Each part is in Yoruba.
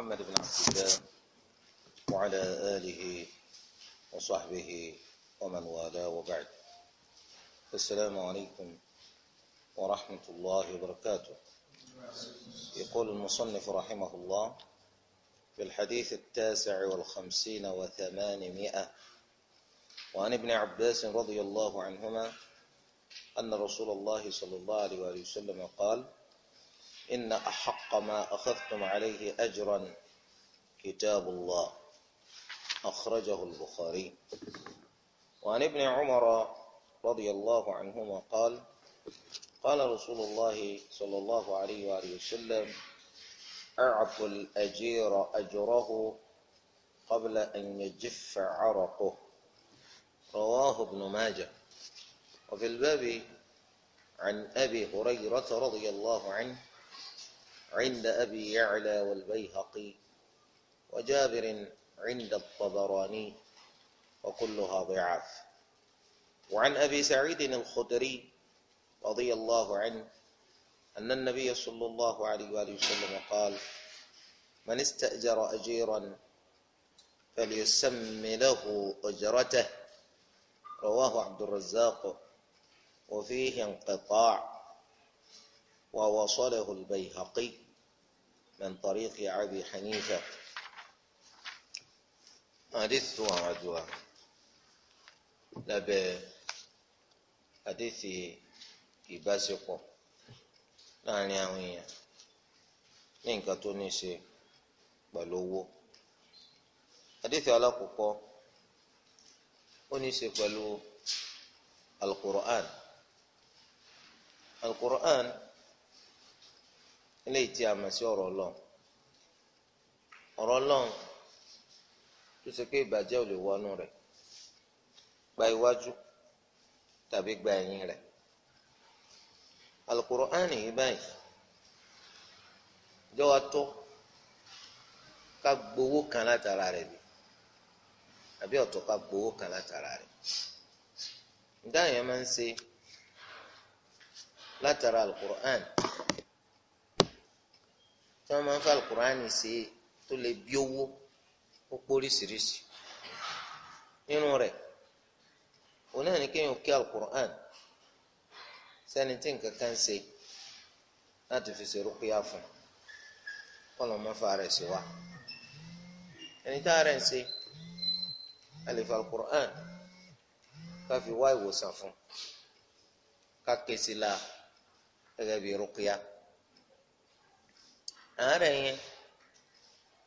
محمد بن عبد الله وعلى آله وصحبه ومن والاه وبعد السلام عليكم ورحمة الله وبركاته يقول المصنف رحمه الله في الحديث التاسع والخمسين وثمانمائة وعن ابن عباس رضي الله عنهما أن رسول الله صلى الله عليه وسلم قال إن أحق ما أخذتم عليه أجرا كتاب الله أخرجه البخاري وعن ابن عمر رضي الله عنهما قال قال رسول الله صلى الله عليه وآله وسلم أعطوا الأجير أجره قبل أن يجف عرقه رواه ابن ماجه وفي الباب عن أبي هريرة رضي الله عنه عند أبي يعلى والبيهقي وجابر عند الطبراني وكلها ضعاف وعن أبي سعيد الخدري رضي الله عنه أن النبي صلى الله عليه وآله وسلم قال من استأجر أجيرا فليسم له أجرته رواه عبد الرزاق وفيه انقطاع ووصله البيهقي من طريق أبي حنيفة حديث وعدوى لب حديث إباسقه láàrin àwọn èèyàn ní nǹkan tó ní í ṣe pẹ̀lú owó adéfẹ́ alákọ̀ọ́kọ́ ó ní í ṣe pẹ̀lú alukur'an alukur'an. Al eléyìí tí a mọ̀ sí ọ̀rọ̀ ọlọ́run ọ̀rọ̀ ọlọ́run tó ṣe pé ìbàjẹ́ ò lè wọnú rẹ̀ gba iwájú tàbí gba ẹ̀yìn rẹ̀ al ani yìí báyìí jọ̀wọ́ tó ká gbowó kan látara rẹ̀ bi àbí ọtọ ká gbowó kan látara re dáhùn yẹn máa ń ṣe látara Al-Qur'ani. tí wọ́n máa ń fa alukur'ani ṣe tó lè bí owó ó póríṣiríṣi nínú rẹ̀ òun náà ní kéèyàn kí alukur'an sẹ́ni tí nǹkan kan ṣe láti fi ṣe rúkúyà fún kọ́ ló máa fa rẹ̀ sí wa ẹni tá a rẹ̀ ń ṣe a lè fa alukur'an ká fi wá ìwòsàn fún ká ké sí la gẹ́gẹ́ bí rúkúyà. àárẹ̀ yẹn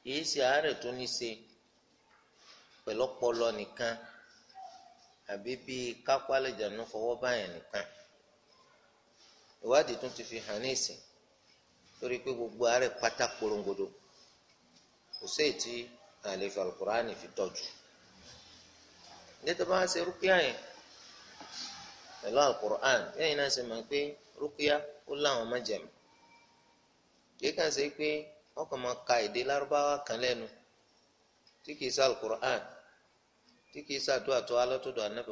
kìí ṣe àárẹ̀ tó ní ṣe pẹ̀lú ọpọlọ nìkan àbí bíi kápá fọwọ́ báyẹn nìkan ìwádìí tún ti fi hàn ní torí pé gbogbo àárẹ̀ pátá porongodo kò tí àlefa alukurani fi tọ́jú nítorí ṣe rúkìá yẹn pẹ̀lú alukurani náà ṣe mọ̀ pé rúkìá ó láwọn kéka se pé wọn ka èdè larabawa kan lẹ́nu tí kìí al alukur'an tí kìí sá àdúrà tó wá lọ́tọ̀dọ̀ anabi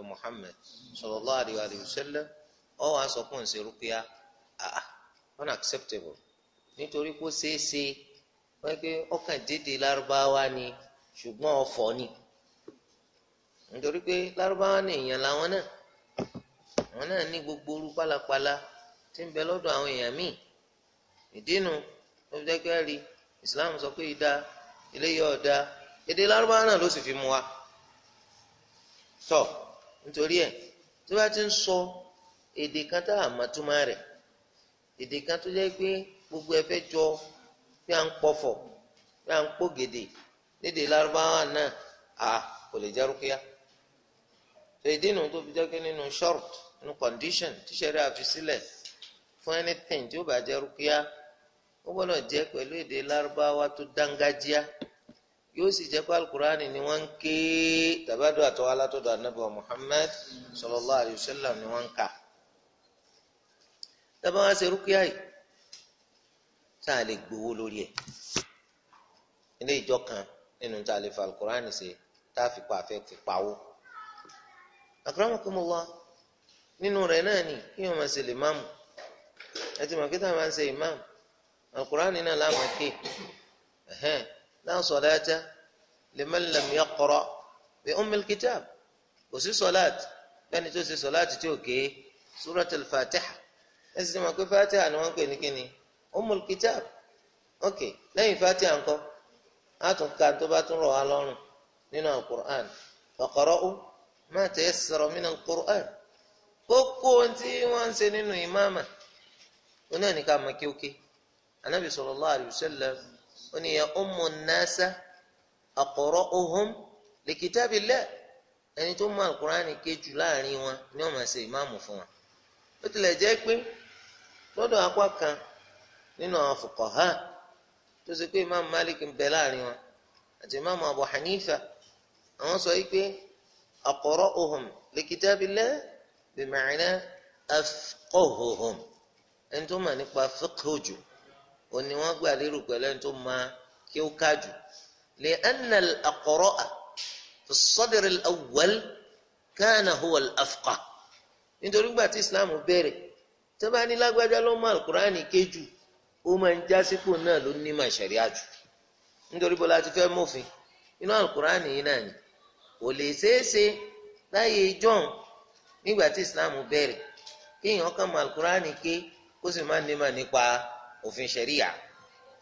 sallallahu ọ wàá sọ fún ṣe rúkìá ah unacceptable nítorí kó ṣeé ṣe wọ́n dédé ni ṣùgbọ́n ọ̀fọ̀ ni nítorí pé ni èèyàn làwọn náà àwọn náà ní gbogbo tí ń bẹ lọ́dọ̀ àwọn èèyàn míì ìdínú ló fi jẹ́ islam sọ pé ìdá eléyìí ọ̀dà èdè lárúbáwá náà ló sì fi mu wa tọ nítorí ẹ tí wọ́n ti ń sọ èdè kan tá a mọ̀ túmọ̀ rẹ̀ èdè kan tó jẹ́ pé gbogbo ẹ jọ bí à ń pọ̀fọ̀ bí à ń pògèdè lédè lárúbáwá náà a kò lè jẹ́ rúkúyà tó ìdí tó fi jẹ́ pé nínú short nínú condition tíṣẹ̀rí àfi sílẹ̀ fún anything tí ó bá jẹ́ rúkúyà ó gbọ́dọ̀ jẹ́ pẹ̀lú èdè lárúbáwá tó dángájíá yóò sì jẹ́ pé alukurani ni wọ́n ń ké tàbádọ́ àtọwá látọ̀dọ̀ anábọ̀ Muhammad sallallahu alayhi wa sallam ni wọ́n ń kà dábàá wá ṣe rúkìá yìí tá a lè gbowó lórí ẹ̀ ilé ìjọ kan nínú tá a lè fa alukurani ṣe tá a fi pa àfẹ́ fi pawó akramakumullah nínú rẹ̀ náà ni kí wọ́n máa ṣe lè máàmù ẹ ti mọ̀ kí táwọn máa ń ṣe ìmáàmù alukur'an náà láwọn ké ẹhẹn la salata liman lam yaqra bi ummil kitab kò sí sọláàtì lẹ́ni tó ṣe sọláàtì tí ò ké suratul fatiha ẹ sì ti mọ̀ pé fatiha ni wọ́n ń pè ní kíni ummul kitab ok lẹ́yìn fatiha ńkọ́ á tún ka tó bá tún rọ̀ wá lọ́rùn nínú alukur'an faqra'u ma tayassara min alukur'an kókó tí wọ́n ń ṣe nínú ìmáàmà oní ẹ̀nìkan mọ̀ kéwkéé anabi sallallahu alayhi wa sallam ó ní ya ummu nasa aqra'uhum li kitabillah ẹni tó mọ alukurani kejù láàrin wọn ni wọn máa ṣe ìmáàmù fún wọn ó tilẹ̀ jẹ́ pé lọ́dọ̀ apá kan nínú àwọn fuqaha tó ṣe pé imáàmù Malik ń bẹ láàrin wọn àti imáàmù Abu Hanifa àwọn sọ yìí pé aqra'uhum li kitabillah bi ma'na afqahuhum ẹni tó mọ̀ nípa fiqh òní wọ́n gbà lérò pẹ̀lú ẹni tó máa kí ó kájù lè anna al-aqra'a fi sadr al-awwal kana nítorí gbà tí islam bẹ̀rẹ̀ tó bá ní lágbájá ló mọ alukurani kéjù ó máa ń já sípò náà ló ní jù nítorí ti fẹ́ mọ̀fin inú alukurani yìí náà ni kò lè ṣeéṣe láyé john nígbà tí islam kàn mọ ké kó sì má ní òfin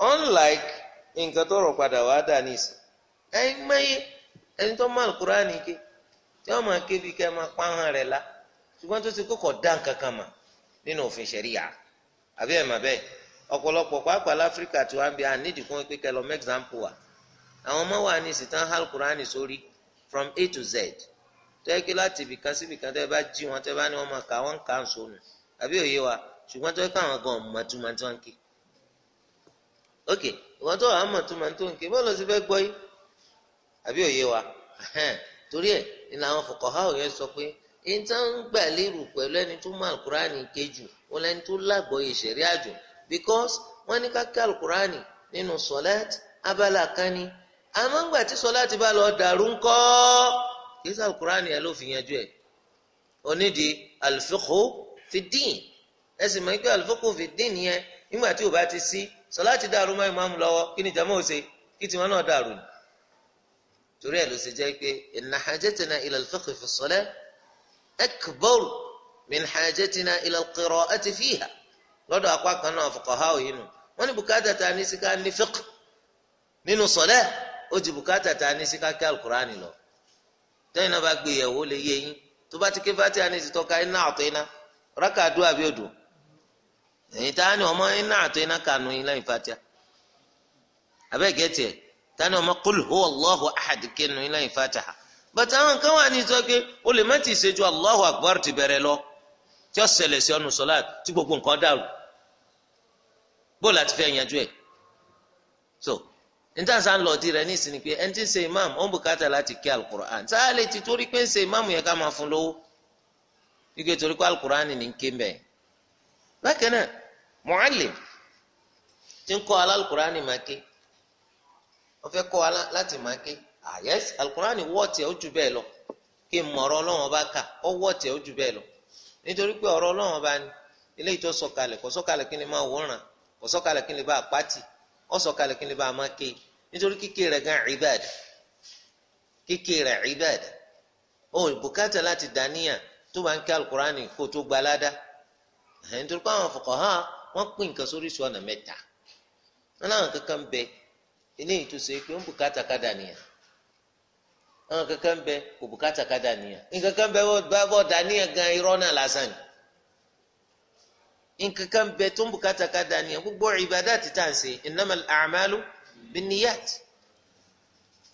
unlike nǹkan tó rọ̀ padà wá dà nísì ẹ̀yin mẹ́yẹ ẹni tó tí wọ́n máa kébi la ṣùgbọ́n tó ti kókò dá nǹkan mà nínú òfin ṣẹ̀ríyà àbí ẹ̀ mà bẹ́ẹ̀ ọ̀pọ̀lọpọ̀ pàápàá láfíríkà tí wọ́n bí a nídìí fún pé kẹ́ lọ mẹ́gzámpù wa àwọn ọmọ from A to Z láti ibìkan sí ibìkan tẹ́ bá jí wọn tẹ́ bá ní wọn máa kà wọ́n kà sọnù àbí òye wa ṣùgbọ́n káwọn ok ìwọ tó wàá mọ̀ tó máa tó nké bọ́ọ̀lù sì fẹ́ gbọ́ yìí àbí òye wa torí ẹ̀ ni làwọn fuqaha yẹn sọ pé ẹni tó ń gbà lérò pẹ̀lú ẹni tó mọ alukurani kejù wọn lẹni tó lágbọ̀ọ́yè ṣẹ̀rí àjò because wọ́n ní ká kí alukurani nínú sọ̀lẹ́t abala kan ni àmọ́ ńgbà tí sọ̀lẹ́t bá lọ dàrú ńkọ́ kí sọ alukurani yẹn ló fi yanjú ẹ̀ onídìí al-fiqhu fi ddin ẹ̀sìn mọ́ ikú al-fiqhu fi ddin yẹn nígbà tí o bá ti sí sọláàtì dàrú mọ́ ìmáàmù lọ́wọ́ kí ni jàmáà ò ṣe kí tiwọn náà dàrú ni torí ẹ̀ ló ṣe jẹ́ pé inna hajatina ila al-fiqhi fi as-salah akbar min hajatina ila al-qira'ati fiha lọ́dọ̀ apá kan náà fuqaha òyìn nù wọ́n ní bùkátà ta ní sika ní fiqh nínú sọlẹ ó ti bùkátà ta ní sika kí alukurani lọ tẹyin náà bá gbé yẹ̀wò lè yé yín tó bá ti ké fati àní ti iná àtọ́ iná rákà dùn àbí odùn èyí tá ni ọmọ iná àtọ iná kanu yín lẹ́yìn fatia abẹ́ẹ̀kẹ́ tiẹ̀ tá ni ọmọ ahad kinu yín lẹ́yìn fatia bàtà àwọn kan wà ní ìtọ́kẹ́ o lè má ti ṣèjú Allahu ti bẹ̀rẹ̀ lọ tí ó ṣẹlẹ̀ sí ọ̀nù sọ́lá tí gbogbo nǹkan dàrú bó láti fẹ́ yanjú ẹ̀ so nítaṣà ń lọ di rẹ nísìnyí pé ẹni tí ń imam ó ń bùkátà láti kí alukur'an lè ti torí pé ń ṣe imam yẹn ike torí pé alukur'an ń mu'allim tí ń kọ́ ala máa ké wọ́n fẹ́ kọ́ láti máa ah, àyẹ́s alùkùránì wọ́ọ̀tì ẹ̀ ó bẹ́ẹ̀ lọ kí kà bẹ́ẹ̀ lọ nítorí pé ọ̀rọ̀ ọba sọ̀kalẹ̀ kò sọ̀kalẹ̀ kí ni máa wòran kò sọ̀kalẹ̀ kí ni bá a pàtì ó sọ̀kalẹ̀ kí ni bá a ké nítorí kíké rẹ̀ gan ìbàdà kíké rẹ̀ ìbàdà ó bùkátà láti dàníyà tó bá ń wọ́n pín nǹkan sóríṣìí ọ̀nà mẹ́ta wọn láwọn kankan ń bẹ eléyìí tó ṣe pé ó ń bùkátà kádà nìyẹn àwọn kankan ń bẹ kò bùkátà kádà nìyẹn nǹkan kan bẹ bọ́ dà níyẹn gan irọ́ náà lásán ni nǹkan kan bẹ tó ń bùkátà kádà nìyẹn gbogbo ìbádà ti tà ń ṣe innamal a'malu binniyat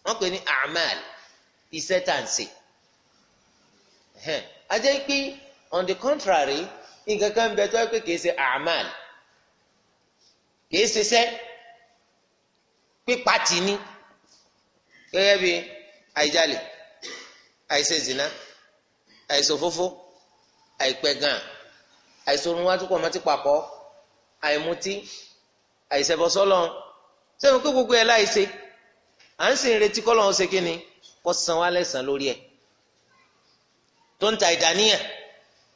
wọ́n pè ní a'mal iṣẹ́ tà ń ṣe ajẹ́ pé on the contrary nǹkan kan bẹ tó yẹ pé kìí ṣe a'mal kìí ṣiṣẹ́ pípa tì ní gẹ́gẹ́ bí àìjalè àìṣe zina àìṣòfófó àìpẹ̀gàn àìṣòrunwátukọ̀ mọ́tí papọ̀ àìmutí àìṣẹ̀bọ̀sọ́lọ́ sẹ́wọ̀n pé gbogbo ẹ̀ láìṣe à ń sì ń retí kọ́ lọ́wọ́ ṣe kí ni kó san wá lẹ́sàn lórí ẹ̀ tó ń ta ìdáníyà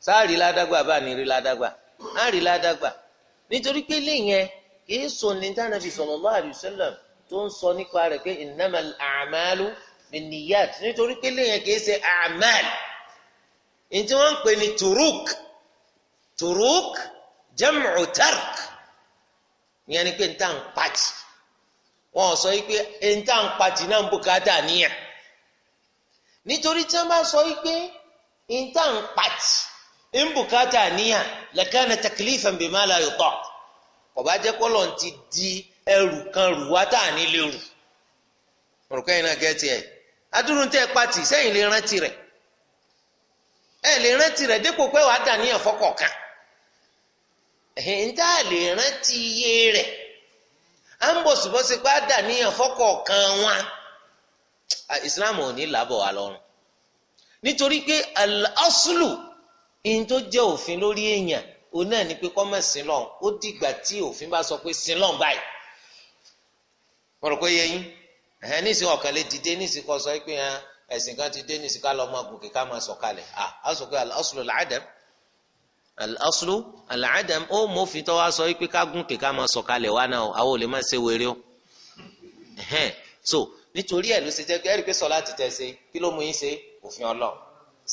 sáà rí ládàgbà bá ní rí ládàgbà á rí ládàgbà nítorí pé lẹ́yìn ẹ̀ kìí sọ ní tànàbí sallallahu alaihi wasallam tó ń sọ nípa rẹ̀ pé innamal a'malu binniyat nítorí pé lẹ́yìn kìí ṣe a'mal ní tí wọ́n ń pè ní turuk turuk jam'u tark ìyẹn ni pé n ta ń pàtì wọn ò sọ wípé n ta ń pàtì náà ń bùkátà níyà nítorí tí wọ́n bá sọ wípé n ta ń pàtì ń bùkátà níyà lakana taklifan bima la yutaq. ọba jẹ́ kọ́lọ̀ ti di ẹrù kan rù wá tá à ní rù yìí náà gẹ́tì ẹ pati sẹ́yìn lè rántí rẹ̀ ẹ lè rántí rẹ̀ dípò pé wàá dà níyàn fọkọ̀ọ̀kan ẹ̀hìn ń a lè rántí iye rẹ̀ à ń bọ̀ sùbọ́sí pé A dà Islam ò ní làbọ̀ wa lọ́rùn nítorí pé al ìyẹn tó jẹ́ òfin lórí èèyàn òun náà ni pé kọ́mọ̀ sílọ̀n ó dìgbà tí òfin bá sọ pé sílọ̀n báyìí wọ́n rò pé yẹ yín ẹ̀hẹ́n ní ìsìn ọ̀kan lè dìde ní ìsìn kọ́ sọ pé ẹ̀sìn kan ti dé ní ìsìn ká lọ́ọ́ máa ká máa sọ pé al-aslu al-adam al-aslu al-adam ó mọ̀fin tó wá sọ pé ká gòkè ká máa sọ̀kalẹ̀ wá náà àwọn ò lè ṣe wéré o ẹ̀hẹ́n so nítorí ẹ̀ ló ṣe jẹ́ ẹ̀rí pé sọ̀lá ti tẹ̀ ṣe kí ló mú yín ṣe òfin ọlọ́ọ̀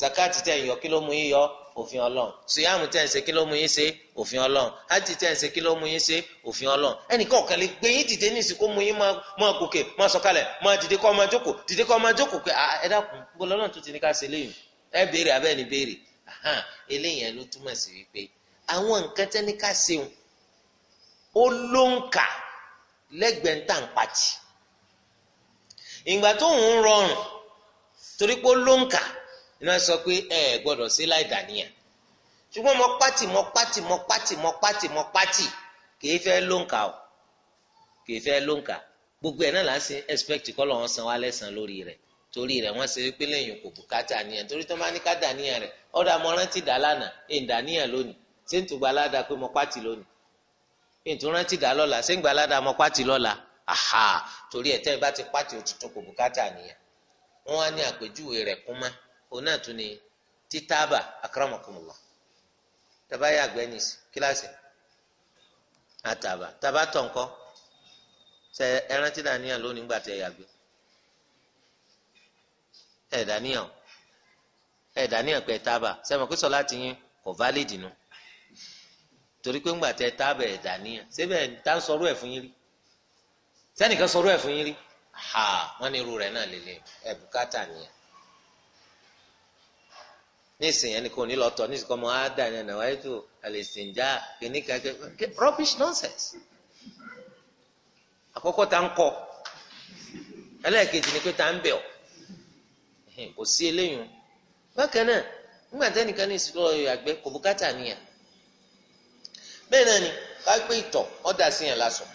zakati tẹ̀ yọ kí ló mú yín yọ òfin ọlọ́run sùyàmù tẹ̀ ń ṣe kí ló mú yín ṣe òfin ọlọ́run hajj tẹ̀ ń ṣe kí ló mú yín ṣe òfin ọlọ́run ẹnìkan ọ̀kan lè gbé yín dìde ní ìsìnkú mú yín máa gòkè máa sọ̀kalẹ̀ máa dìde kọ́ máa jókòó dìde kọ́ máa jókòó pé ẹ dákun gbọ́dọ̀ ọlọ́run tó ti ní ká ṣe léyìn ẹ béèrè abẹ́ni béèrè eléyìí ló túmọ̀ sí wípé àwọn nǹkan tẹ́ ní ká ṣeun ó ló ń kà lẹ́gbẹ̀ẹ́ ń tà iná sọ pé ẹ gbọ́dọ̀ sí láì dàníyàn ṣùgbọ́n mọ pátì mọ pátì mọ pátì mọ pátì mọ pátì kìí fẹ́ ló ń kà ó kìí fẹ́ ló ń kà gbogbo ẹ̀ náà là ń sin expect kọ́ lọ́wọ́ san wá lẹ́sàn lórí rẹ̀ torí rẹ̀ wọ́n ṣe wípé lẹ́yìn kò bùkátà níyàn torí tó máa ní ká dàníyàn rẹ̀ ọ̀dà mọ rántí dà lánàá ẹ̀ ń dàníyàn lónìí ṣé ń tùgbà ládàá pé mọ pátì lónìí ẹ̀ ń tún rántí dà lọ́la ṣé ń gbà ládàá mọ lọ́la torí ẹ̀ tẹ́ ẹ bá ti pátì òtútù kò bùkátà níyàn wọ́n wá ní àpèjúwe rẹ̀ kúnmá o naa tuu ni ti taaba akara mokun ulo Taba ya agbe enisu kilasi na taaba,taaba tonko te erenti na niile lo ni igba ti e ya gbe edaniya pe etaba,se mo kwisọ lati yi ko validi nu tori pe igba te etaba edaniya,sebe ta n soro e fun yiri? se nikan soro e fun yiri? ha wọn ni ruo re na lele ebukata ni nísìnyí ẹni kò ní lọ tọ nísìnyí kọ́ mọ́ á dà ní ẹ̀nà wáyé tó àlèsìnjá kìíní kàkẹ́ rubbish nonsense àkọ́kọ́ ta ń kọ́ ẹlẹ́ẹ̀kejì ni pé ta ń bẹ̀ ọ́ kò sí eléyìí bákan náà nígbà tẹ́nìkan ní ìsìnkú ọ̀yọ́ àgbẹ̀ kò bùkátà nìyà bẹ́ẹ̀ náà ni ká gbé ìtọ̀ ọ́ dà sí yẹn lásán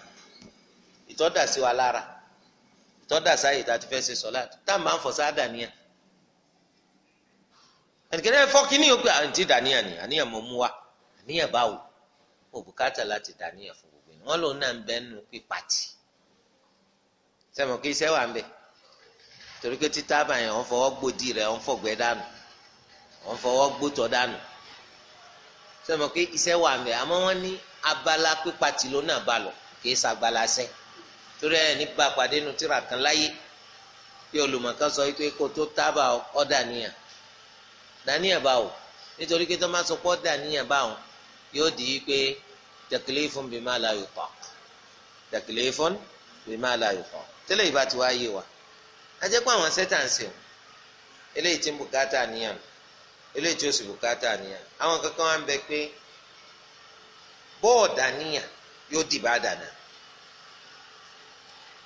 ìtọ̀ dà sí wa lára ìtọ̀ dà sáyè tá a ti fẹ́ ṣe tá a máa ń sáà dà nìyà ẹnìkan náà fọ́ọ̀kì ní òpè àǹtí dàníyàn ni àníyàn mọ̀ mú wa àníyàn báwo òbúkátà láti dàníyàn fún gbogbo ẹni wọn lòun náà ń bẹ nínú pípàtì sẹ́mi kí iṣẹ́ wà ń bẹ̀ torí pé títà báyẹn òun fọwọ́ gbòdì rẹ̀ òun fọ̀gbẹ́ dànù òun fọwọ́ gbòtọ̀ dànù sẹ́mi kí iṣẹ́ wà ń bẹ̀ àmọ́ wọ́n ní abala pípàtì ló náà bá lọ kì í ṣàgbala sẹ́ torí ẹ̀ nípa pàdé nu tíra kan láyé bí olùmọ̀kan sọ wípé kó tó tábà ọ̀dà níyàn dàníyàn báwo nítorí pé tó máa sọ pé dàníyàn báwo yóò di pé taklifun bima la yutaq taklifun bima la yutaq tẹ́lẹ̀ ìbá ti wá yé wa ajẹ́ pé àwọn sẹ́tàǹsì o eléyìí ti ń bùkátà níyàn eléyìí tí ó sì bùkátà níyàn àwọn kankan wá ń bẹ pé bọ́ọ̀dà níyàn yóò di ìbádà náà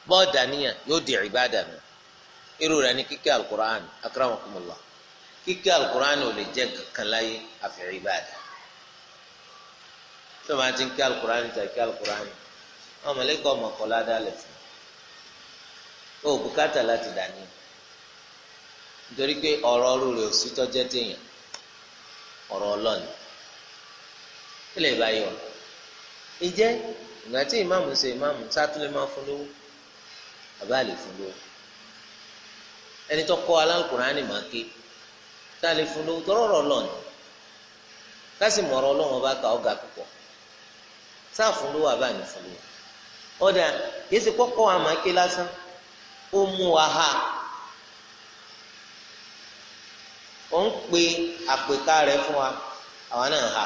bọ́ọ̀dà níyàn yóò di ìbádà náà irú rẹ̀ ní kíkẹ́ alukur'an akramakumullah kíké alukur'an ò lè jẹ́ kankan láyé àfi ìbádà tó máa ti ń ké alukur'an tà ké alukur'an àwọn mọ̀lẹ́kọ̀ ọmọkọ̀lá dálẹ̀ fún un ó bùkátà láti dání nítorí pé ọ̀rọ̀ ọ̀rọ̀ rẹ̀ ò sí tọ́jẹ́ téèyàn ọ̀rọ̀ ọlọ́ni kí lè bá yọ ǹjẹ́ ìgbà tí ìmáàmù ṣe ìmáàmù sátúlẹ̀ máa fún lówó àbá lè fún lówó ẹni tó kọ́ alálùkùránì máa ké. tá lè fún lówó tọrọ ọ̀rọ̀ lọ ni kásì mọ̀rọ̀ ọlọ́run ọba kà ọ̀gá púpọ̀ sáà fún lówó àbá ní fún lówó ọ̀dà yéésì kọ́kọ́ àmàké lásán ó mú wa ha ó ń pe àpèká rẹ fún wa àwa náà ha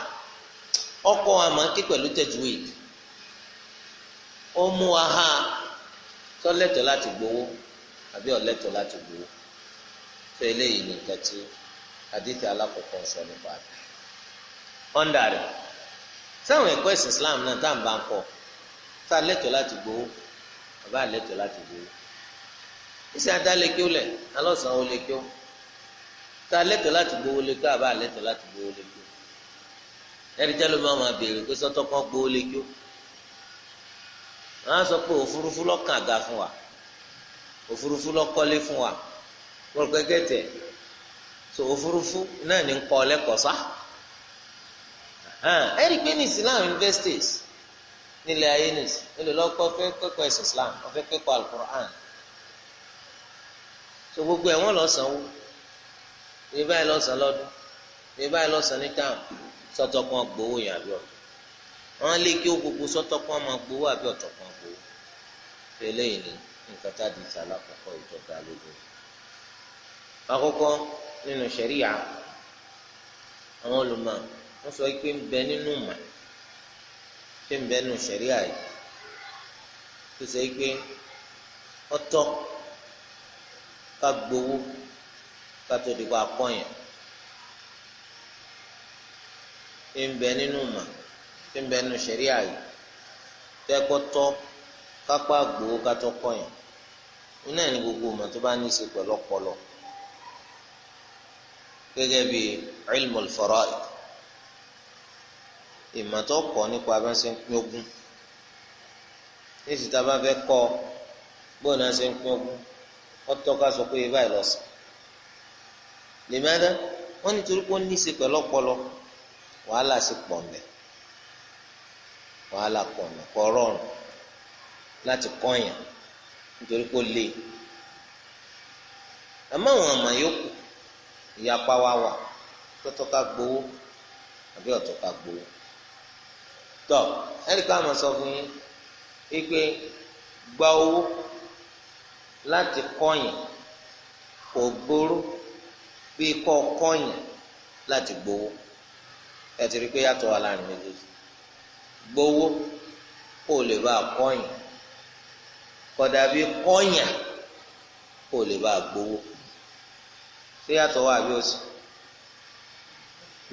ọkọ àmàké pẹ̀lú tajwid ó mú wa ha tọ́lẹ̀tọ̀ láti gbowó àbí ọ̀lẹ́tọ̀ láti gbowó àdìtì alákọ̀ọ́kọ́ sọ nípa rẹ̀ ọ̀ndà rẹ̀ sáwọn ẹ̀kọ́ ẹ̀sìn Islam náà tá à ń bá ń kọ́ tá a lẹ́tọ̀ọ́ láti gbowó bàbá a lẹ́tọ̀ọ́ láti gbowó ìsìn adá lè kí ó lẹ̀ alọ́sàn ó lè kí ó tá a lẹ́tọ̀ọ́ láti gbowó lè kí ó àbá a lẹ́tọ̀ọ́ láti gbowó lè kí ó ẹ̀rí jẹ́ ló máa ma béèrè pé sọ́tọ́ kan gbowó lè kí ó wọ́n á sọ pé òfurufú lọ́kàn àga fún wa òfurufú lọ́kọ́lé fún wa pọ̀lùpẹ́kẹ́tẹ̀ so ofurufu náà ní kọ́ lẹ́kọ̀ọ́ sá ẹ rí i pé ní Islam universities nílẹ̀ ayé fẹ́ kẹ́kọ̀ọ́ ẹ̀sìn Islam ọ̀fẹ́ kẹ́kọ̀ọ́ alukur'an so gbogbo ẹ̀ wọ́n lọ sanwó bí báyìí lọ sàn lọ́dún bí báyìí lọ sàn ní yẹn àbí ọ̀tọ̀ wọ́n lé kí ó gbogbo àbí eléyìí ni nǹkan tá a di sàlákọ̀ọ́kọ́ ìjọba nínú ṣẹ̀ríà àwọn olùmọ̀ wọ́n sọ pé ń bẹ nínú mà ṣé ń bẹ nínú ṣẹ̀ríà yìí tó sọ pé ọ̀tọ̀ ká gbowó ká tó di pa pọ́yàn ṣé ń bẹ nínú mà ṣé ń bẹ nínú ṣẹ̀ríà yìí tẹ́kọ̀tọ́ kápá gbowó ká tó pọ́yàn nínú ẹ̀ gbogbo mà tó bá ní í ṣe pẹ̀lú ọpọlọ. gẹ́gẹ́ bí ilmul fara'id ìmọ̀ tó nípa bá ń ṣe ń pín ogún ní bá fẹ́ kọ́ bó náà ń pín ogún sọ pé ibà ìlọsìn lèmẹ́dá wọ́n nítorí pé ó ní í ṣe pẹ̀lú ọpọlọ wàhálà sí pọ̀ wàhálà pọ̀ kọ́ rọrùn láti ìyapa wa wà tọ́tọ́ ká gbowó àbí ọ̀tọ́ ká gbowó. tọ́ ẹ̀ríkà àmọ̀ sọ fún yín wípé gba owó láti kọ́yìn kò gbóró bíi kọ́ kọ́yìn láti gbowó ẹ ti rí i pé yàtọ̀ wà láàrin méjèèjì gbowó kò lè bá a kọ́yìn bíi kọ́yìn kò lè bá gbowó ṣé yàtọ̀ wà bí o sì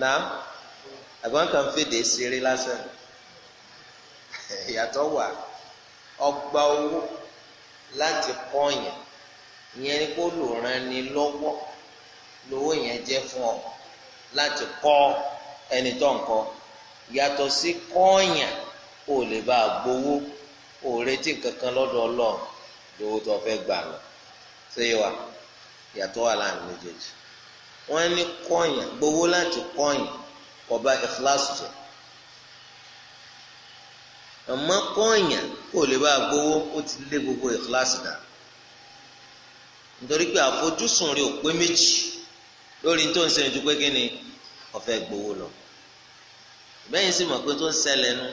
náà àgbọn kan fèdè ṣeré lásán ìyàtọ̀ wà ọgbà owó láti kọ́yìn ìyẹn ni kó lò ràn ni lọ́wọ́ lówó yẹn jẹ́ fún ọ láti kọ́ ẹni tó ń kọ́ yàtọ̀ sí kọ́yìn ò lè bá a gbowó ò retí kankan lọ́dọ̀ ọlọ́run lówó tó fẹ́ gbà lọ ṣé yẹ wà ìyàtọ̀ wà láàrin méjèèjì wọ́n ní kọ́yìn gbowó láti kọ́yìn kọba ìfúláṣù jẹ àmọ́ kọ́yìn kò lè bá gbowó ó ti lé gbogbo ìfúláṣù dà nítorí pé àfojúsùn rẹ̀ ò pé méjì lórí tó ń sẹ́yìn ju pé kí ni ọ̀fẹ́ gbowó lọ bẹ́yìn sì mọ̀ pé tó ń ṣẹlẹ̀ nu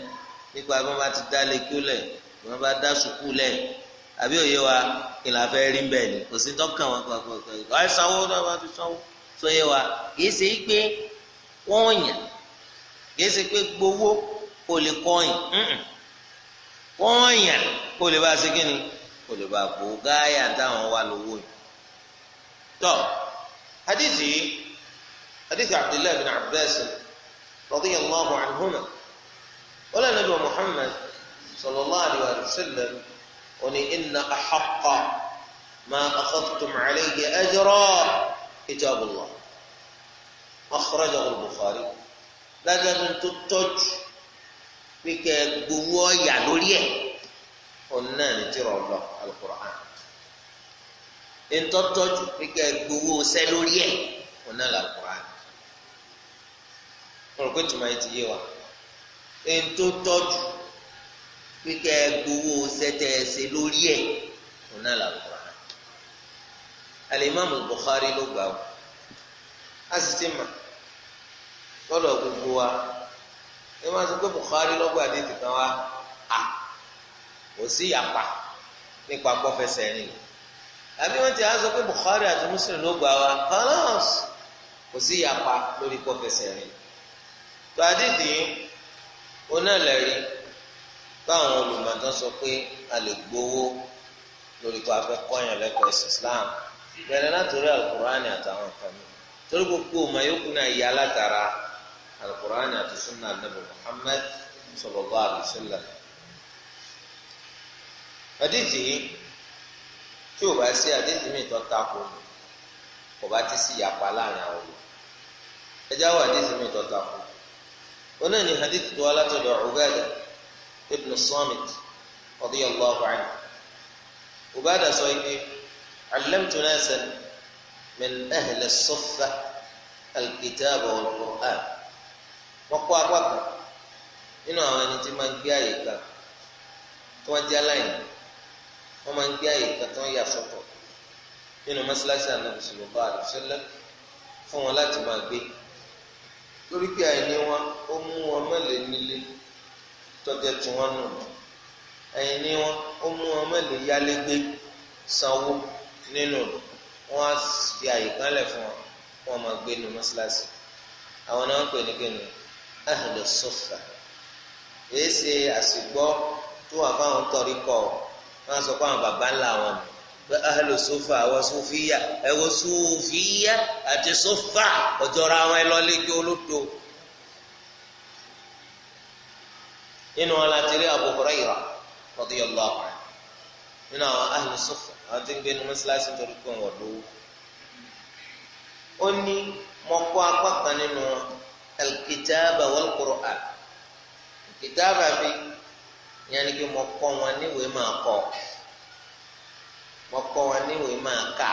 nípa bí wọ́n bá ti dá lẹ́kí lẹ̀ bí wọ́n bá dá sùkú lẹ̀ àbí òye wa ìlà fẹ́ rí bẹ́ẹ̀ ni kò sí tọ́kàn wọn kan kan ti tó yé wa kì í ṣe pé wọ́n kì í ṣe pé gbowó kò lè kọ́yìn wọ́n kò lè bá a ṣe kí ni kò lè bá a gbowó gáyà táwọn wà lówó yìí. tọ́ hadithi hadithi abdullahi bin abbas radiyallahu anhuma sallallahu wa sallam. oní inna ahaqqa ma akhadtum alayhi ajra kitabullah akhrajahu al-Bukhari lágbàdo tó tọ́jú pé kẹ́ gbowó ọ̀yà lórí ẹ̀ òun náà ní tí rọ̀ lọ al-Qur'an ntọ́tọ́jú pé kẹ́ gbowó sẹ́ lórí ẹ̀ òun náà al kíkẹ́ gbowó sẹ́tẹ̀ẹ́sẹ̀ lórí ẹ̀ òun náà là kúrò hàn. alimami Bukhari ló gbà ó a sì ti mà lọ́dọ̀ gbogbo wa ẹ máa sọ pé Bukhari lọ́gbà ní ti wa à kò sí yapa nípa pọ́fẹsẹ̀ rìn àbí wọ́n ti á sọ pé Bukhari àti Muslim ló gbà wa kọ́lọ́s kò sí yapa lórí pọ́fẹsẹ̀ rìn tó a dìde òun náà báwọn olùmọ̀tán sọ pé a lè gbowó lórí kó a fẹ́ kọ́yàn lẹ́kọ̀ọ́ ẹ̀sìn Islam bẹ̀rẹ̀ látòrí alukur'ani àtàwọn nǹkan mi torí gbogbo ọmọ yòókù náà yà látara alukur'ani àti sunna anabi Muhammad sallallahu alaihi wasallam. àdéjì yìí tí o bá sí àdéjì mi tó takò kò bá ti sí yàpá láàrin àwọn olùkọ́ ẹjá wà àdéjì mi tó takò. onáà ní àdéjì tó wá látọ̀dọ̀ Ubadah ibn samit radiyallahu anhu ubada sọ ike allamtu nasan min ahli as-suffa al-kitaba wal-qur'an wọ́n kọ́ apá kan nínú àwọn ẹni tí máa ń gbé àyè kan tí wọ́n jẹ́ aláìní wọ́n máa ń gbé àyè kan tí wọ́n yà sọ́tọ̀ nínú mọ́ṣáláṣí ànábì sallallahu alaihi fún wọn láti máa gbé torí pé àìní wọn ó mú wọn mọ́lẹ̀ nílé tọjẹ tí wọn nù ẹyin ni wọn ó mú wọn mẹlẹ yálégbé sanwó nínú wọn á fi àyè kan lẹ fún wọn wọn máa gbé nu mọ́ṣáláṣí àwọn náà ń pè ní kíni ahlus sufa èyí ṣe àsìgbọ́ tó wà fáwọn tọrí kọ wọn sọ fáwọn baba ńlá wọn pé ahlus sufa àwọn sufiya ẹwọ sufiya àti sufa ọjọra wọn ẹ lọ lé kí olódo. nínú wọn láti rí Abu Hurairah radiyallahu anhu nínú àwọn ahlu sufa àwọn tí ń gbé ní mọ́sálásí torí pé wọ́n lówó ó ní mo kọ́ apá kan nínú al-kitaba wal-Qur'an kìtàbà mi ìyẹn ni mo kọ́ wọn níwèé máa kọ́ mo kọ́ wọn níwèé máa kà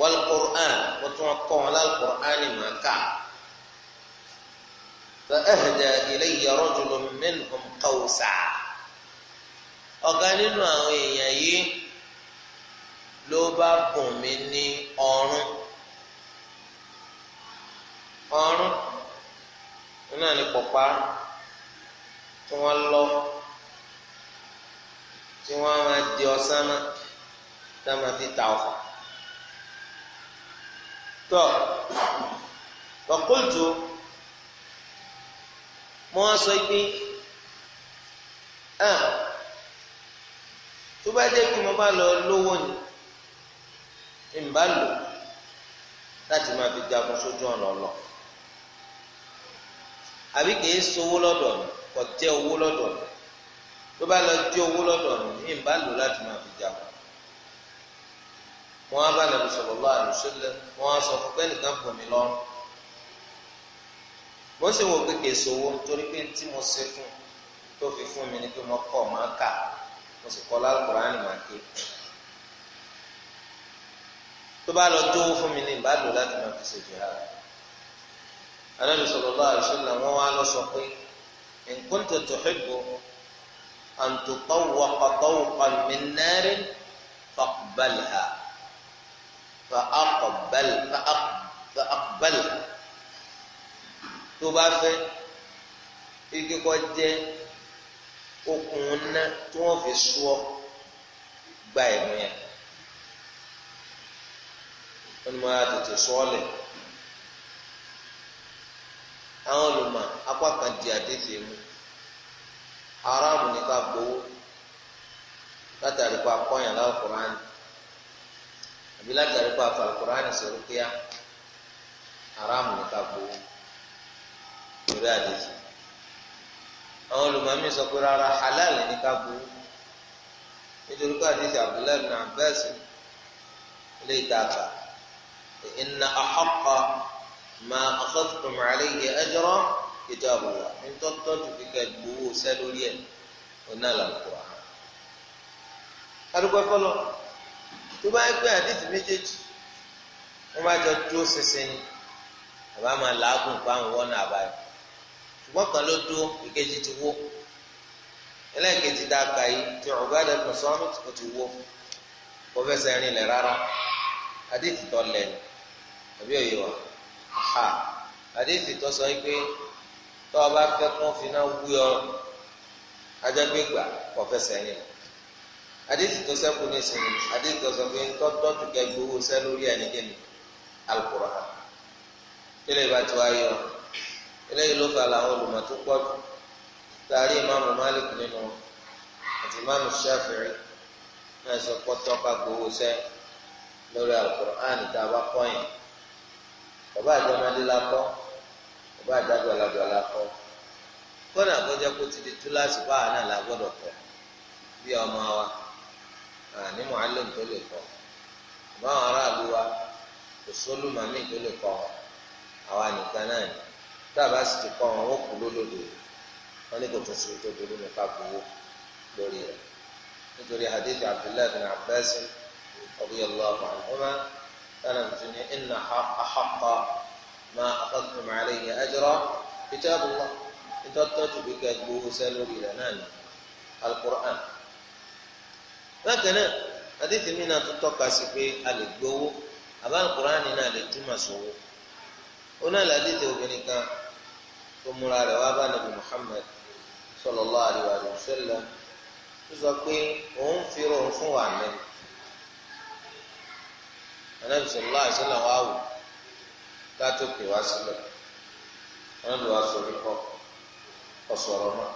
wal-Qur'an mo tún kọ́ wọn lal-Qur'an ni máa kà. فأهدى إلي رجل منهم قوسا ọ̀kan nínú àwọn èèyàn yìí ló bá bùn mí ní ọrùn ọrùn náà ní pọ̀pá tí wọ́n lọ tí wọ́n máa di ọsán náà tá máa fi ta ọ̀fà tó ọ̀kúlùtù mo wá sọ pé ah, tó bá jẹ́ pé mo bá lọ lówó ni n bá lò láti máa fi jagun sójú ọ̀nà ọ̀lọ́ àbí kì í sowó lọ́dọ̀ mi kò jẹ́ owó lọ́dọ̀ mi tó bá lọ jẹ́ owó lọ́dọ̀ mi n bá lò láti máa fi jagun wọn á bá nàbì sallallahu alaihi wasallam wọn á fún pé lọ́rùn bó ṣe wò kékeré sowó torí pé tí mo ṣe fún tó fi fún mi ni pé mo kọ́ máa kà mo sì kọ́ lálùkùránì máa ké tó bá lọ tó fún mi ní ìbálò láti máa fi ṣe jihad anabi sallallahu alaihi wasallam wọn wá lọ sọ pé in kunta tuhibbu an tutawwaqa tawqan min narin faqbalha faqbal faqbal tó bá fẹ́ igi kọ́ jẹ́ okùn ńná tí wọ́n fi sú ọ gba ẹ̀mú yẹn wọ́n ní mo yà tètè sọ ọ́ lẹ̀ àwọn olùmọ̀ apá kan di àdéfé mu aráàlú ní ká gbowó látàrí pa akọ́yàn lálùkùránì àbí látàrí pa àfàlùkùránì sọ̀rọ̀ kíá aráàlú ní ká gbowó lórí àdéhùn àwọn olùmọ̀mí sọ pé rárá halal ní ká burú nítorí pé àdéhùn Abdullahi bin Abbas lè dàgbà inna ahaqqa ma akhadtum alayhi ajra kitabullah nítòtò tó fi ká gbowó sẹ́ lórí ẹ̀ ọ̀nà làkúrà. adúgbò fọlọ́ tó bá yẹ pé àdéhùn méjèèjì wọ́n bá jọ dúró ṣinṣin ni àbá máa làágùn fáwọn wọ́n náà báyìí ṣùgbọ́n kan ló dúró ìkejì ti wó ẹlẹ́ẹ̀kejì tá a kà yìí ti Ubadah ibn Samit kò ti wó kò fẹsẹ̀ rìn lẹ̀ rárá àdéhìí tó lẹ̀ àbí òye wa ha àdéhìí tó sọ pé tó o bá fẹ́ kún fínà wú ọ ajagbègbà kò fẹsẹ̀ rìn lẹ̀ àdéhìí tó sẹ́kù ní sinmi àdéhìí tó sọ pé tó tọ́jú kẹ́ gbowó sẹ́ lórí ẹnikẹ́ni Al-Qur'an kílè bá tó ayọ̀. eléyìí ló fà làwọn olùmọ̀ tó pọ̀ jù taari imaamu malik nínú àti imaamu shafi'i náà sọ pọtọ ká gbowó sẹ lórí tá a bá kọ yẹn bàbá àjọmọdé la kọ bàbá àjàgbàlagbà la kọ kọ́nà àkọ́jà kó ti di túláàsì báà náà la gbọ́dọ̀ bí ọmọ wa àní tó lè aráàlú wa kò tó lè tábà sì ti kọ́ wọn ó kú lólòdò wọn ní kò tún sí tó dúró nípa gbowó lórí rẹ̀ nítorí hadith abdullahi bin abbas radiyallahu anhuma tánà tún ní inna ahaqqa ma akhadtum alayhi ajra kitabullah ìtọ́tọ́jú bí ká gbowó sẹ́ lórí rẹ̀ náà ní alukur'an bákan náà hadith mi náà tún tọ́ka sí pé a lè gbowó àbá alukur'an náà lè túmọ̀ sówó ó náà lè hadith obìnrin kan. omulaala waba nabi muhammad sallallahu alayhi wa sallam ó sọ pé òun fi rọrùn fún wa mẹ́rin anabi sallallahu alayhi wa sallam wà wò kátó pè wá sílẹ̀ wọn lò wá sórí kọ́ ọ̀sọ̀rọ̀ mọ́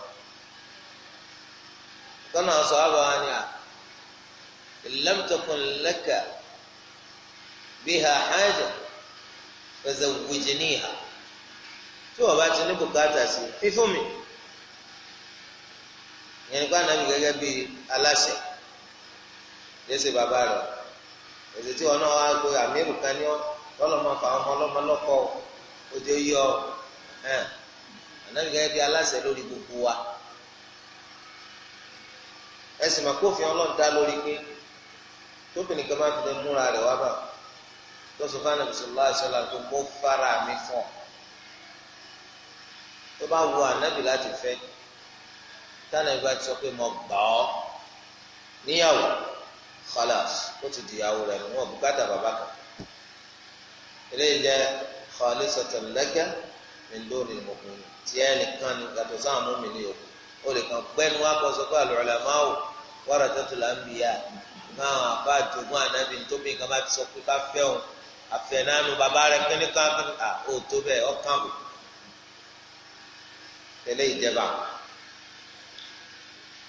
kọ́nà ọ̀sọ̀ àbọ̀ wá ní à ìlẹ́mtọ̀kùn lẹ́kà bíhà hajj fẹsẹ̀ wùjìníhà. tí wọ́n bá ti ní bùkátà sí fífún mi ìyẹn nípa nàbì gẹ́gẹ́ bí aláṣẹ jẹ́sẹ̀ bàbá rẹ̀ èsì tí wọn náà wá gbé àmírù kan ní ọ lọlọmọ fà ọmọ ọlọmọ lọkọ ojú yọ ẹ ànábi gẹ́gẹ́ bí aláṣẹ lórí gbogbo wa ẹsìn máa kófin ọlọ́ọ̀dá lórí pé tóbìnrin kan máa fi lè múra rẹ̀ wá bá tó sọ fún anabi sọlá àṣọlá tó kó fara mi fún ọ tó bá wù ànábì láti fẹ́ tánàbí bá ti sọ pé mo gbà ọ́ níyàwó khalas ó ti di ìyàwó rẹ̀ wọn bùkátà bàbá kan eléyìí jẹ́ khalisatan laka min dunil mu'minin tiẹ̀ nìkan ni yàtọ̀ sáà mú mi ní òkú ó lè kàn gbẹ́nu wá kọ́ sọ pé al-ulama'u warathatul anbiya máa bá jogún ànábì tóbi nǹkan bá ti sọ pé ká fẹ́ òun àfẹnánu bàbá rẹ̀ kíníkan kíníkan ó tó bẹ́ẹ̀ ọ̀kan bò tẹ́lẹ̀ ìjẹba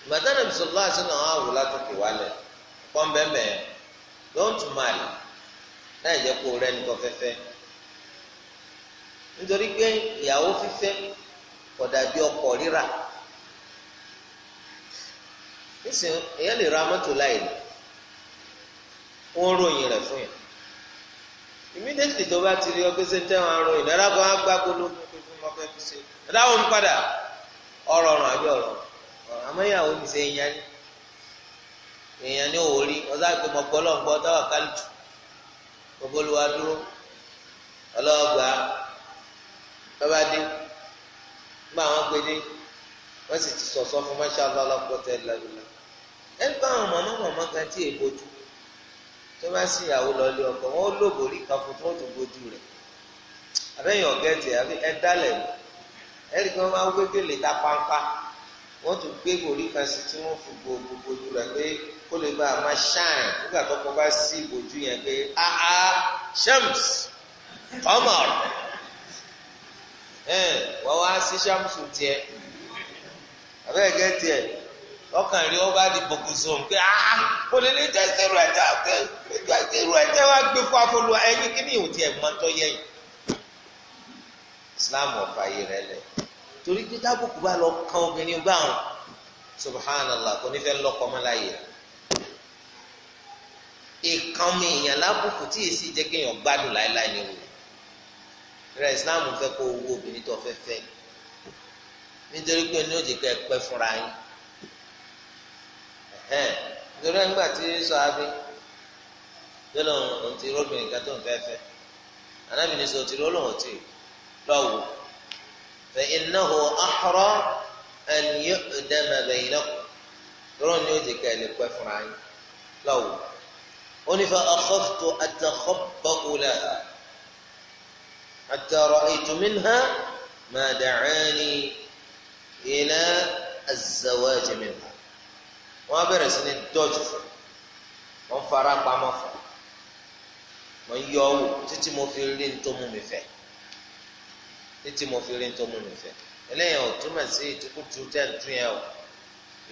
ìbátan nàbì sọlá àti náà àwò látòkè wálẹ̀ pọ́nbẹ́mẹ́ don't marry láì jẹ́ kó rẹ́ nìkan fẹ́fẹ́ nítorí pé ìyàwó fífẹ́ kò dàbí ọkọ̀ rírà nísìnyí èèyàn lè ra mọ́tò láì lè wọ́n ròyìn rẹ̀ fún yẹn immediately tó bá ti rí ọgbẹ́ sẹ́ńtẹ́ wọn ròyìn náírà kan kọ́ fẹ́ fi ṣe ẹ̀dáwọ̀ ọrụ padà ọ̀rọ̀ ọ̀rọ̀ àbí ọ̀rọ̀ ọ̀rọ̀ mi ṣe èèyàn ni èèyàn ni òwò rí ọ̀sá pé mo gbọ́ lọ́ngbọ́ táwa kálùtù gbabadị olúwa wọn àwọn mọ̀mọ́ kan tí àbẹ́yìn ọ̀gẹ́tì àbí ẹ dálẹ̀ wò ẹ̀rí kí wọ́n máa ń gbé gèlè ta pampa wọ́n tún gbé gòrí kan sí tí wọ́n fi bo gbogbo ojú rẹ̀ pé kó lè bá a máa ṣáàyàn nígbà tó kọ́ bá sí ìbòjú yẹn pé aa shams Omar ẹ̀ wọ́n wá sí shams tiẹ̀ àbẹ́yìn ẹ̀ ọkàn rí ọba di bọkùsùn pé ah olè ní jẹ sẹrù ẹjẹ àti ẹjẹ wa gbé fún afọlùwà ẹyin kí ni ìwòtí ẹ mọtọ yẹ islam ọ̀fà yìí rẹ lẹ. torí pé tábùkù bá lọ kan obìnrin subhanallah kò ní fẹ́ lọ́kọ́ mọ́ láyè ìkànnì èèyàn lábùkù tí èsì kéèyàn gbádùn láéláé ni islam fẹ́ kó owó obìnrin tó fẹ́ fẹ́ nítorí pé ní òjì ká ẹ fúnra yín nítorí ẹgbà tí sọ abẹ yóò lọ ti ń sọ ti فور فإنه أحرى أن يؤدم بينكم رون يوجك لكوفر عين لو قل أخفت أتخبأ لها حتى رأيت منها ما دعاني إلى الزواج منها وابرز من وانفرق عمفر من يوم تتمو في اللين تمو مفعل títí mo fi rí nítorí mo nìfẹ́ eléyìí ò túmọ̀ sí ìtukùtù tẹ̀tù yẹn o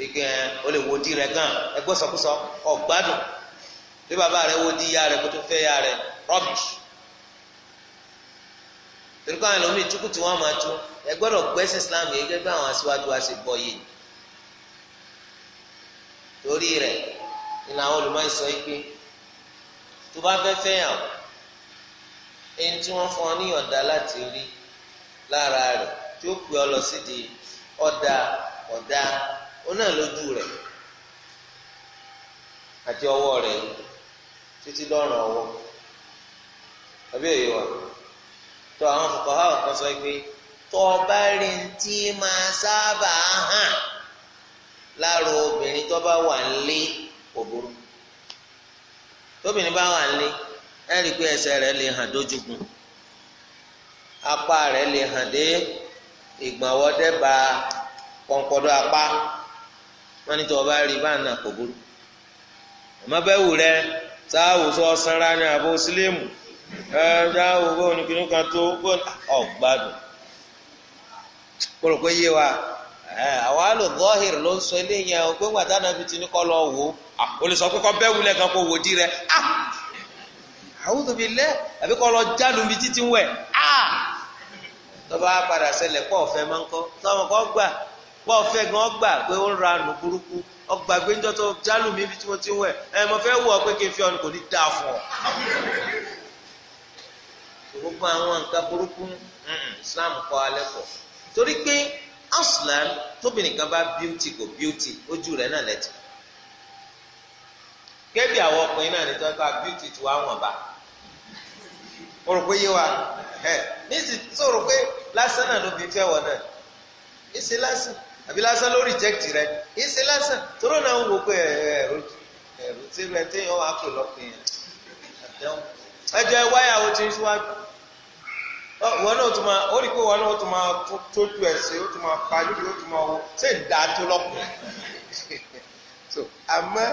ike o lè wo di rẹ gan ẹgbẹ́ sọkúsọ ọ̀gbádùn bí bàbá rẹ wo di ya rẹ kó tó fẹ́ ya rẹ rubbish torí káwọn ẹlòmíì tukutu wọn máa tu ẹ gbọ́dọ̀ gbẹ́sìn Islam yìí gẹ́gẹ́ bí àwọn aṣíwájú wa ṣe gbọ́ yìí torí rẹ̀ ni làwọn olùmọ̀ọ́ sọ pé tó bá fẹ́ fẹ́yàwó ẹni tí wọ́n fún ọ ní ọ̀dà láti rí lára rẹ̀ tí ó pè ọ lọ sí di ọ̀dà ọ̀dà oná lójú àti ọwọ́ rẹ̀ títí lọ́rùn ọwọ́ àbí èyí wa tó àwọn fòkàhà kan sọ pé tó o bá rí n tí máa sábà hàn lára obìnrin tó bá wà nílé òbúrú tóbìnrin bá wà nílé ẹ rí i pé ẹsẹ̀ rẹ̀ lè hàn dójúgun. apá rẹ̀ lè hàn dé ìgbọ̀nwọ́dẹ́ba apá wọ́n ní tí wọ́n bá rí bá nà kò burú àmọ́ bẹ́ẹ̀ rẹ sáàwù sanra ní àbò sílẹ̀mù ẹ sáàwù bó onìkìnnú kan tó bó ọ̀gbádùn kó rò yé wa àwọn ló ń sọ eléyìí pé kọ́ lọ wò ó o lè sọ pé kọ́ bẹ́ẹ̀ kan kó tọ́ba padà sẹlẹ̀ pọ̀ ọfẹ máa ń kọ tọ́mọ kọ́ gbà pọ̀ ọ̀fẹ́ gan gbà pé ó ń ra burúkú ọgbà tó jálù tí mo ti ń ẹ mo fẹ wọ pé kí n fi kò ní dáa fún ọ. gbogbo àwọn nǹkan burúkú Islam kọ́ torí pé tóbìnrin kan bá kò ojú rẹ̀ náà lẹ́tì àwọn ọkùnrin náà ní sì sọ̀rọ̀ pé lásán náà ló fi fẹ́ wọ̀ náà lásán àbí lásán ló rìjẹ́kìtì rẹ lásán tóró náà ń wò pé ẹ̀rọ ẹ̀rọ tí rẹ téèyàn wà pè lọ́pìn yẹn àtẹ̀wọ̀n ẹjọ́ ẹ wáyà ó ti ń ṣíwájú wọn náà tún máa ó rí i pé wọn náà tún máa tójú ẹsẹ̀ ó tún máa pa lórí ó tún máa wọ ṣé ń da tó àmọ́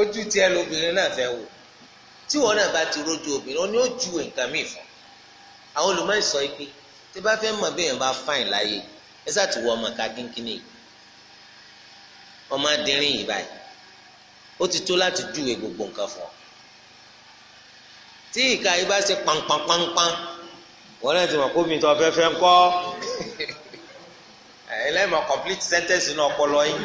ojú tiẹ̀ lóbìnrin náà fẹ́ wò tí wọn náà bá ti rójú obìnrin ó ju àwọn olùmọ̀ ìsọ ipe tí bá fẹ́ mọ̀ bí èèyàn bá fáìn láàyè ẹ sá ti wọ ọmọ ká kínkínní yìí ọmọ adìrin yìí báyìí ó ti tó láti júwe gbogbo nǹkan fún ọ tí ìka yìí bá ṣe pàǹpàǹpàǹpàǹ wọn náà ti mọ̀ kó mi tó fẹ́fẹ́ ń kọ́ ẹlẹ́mọ̀ complete sentence náà ọpọlọ yín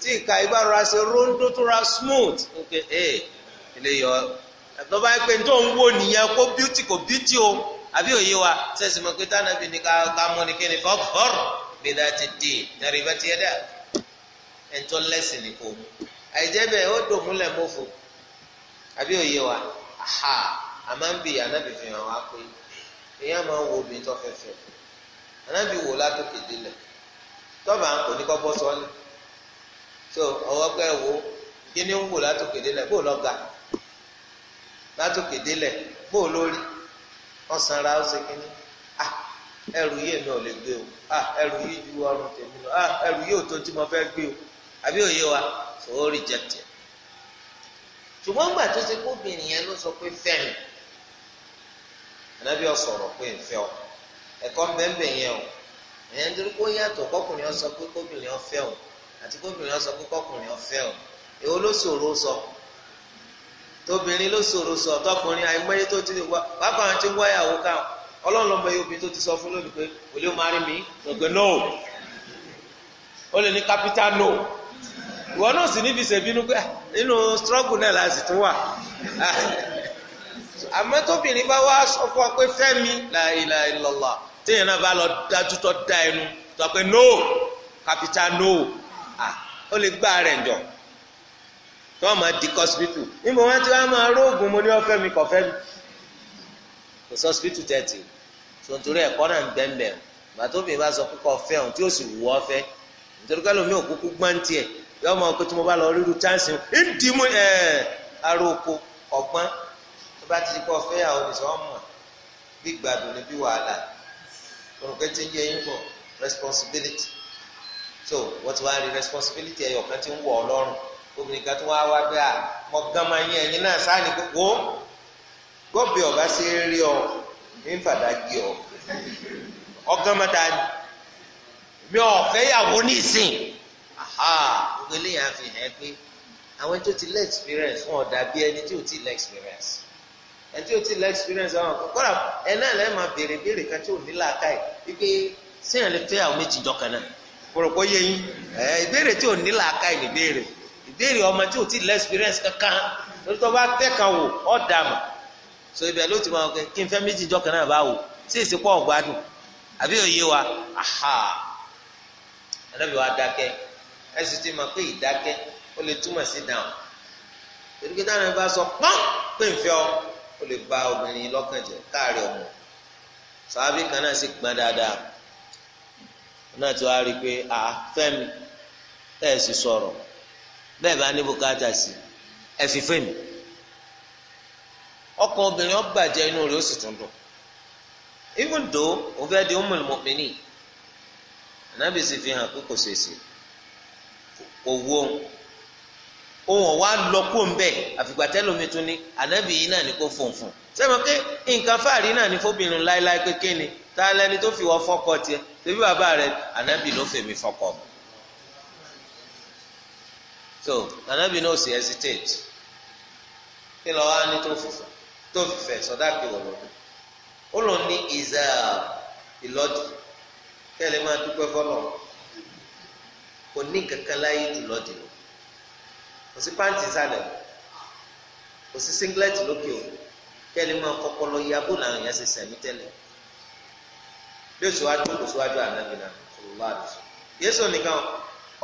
tí ìka yìí bá rọra ṣe róńdó tó ra smooth ok ẹ eléyọ àtọ́ba yẹ pé tó ń wò nìyẹn kó bíútì kò bíútì o àbí òye wa sẹ́sì mọ̀ pé táwọn ẹbí ni ká mú ni kí ni fọ́ bọ́ọ̀rù bí dáa ti dì tẹ̀rí bá ti yẹ dà ẹ̀ńtọ́ lẹ́sìn ni kò mú àìjẹ́ bẹ́ẹ̀ ó dò múlẹ̀ mọ́fò àbí òye wa aha àmọ́ ń bì ànábì fi hàn wá pé èèyàn máa ń wo obìnrin tó fẹ́ fẹ́ ànábì wò látòkè délẹ̀ tọ́ba kò ní kọ́ bọ́ sọ́ọ́lẹ̀ so ọwọ́ pẹ́ wo kí ni ń wò látòkè délẹ̀ bó lọ́ga látòkè délẹ̀ bó o lórí ọ̀sán ra ó ṣe kínní ah ẹrù yìí èmi ò lè gbé o ah ẹrù yìí ju ọrùn tèmi lọ ah ẹrù yìí ò tó tí mo fẹ́ gbé o àbí òye wa fòó rí jẹjẹ ṣùgbọ́n gbà tó ṣe kóbìnrin yẹn ló sọ pé fẹ́mi ànábì ọ̀sọ̀rọ̀ pé ń fẹ́ ọ ẹ̀kọ́ bẹ́ẹ̀ yẹn o ẹ̀yẹn nítorí kó yàtọ̀ kọkùnrin ó sọ pé kóbìnrin ó fẹ́ o àti kóbìnrin ó sọ pé kọkùnrin ó fẹ́ o èwo ló ṣòro sọ. So tóbìnrin ló sọ̀rọ̀ sọ tọkùnrin àìmọye tó ti wá pápá àwọn tí ń wáyàwó káwọn ọlọ́run lọ́mọ tó ti sọ fún lónìí pé kò lè máa rí mi gbọ̀ngàn no ó lè ní capital no ìwọ náà sì níbi ìṣèbínú pé nínú ah, struggle náà la tún wà ah. àmọ́ tóbìnrin bá wá sọ fún ọ pé fẹ́mi la ilaha téèyàn náà bá lọ dájú tó da ẹnu tó pé no capital no ah. ó lè gbá rẹ̀ jọ. tí wọ́n máa di kọ́sìpítù níbo wọ́n ti wá máa róògùn mo ní ọ̀fẹ́ mi kọ̀fẹ́ mi kò sọ́sìpítù tẹ̀tì sọ̀tún rẹ̀ náà ń gbẹ́mbẹ́ o bá sọ kókó ọ̀fẹ́ ọ̀hún tí ó sì wù ọ̀fẹ́ nítorí pé lómi òkúkú gbáǹtì ẹ̀ yọ ọmọ ọkọ tí mo bá lọ ríru chance ń dì mú ẹ̀ ara oko ọ̀gbọ́n tó bá ti di kó ọ̀fẹ́ àwọn oníṣẹ́ ọmọ bí gbàdùn ní bí wàhálà òrùkẹ́ ti ń yẹ yín bọ̀ responsibility so wọ́n ti wá rí responsibility ẹ̀yọ̀kan ti ń wọ̀ ọlọ́run obìnrin kan tó wá wá bẹ́ẹ̀ à mọ gán máa yín ẹ̀yin náà sáà ní gbogbo gọ́bì ọ̀gá ṣe é rí ọ ní fàdákì ọ ọgán máa ta mi ò fẹ́ yàwó nísìn gbogbo eléyà fi hàn pé àwọn tó ti lé experience wọn ò dàbí ẹni tí ò ti lé experience ẹni tí ò ti lé experience àwọn kọ́ra ẹ náà lẹ́ẹ̀ máa béèrè béèrè kan tí ò ní làákàyè wípé sẹ́yìn lè fẹ́ àwọn méjì jọ kan náà kúrò kó yé yín ìbéèrè tí ò ní làákàyè ní béèrè ìbéèrè ọmọ tí o ti lẹ́ experience kankan lórí tó bá tẹ̀kan wò ọ́ dà mà so ibẹ̀ ló ti máa kẹ́ kí n fẹ́ méjì jọ kan náà bá wò sí ìsìnkú ọ̀gbádùn àbí òye wa aha anábì wa dákẹ́ ẹ̀sìn ti máa pé ìdákẹ́ ó lè túmọ̀ sí dáhùn torí pé táwọn ẹ̀fọ́ sọ pọ́n pé ń fẹ́ ọ ó lè ba obìnrin lọ́kàn jẹ́ káàrí ọmọ sàábì kan náà sì gbọ́n dáadáa náà tí wàá rí i pé àá fẹ́mi ẹ̀ sì sọ̀rọ̀ bẹ́ẹ̀ bá ní bùkátà sí ẹ fi fèmí ọkàn obìnrin ó bàjẹ́ inú rẹ̀ ó sì tún dùn even though òun fẹ́ di ummul mu'minin ànábì sì fi hàn pé kò ṣèṣe owó ohun ọ̀wá lọ́kù ńbẹ àfìgbà tẹ́lómi tún ní ànábì yìí náà ní kó fòǹfòǹ sẹ́mi pé nǹkan fáàrí náà ní fóbìnrin láéláé pé kéne tá a lẹni tó fi wọ́n fọ́kọ tiẹ̀ tẹ́bí bàbá rẹ̀ ànábì ló fèmí fọ́kọ mi. so anabi náà hesitate kí lọ wá ní tó fìfà tó fìfẹ sọdá kí wọ lọ ó lọ ní ìlọdì máa fọlọ kò ní kankan láyé ìlọdì lọ kò sí pàǹtì kò sí singlet lókè o kẹlẹ máa kọ́kọ́ lọ yabó làwọn yẹn ṣe sẹmí tẹ́lẹ̀ bí oṣù wájú oṣù wájú anabi náà sọlọ bá a dùn yéṣu nìkan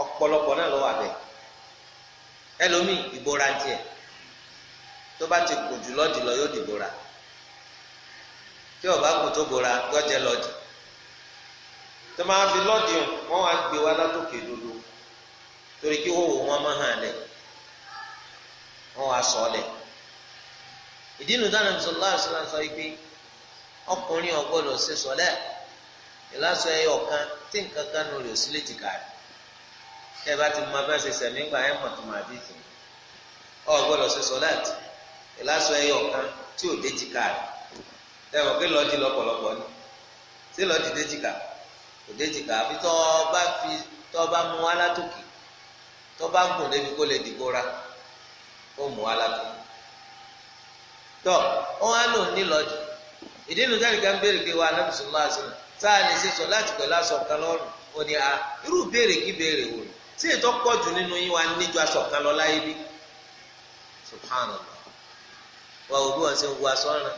ọ̀pọ̀lọpọ̀ náà lọ wà ẹlòmíì ìbora tiẹ̀ tó bá ti kù jù lọ́dì lọ yóò dìbora tí ọba kù tó bora yọjẹ lọ́dì tó máa fi wọn wá gbé látòkè dodo torí kí wọ́wọ́ wọn máa hàn lẹ̀ wọn wá sọ lẹ̀ ìdí nu dáná bí sọlá àṣìlá sọ yìí pé ọkùnrin ò ṣe sọlẹ̀ ìlàsọ ẹyọ kan tí nǹkan kan nù ò tẹ́ bá ti mọ abẹ́sẹ̀ sẹ̀mí gbà ẹ̀ mọ̀ tó máa dì tì ọ gbọ́dọ̀ ṣe sọ́láàtì ìlàsọ ẹyọ kan tí ò dé jìkà rẹ̀ tẹ́ mọ̀ pé lọ́ọ̀dì lọ́pọ̀lọpọ̀ ni ṣé lọ́ọ̀dì dé jìkà kò dé jìkà àfi tọ́ bá fi tọ́ bá mú alátòkè tọ́ bá gùn débi kó lè dìbò ra ó mú alátòkè tọ́ wọn á lò ní lọ́ọ̀dì ìdí inú sẹ́ni kan béèrè pé wa anábì sọ̀rọ̀ láti sáà lè ṣe láti pẹ̀lú aṣọ kan lọ́rùn ó ní a irú béèrè kí béèrè wò ni sí ètò pọ̀jù nínú yín wa níjọ aṣọ kan lọ láyé bí subhanallah wa òbí wọn ṣe ń wo aṣọ ọ̀ràn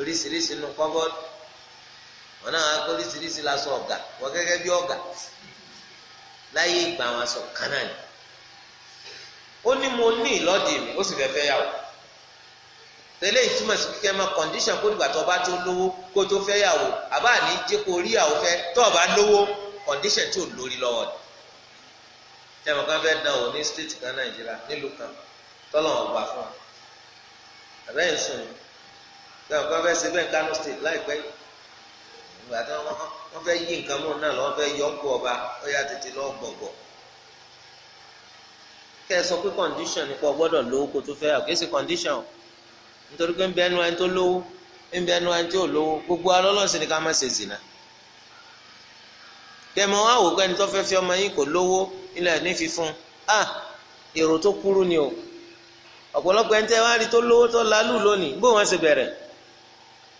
oríṣiríṣi nù kọ́bọ́ọ̀dù wọn náà wá oríṣiríṣi lásọ ọ̀gá wọ́n gẹ́gẹ́ bí ọ̀gá láyé ìgbà wọn aṣọ kan náà ni ó ní mo ní ìlọ́dì mi ó sì fẹ́ fẹ́ yàwó tẹlẹ ìtumọ̀ sí kíkẹ́ mọ kọ̀ǹdíṣàn kó dìgbà tó bá tó lówó kó tó fẹ́ yàwó àbá ní jẹ́ kó rí yàwó fẹ́ tó o bá lówó kọ̀ǹdíṣàn tí ò lórí lọ́wọ́ ni. tẹ́wọ̀n ká fẹ́ dán wò ní stéètì kan nàìjíríà nílùú kan tọ́lọ̀ ọ̀gbà fún wa sùn tẹ́wọ̀n ká fẹ́ ṣe bẹ́ẹ̀ kánú láìpẹ́ ìgbà tí wọ́n fẹ́ yí nǹkan mọ́ náà lọ́wọ́ fẹ́ yọ ọ́kú ọba ó yà tètè lọ́ gbọ̀gbọ̀ kẹ́ ẹ sọ pé condition nípa ọgbọ́dọ̀ lówó kó tó fẹ́ kìí ṣe condition nítorí pé ń ẹni tó lówó ń gbogbo alọ́lọ́sìn ni ká má ṣe zìnà kẹ́ ẹ mọ wá wò pé ẹni tó fẹ́ fi ọmọ yín kò ilẹ̀ ní a èrò tó kúrú ni o ọ̀pọ̀lọpọ̀ ẹni tẹ́ wá rí tó lówó tó lálù lónìí bó ṣe bẹ̀rẹ̀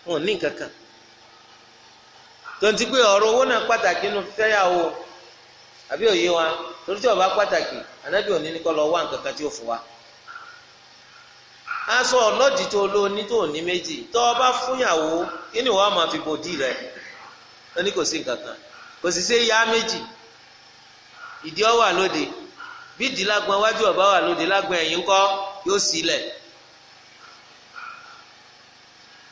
wọn ní kankan tonti pé ọ̀rọ̀ owó náà pàtàkì fẹ́yàwó àbí òye wa torí tí pàtàkì òní ní kọ́ lọ wá nǹkan kan tí ó fún wa aṣọ ọlọ́dì tó ní tó o bá fúnyàwó kí ni fi bòdì rẹ ní kò sí nǹkan kan kò ya méjì ìdí ọ wà lóde bí ìdí lágbọn wájú ọba wà lóde lágbọn ẹ̀yìn kọ́ yóò sílẹ̀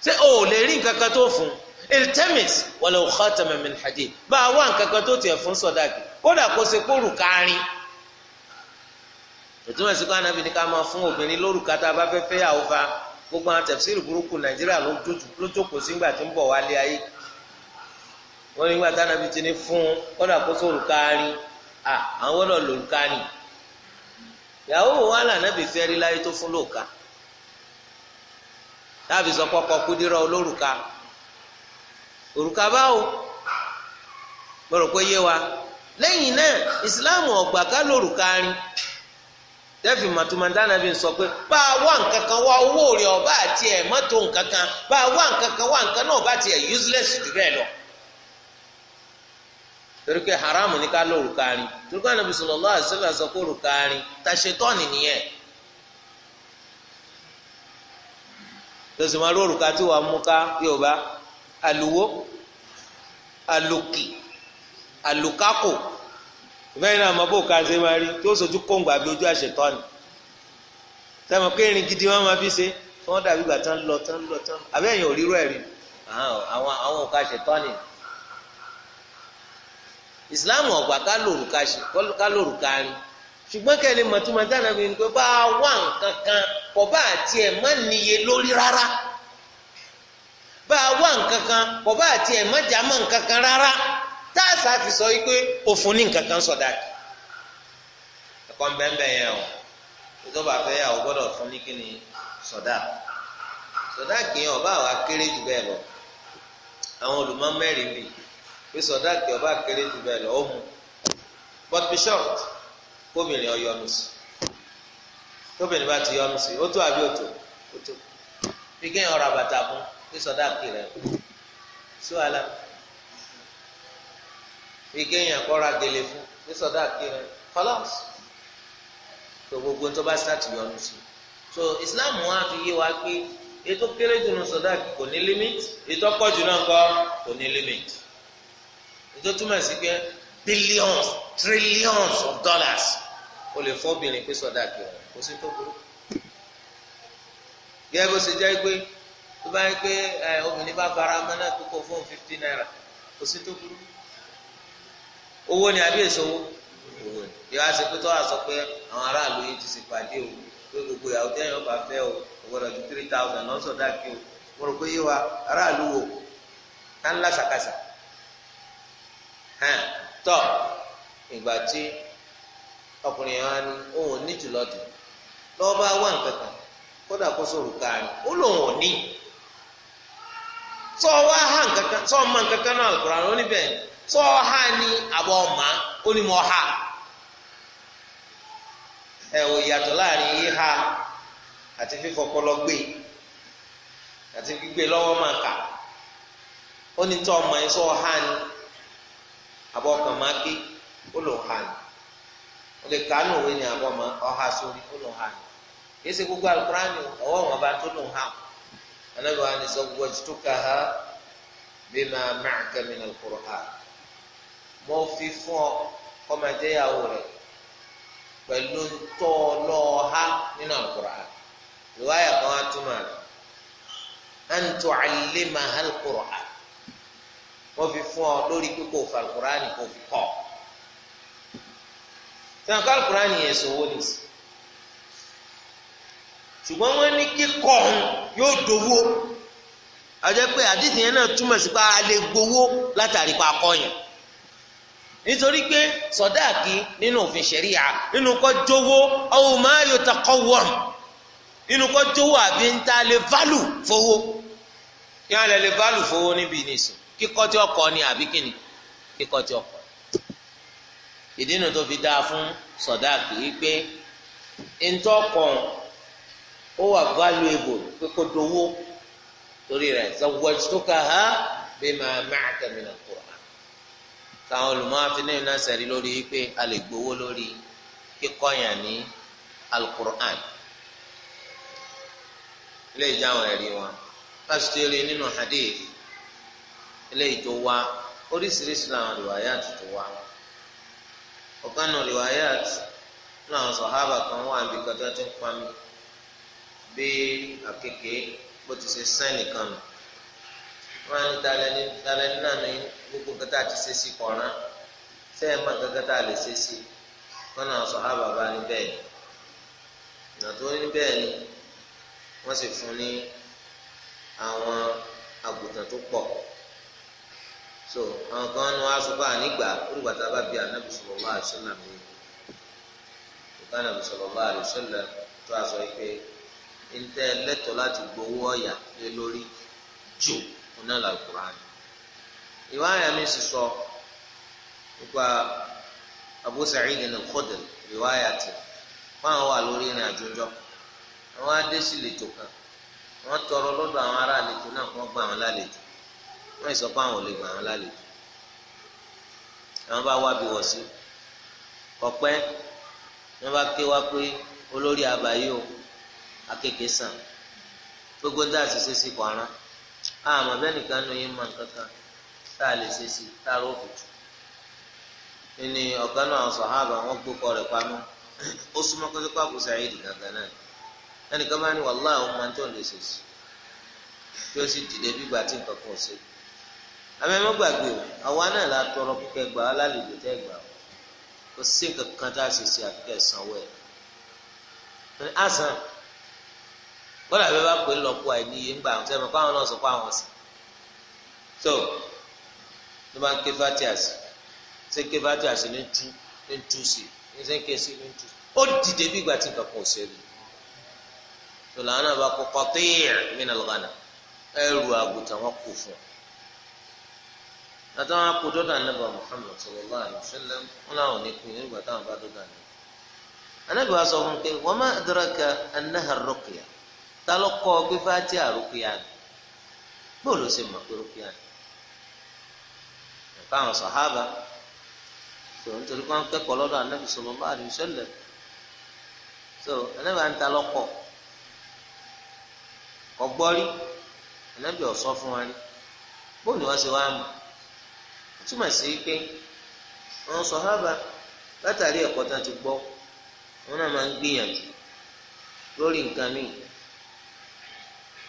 ṣé o ò lè rí nǹkan kan tó fún iltemis walau khataman min hadid bá a wá nǹkan kan tó tiẹ̀ fún sọ̀dáàkì kódà kó ṣe kó rùkà rin ìtumọ̀ sí kó anábì ní ká máa fún obìnrin lórúkà tá a bá fẹ́ fẹ́ yàwó fa gbogbo àwọn tẹ̀síìrì burúkú nàìjíríà ló jókòó sígbà tó ń bọ̀ wálé ayé wọ́n nígbà tá anábì ti ní fún kódà kó sórùkà rin à àwọn wọ́dọ̀ lòǹkà ni ìyàwó wa lànàbì fẹ́ rí láyé tó fún lòǹkà táàbì sọ kọ́kọ́ kúdírọ́ olórùka òrùka báwo mo rò pé yé wa lẹ́yìn náà ìsìláàmù ọ̀gbà ká lòrùka rin tẹ́fì màtúmọ̀dánà bí n sọ pé bá a wá nǹkan kan wá owó rẹ̀ ọba àti ẹ̀ mọ́tò nǹkan kan bá a wá nǹkan kan wá nǹkan náà ọba àti ẹ̀ useless jù bẹ́ẹ̀ lọ torí pé haramu ní ká ló òrùka rin torí pé Ànábì sallallahu alaihi wasallam sọ pé òrùka rin ta ṣetọ́ọ̀nì nìyẹn tòsí máa ló òrùka tí wàá mú ká Yorùbá àlùwò àlùkì àlùkákò bẹ́ẹ̀ náà mọ bó ka ṣe máa rí tí ó sojú kóńgbà bí ojú àṣetọ́ọ̀nì sẹ́mi pé irin gidi wọn máa fi ṣe tí wọ́n dàbí ìgbà tán lọ tán lọ tán àbẹ́yìn òríró ẹ̀rí àwọn òkà àṣetọ́ọ̀nì islam ọgbà ká lòrùka ṣe ká lòrùka rin ṣùgbọ́n kẹ́lẹ́ mọ̀túmọ̀ tí ànábi ni pé bá a wá nǹkan kan kò bá àti ẹ̀ má níye lórí rárá bá a wá nǹkan kan kò bá àti ẹ̀ má jà mọ́ nǹkan kan rárá tá a sá fi sọ yìí pé òfun ní nǹkan kan sọ̀dà kì ẹ̀kọ́ ń bẹ́ẹ̀ bẹ́ẹ̀ yẹn o ìjọba fẹ́ yà ó gbọ́dọ̀ fún ní kíni sọ̀dà sọ̀dà kì í ọba àwa kéré jù bẹ́ẹ̀ lọ àwọn olùmọ̀ mẹ́rin bíi pé sọdáàkì ọba kéré jù bẹ́ẹ̀ lọ ó hun but be short kóbìnrin ọ yọnu sí tóbìnrin bá ti yọnu sí ó tó àbí òtò òtò bí kéèyàn ra bàtà fún pé sọdáàkì rẹ sí wàhálà bí kéèyàn kọ́ra gèlè fún pé sọdáàkì rẹ kọlọ́ọ̀sì tó gbogbo tó bá sá ti yọnu sí so Islam wa fi yé wa pé ètò kéré jù nù sọdáàkì kò ní limit ètò pọ̀ jù náà kò ní limit ètò túmọ̀ sí pé billions trillions of dollars o lè fọ́ obìnrin pé sọ̀dá kì í kò sí tó burú. gẹ́gẹ́ bó ṣe jẹ́ pé tó bá yẹ pé obìnrin bá bara ọmọ náà tó kọ fóun fifty naira kò sí tó burú. owó ni àbí èso owó ìwà ṣe pé tó wà sọ pé àwọn aráàlú yìí ti sì pàdé o pé gbogbo ìyàwó tẹ́yìn ọba fẹ́ o òwúrọ̀ ju three thousand lọ́sọ̀dá kí o mo rò pé yíwa aráàlú wo ká ń lásàkásà. hàn tọ ìgbà tí ọkùnrin yẹn wá ní òun ní jùlọ dùn lọ́wọ́ wà nǹkan kódà kó sòrò káàrin ó lòun ò ní tọ́ wá hà nǹkan ma nǹkan náà àlùkùránì ó níbẹ̀ tọ́ hà ní àbọ̀ ọ̀mà ó ní mọ̀ hà ẹ ò yàtọ̀ láàrin híha àti gbé àti gbígbé lọ́wọ́ máa kà ó ní tọ́ ọmọ ní. abọ́ kan máa ké ó lò ha ni o lè ka nù òwe ni abọ́ ma ọha sórí ó lò ha ni yéésì gbogbo alukurani ọwọ́ wọn bá tó lò ha anabi wa ni sọ wajtukaha bima ma'aka min al-Qur'an mo fi fún ọ kọ́mọdéyàwó rẹ pẹ̀lú tọ́ lọ́ọ́ha nínú al-Qur'an ìwáyà kan á túmọ̀ rẹ̀ an tu'allimaha al-Qur'an wọ́n fi fún ọ lórí kíkó falkurani kò fi kọ́ sàn falkurani yẹn sọ̀wọ́ ni ṣùgbọ́n wọ́n ní kíkọ́ ọ̀hún yóò dowó àjẹ́ pé àdìsí yẹn náà túmọ̀ sí pé a lè gbowó látàrí pa akọ́yàn nítorí pé sọdáàkì nínú òfin ṣẹ̀ríà nínú kọ́ jówó ọ̀hún máa yọ takọ́ wọ̀m nínú kọ́ jówó àbí ń ta lè válù fowó kí wọ́n lè lè válù fowó níbi ìnìsìn kíkọ́ tí ọkọ ni àbí kíni kíkọ́ tí ọkọ ìdínà tó fi dáa fún sọdáàkì wípé ntọ́ kan ó wà valuable pé kó dowó torí rẹ̀ zawwajtukaha bima ma'aka min al-Qur'an táwọn olùmọ́àfin náà náà sẹ̀rí lórí wípé a lè gbowó lórí kíkọ́ yàn ní al ilé ìjà ẹ̀rí wọn eléyìí tó wá oríṣiríṣi làwọn rìwáyàtì tó wá ọ̀kan náà rìwáyàtì láwọn sọ̀hábà kan wà níbi kan tó ti ń pami bí àkekèé bó ti ṣe sẹ́ nìkan nù wọn ní dalẹ́ni dalẹ́ni náà ní gbogbo ti ṣe sí sẹ́yìn máa kẹ́kẹ́ tá a lè ṣe sí wọn náà sọ̀hábà bá ní bẹ́ẹ̀ ni ní bẹ́ẹ̀ ni wọ́n sì fún ní àwọn àgùntàn tó pọ̀. so àwọn kan ní wọn aṣọ báà nígbà olùgbà tá a bá bí anabi sallallahu alaihi wasallam mi ìgbà anabi sallallahu alaihi wasallam tó aṣọ yìí pé ntẹ lẹ́tọ̀ọ́ láti gbowó ọ̀yà lé lórí jù ọ̀nà làkùrán ìwà àyà mi sì sọ nípa Abu Sa'id al-Khudri ìwà àyà tì fáwọn wà lórí ìrìn àjò jọ àwọn adé sì lè tó kan wọn tọrọ lọ́dọ̀ àwọn ará àlejò náà kó wọn gbà wọn lálejò wọ́n sọ pé àwọn ò lè gbà wọ́n lálejò àwọn bá wá bí wọ̀ sí kọ̀pẹ́ ní bá sàn gbogbo kwara ní oyin máa ń kankan tá a lè ṣe sí tá a rò kùtù ní ọ̀gá náà sọ̀hábà wọ́n gbókọ̀ rẹ̀ pamọ́ ó súnmọ́ kó tó kó àbùsà di gàgán náà ẹnìkan bá ní wàhálà òun máa ń tó lè ṣe sí tí ó sì abẹ́mọ́ gbàgbé àwa náà la tọrọ kúkẹ́ gbà á lálejò tẹ́ gbà ó kò sí nǹkan kan tá a ṣe ṣe àfikẹ́ sanwó ẹ̀ ní àsán kọ́lá bẹ́ẹ̀ bá pè é lọ́kọ́ àìníye ńgbà àwọn sẹ́mi fáwọn náà sọ fáwọn sí tó ló máa ń ké fatias ṣé ké fatias ní tú ní tú sí ní sẹ́ńkẹ́ sí ní tú ó dìde bí ìgbà tí nǹkan kan ò ṣe rí tó làwọn náà bá kọ́ kọ́ téèyàn mí nà lọ́gànà ẹrù àgùntàn wọn kù fún un àti wọn kó dọdọ anabi muhammed sallallahu alayhi wa sallam wọn làwọn ní kú nígbà táwọn bá dọdọ anabi anabi wa sọ fún pé wọn má adraka annaha ruqya ta ló kọ pé fati àrùkìyà ni bó ló ṣe mọ pé rúkìyà ni nǹkan àwọn sàhábà tó nítorí wọn kẹ́kọ̀ọ́ lọ́dọ̀ anabi sallallahu alayhi so anabi à ń ta lọkọ ọgbọrí anabi ọsọ fún wa ni bó ni wọn ṣe wá mọ. túmọ̀ sí pé sọ sọ̀hábà látàrí ẹ̀kọ́ tán ti gbọ́ wọn náà máa ń gbìyànjú lórí nǹkan míì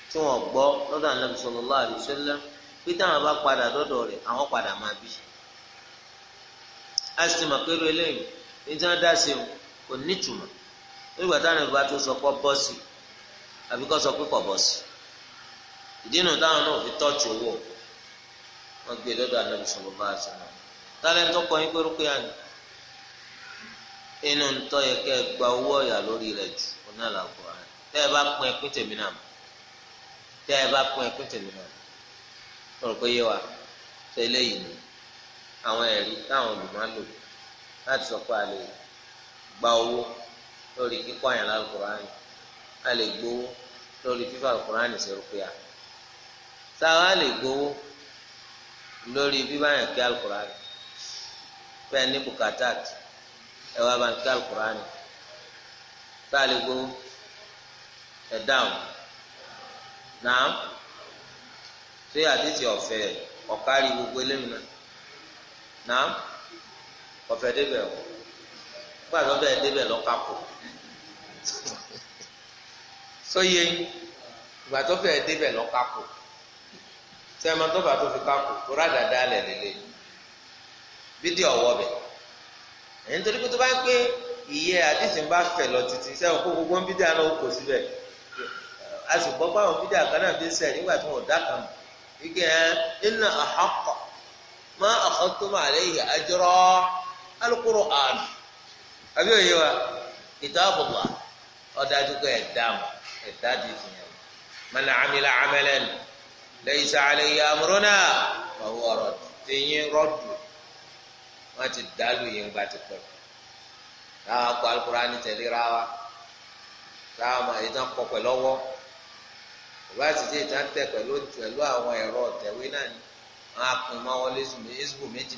tí wọn gbọ́ lọ́dọ̀ Ànábì sallallahu alaihi wasallam pé táwọn bá padà dọ́dọ̀ rẹ̀ àwọn padà máa bí a sì mọ̀ pé irú eléyìí ní tí wọ́n dá sí o kò nítumọ̀ nígbà táwọn ìbá tó sọ pé bọ́ọ̀sì wọ́n gbé lọ́dọ̀ anabi sallallahu alaihi wasallam tálẹ̀ tó kọ́ yín pé rúkúyà ni inú ntọ́ yẹ kẹ́ ẹ gba owó ọ̀yà lórí rẹ̀ jù ọ̀nà làkúrà rẹ̀ tẹ́ ẹ bá pín ẹpín tèmi náà tẹ́ ẹ bá pín ẹpín tèmi náà mo rò pé yé wa tẹ́lẹ̀ yìí ni àwọn ẹ̀rí táwọn olùmọ̀lò láti sọ pé a lè gba owó lórí kíkọ́ àyàn lálùkùrọ̀ àyàn a lè gbowó lórí fífa àlùkùrọ̀ àyàn sí rúkúyà sáà lè gbowó lórí bíbáyàn kí alukurani bẹ́ẹ̀ ní bùkátà ẹ wá bá ń kí alukurani sáàlì gbowó ẹ dáhùn náà ṣé àtìsí ọ̀fẹ́ ọ̀kárí gbogbo eléyìí náà náà ọ̀fẹ́ débẹ̀ ọ̀ gbàdọ̀ bẹ́ẹ̀ débẹ̀ lọ́kàkọ́ sóye ìgbà tó fẹ́ẹ́ débẹ̀ lọ́kàkọ́. sẹ́mi tó bá tó fi kákò tó rà dáadáa lẹ̀ lélẹ̀ bídìí ọ̀wọ́ bẹ̀ ẹ̀ nítorí pé tó bá ń pé ìyẹ́ àdìsí ń bá fẹ̀ lọ títí sẹ́wọ̀n kó gbogbo ń bídìí àná kò síbẹ̀ a sì gbọ́ àkànnà fi ń sẹ̀ nígbà tí wọ́n dá kan mọ̀ ẹ̀ laysa alayhi amruna fa huwa radd tẹ̀yìn rọ́dù wọ́n ti dàlù yẹn gba ti ma ti dé ìtàn tẹ̀ pẹ̀lú pẹ̀lú àwọn ẹ̀rọ ọ̀tẹ̀wé náà ni wọ́n á pin mọ́ wọn lẹ́sùn ẹ̀sùn méjì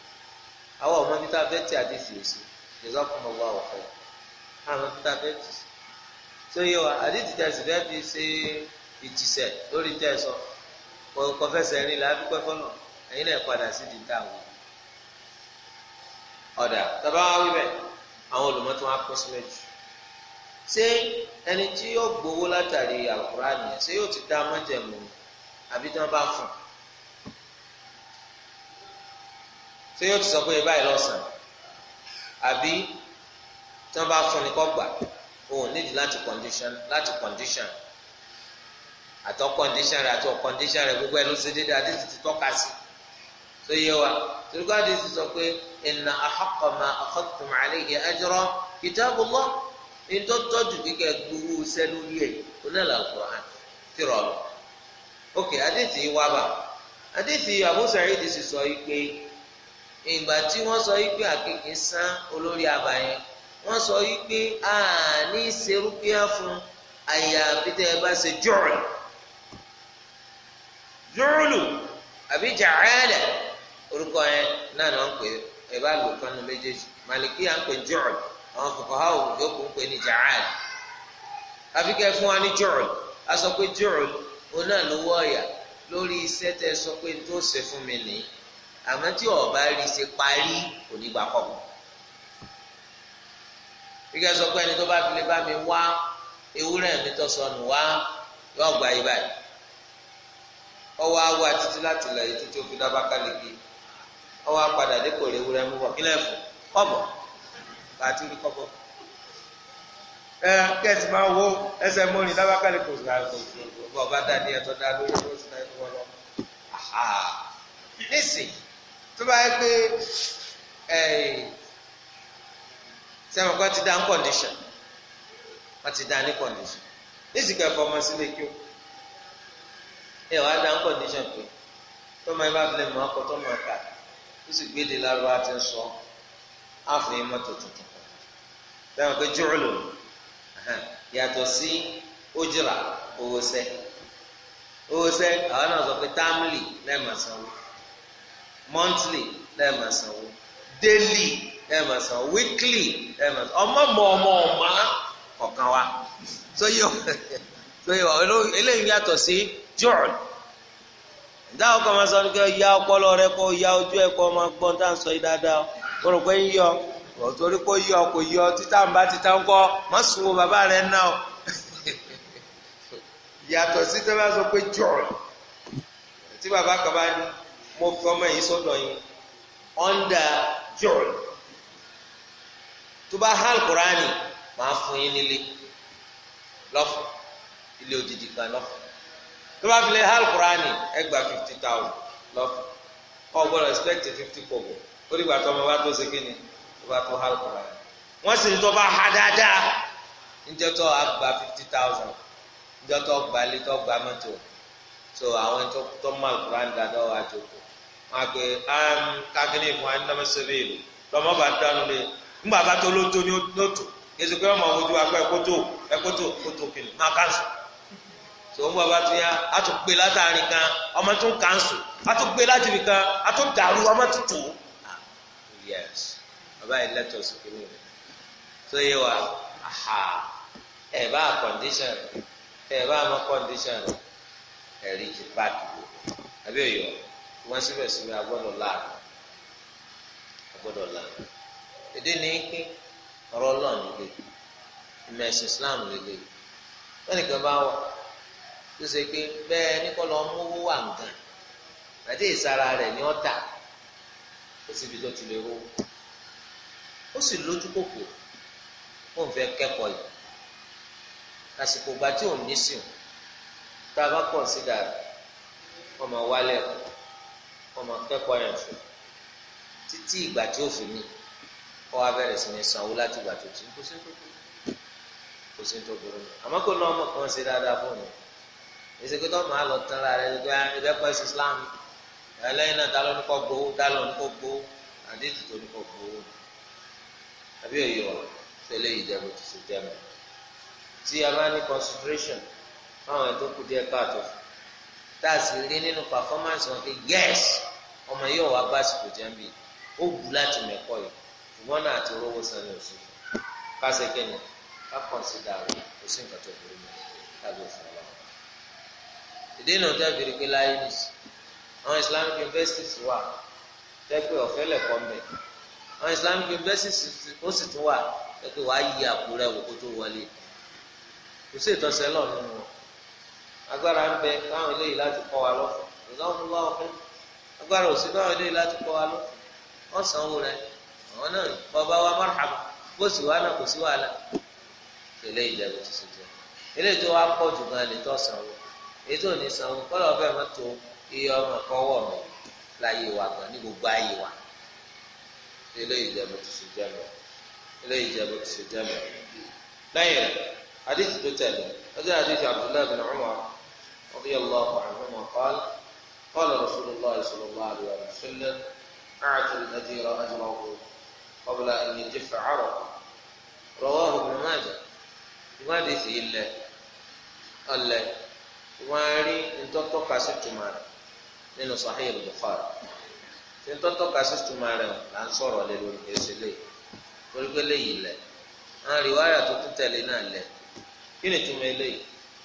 àwọn ọmọ bíi tá a fẹ́ tí àdìsí òsì ìjọba fún ọgbà ọ̀fẹ́ àwọn bíi tá a fẹ́ tì tó yẹ wa àdìsí tẹ̀sí fẹ́ fi ṣe ìjìṣẹ́ lórí tẹ̀sán kò fẹsẹ̀ rìn lábípẹ́ fọ́nà ẹ̀yin náà padà sí di tá a wò ọ̀dà tàbá wá wíbẹ̀ àwọn olùmọ̀ tó wá kó sí méjì ṣé ẹni tí yóò gbowó látàrí àlùkùránì ṣé yóò ti dá mọ́jẹ̀mú àbí tí wọ́n bá fún un ṣé yóò ti sọ pé báyìí lọ́sàn àbí tí wọ́n bá fún ni kọ́ gbà òun nídìí láti condition láti condition àtọ́ condition rẹ̀ àti condition rẹ̀ gbogbo ẹ̀ ló ṣe déédéé àdéhùn ti tọ́ka sí tó yẹ wa tìrúkọ́ àdéhùn ti sọ pé inna ahaqqa ma akhadtum alayhi ajra kitabullah nítorí tọ́jú kíkẹ́ gbowó sẹ́nu rí ẹ̀ onílà Al-Qur'an ti rọ̀ lọ. ok àdéhùn ti wá bá àdéhùn ti Abu Sa'id ti sọ yìí pé ìgbà tí wọ́n sọ wípé àkekèé sán olórí àbá yẹn wọ́n sọ wípé a ní serúpíà fún àyà pété ẹ bá ṣe jùrù jùrùlù àbí jàcẹ́lẹ̀ orúkọ yẹn náà ni wọ́n pè é bá lò kánú méjèèjì màlìkí à ń pè jùrù àwọn fòkòhá òun yòókù ń pè ní jàcẹ́lẹ̀ àbí kẹ́ fún wa ní jùrù a sọ pé jùrù òun náà ló wọ́ ọ̀yà lórí iṣẹ́ tẹ́ sọ pé tó ṣe fún mi nìyí àmọ́ tí ọba rí ṣe parí kò ní gbà kọ́ gbígbẹ́ sọ pé ẹni tó bá fi lè bá mi wá ewúrẹ́ mi tó sọnù wá yóò gba yí báyìí ọwọ́ awọ títí láti lẹ̀ yìí títí ó fi dábàá kálíkì ọwọ́ apàdà dípò rẹ̀ ewúrẹ́ mú bọ̀ kílẹ̀ fún kọ́bọ̀ àti rí kọ́bọ̀ ẹ kẹ́sì máa wo ẹsẹ̀ mọ́rin dábàá kálíkì kò sí àgbọ̀ bọ̀ bá dá ní ẹ̀tọ́ dá lórí ẹ̀tọ́ sí náà ẹ̀tọ́ tó bá yẹ pé sẹ́wọ̀n kan ti dá ní condition wọ́n ti dá ní condition nísìkò ẹ̀fọ́ ọmọ sílé kí o ẹ wàá dá ní condition pé tọ́mọ ẹ bá bilẹ̀ mọ́ ọkọ tọ́mọ ẹ̀ka ó sì gbé de lárúbá ti ń sọ àfọ̀ yín mọ́tò tuntun kan sẹ́wọ̀n pé jùlọ yàtọ̀ sí ojúra owó sẹ́ owó sẹ́ àwọn náà sọ pé táàmìlì lẹ́ẹ̀mọ̀ sanwó. monthly lẹ́ẹ̀mà sanwó daily lẹ́ẹ̀mà sanwó weekly lẹ́ẹ̀mà sanwó ọmọ mọ ọmọ ọmọ kọ̀ọ̀kan wa sóyè sóyè eléyìí yàtọ̀ sí jọ́ọ̀lù dáwọ́ kan máa sọ ya ọpọlọ rẹ kó ya ojú ẹ kó máa gbọ́n tá à ń sọ yìí dáadáa rò pé ń yọ torí yọ kò yọ títà ń bá títà ń kọ́ má sùn wo bàbá rẹ yàtọ̀ sí tẹ́lẹ̀ sọ pé tí bàbá bá ní. mo fi ọmọ yìí sọ́dọ̀ yín under jury. tó bá hàn kúránì màá fún yín nílé lọ́fọ̀ ilé òdìdí kan lọ́fọ̀ tó bá fi lè hàn kúránì ẹ fifty thousand lọ́fọ̀ ọ gbọ́dọ̀ expect fifty kobo ó dìgbà tó ọmọ bá tó ṣe kíni tó bá tó hàn kúránì wọ́n sì ń tó bá ha dáadáa níjọ́ tó a fifty thousand níjọ́ tó gba ilé tó gba mọ́tò so àwọn tó tó mọ àkùrán dáadáa wà jókòó. wọn àgbẹ̀ kágínì fún wa ẹnìtàn mẹsẹ̀rẹ̀ èlò lọ́mọ bá dánú lé ńgbà bá tó ló tó ní òtò pé ọmọ ojú wa pé ẹkótó ẹkótó kótó kìnnì máa káńsù tó ń bá tó yá a tún kan ọmọ tún káńsù a láti a dàrú ọmọ wọ́n síbẹ̀síbẹ̀ agbọ́dọ̀ láàánú agbọ́dọ̀ láàánú èdè ní pé ọ̀rọ̀ ọlọ́run lè Islam lè lè wọ́n bá wà tó ṣe pé bẹ́ẹ̀ nípa mówó wà nǹkan àti ìsara rẹ̀ tó ti lè ó sì lójú kòkò ó ń fẹ́ kẹ́kọ̀ọ́ yìí àsìkò tí òun ọmọ akẹ́kọ̀ọ́ yẹn fún títí ìgbà tí ó fi mí kọ́ wa bẹ̀rẹ̀ sí ní sanwó láti ìgbà tó ti kó sí tó burú kó sí tó burú àmọ́ kó lọ́ ọmọ kan ṣe dáadáa fún mi èsì pé tọ́mọ àlọ́ tán ra rẹ gbé ẹgbẹ́ Islam ẹlẹ́yìn náà dálọ́ ní kọ́ gbowó dálọ́ ní kọ́ gbowó àdéhùn tó ní kọ́ gbowó àbí òye wà tẹ́lẹ̀ ìjẹ́bù ti ṣe jẹ́ tí a bá ní concentration fáwọn ẹ̀ tó kù díẹ̀ káàtó fún tá a sì rí nínú pàfọ́mánsì wọn pé yẹ́s ọmọ yóò wá gbàsìkò jẹ́ǹbì ó wù láti mẹ́kọ́ yìí ṣùgbọ́n náà àti rówó san ní oṣù kásẹ̀ kẹ́ni ká kọ̀ǹsídà rẹ̀ kò sí nǹkan tó burú mọ́ lábẹ́ òfin ọlọ́run. ìdí ìnà tó fi rí láyé nìs àwọn Islamic universities wà tẹ́pẹ́ ọ̀fẹ́ lẹ̀kọ́ mẹ́ àwọn Islamic universities ó sì tún wà tẹ́pẹ́ wàá yí àpò rẹ̀ wò kó tó wọlé kò sí ìtọ́sẹ́ lọ́ọ̀ nínú wọn. agbára ń bẹ fáwọn eléyìí láti kọ́ wa lọ́fọ̀ ìdáhùn lọ́wọ́ ọ̀fẹ́ agbára ò sí fáwọn eléyìí láti kọ́ wa lọ́fọ̀ wọ́n san owó rẹ̀ àwọn náà wa márùhàmà bó sì wà náà kò sí wàhálà tẹ̀lé ìjà ló ti ṣètò eléyìí tó wá pọ̀ jù gan iye ọmọ láyé wa gan ní gbogbo ayé wa tẹ̀lé ti tẹ̀lé ti lẹ́yìn rẹ̀ رضي الله عنهما قال قال رسول الله صلى الله عليه وسلم أعطوا الأجير أجره قبل أن يجف عرقه رواه ابن ماجه ìwádìí sì ilẹ̀ ọ̀lẹ̀ wọ́n á rí ntọ́tọ́ka sí tuma rẹ̀ nínú Sahih Bukhari tí ntọ́tọ́ka sí tuma rẹ̀ là ń sọ̀rọ̀ lé lórí gbèsè lé torí pé léyìí lẹ̀ wọ́n á rí wáyà tó tún tẹ̀lé náà lẹ̀ kí ni tuma eléyìí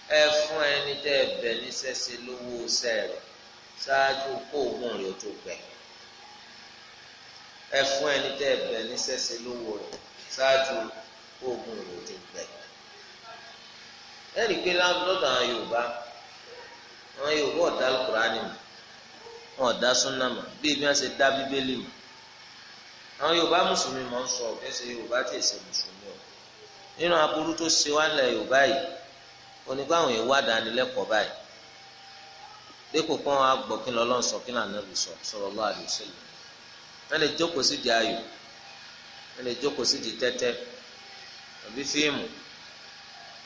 ẹ fún ẹni tẹ ẹ bẹ ní sẹsẹ lówó sẹ rẹ ṣáájú kó oògùn rẹ tó gbẹ ẹ fún ẹni tẹ ẹ bẹ ní sẹsẹ lówó rẹ ṣáájú kó oògùn rẹ tó gbẹ ẹnì pé lọ́dọ̀ àwọn Yorùbá àwọn Yorùbá ọ̀dà Kùránì mọ̀ wọn ọ̀dà súnà mọ̀ bí ibi wọn ṣe dá Bíbélì mọ̀ àwọn Yorùbá mùsùlùmí mọ̀ ń sọ ọ̀gbẹ́sẹ̀ Yorùbá tẹ̀sẹ̀ mùsùlùmí ọ̀ nínú aburú tó ṣe wá lẹ̀ Yorùbá yìí onígbàwọn yẹn wá dánilẹ́kọ̀ọ́ báyìí dípò kí wọ́n á gbọ́ kí lọ́lọ́ sọ kí lànà lè sọ sallallahu alaihi wasallam wọ́n lè jókòó sí di ayò wọ́n lè jókòó sí di tẹ́tẹ́ àbí fíìmù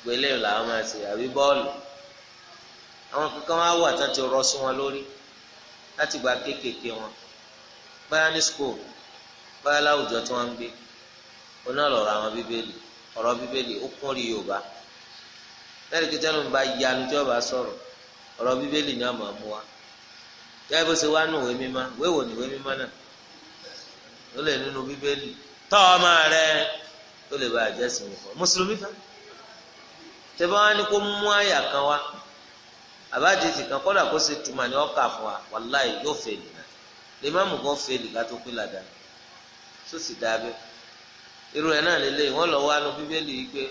gbélé làwọn máa ṣe àbí bọ́ọ̀lù àwọn kankan wá wà tán ti rọ sí wọn lórí láti gba kéékèèké wọn báyà ní school báyà láwùjọ tí wọ́n ń gbé oná lọ̀rọ̀ àwọn bíbélì ọ̀rọ̀ bíbélì ó kún rí Yorùbá lẹ́yìn kí tẹ́lẹ̀ ń bá yanu tí wọ́n bá sọ̀rọ̀ ọ̀rọ̀ bíbélì ni mú wa yáa bó ṣe wá nù ìwé mímá ìwé wò ní ìwé mímá náà ó lè nínú bíbélì tọ́ ọmọ rẹ ó lè bá àjẹsìn wò fún mùsùlùmí fẹ́ tẹ́bá wá ní kó mú àyà kan wá àbájáde kan kọ́dà kó ṣe tuma ọkà fún wa wàláì yóò náà lè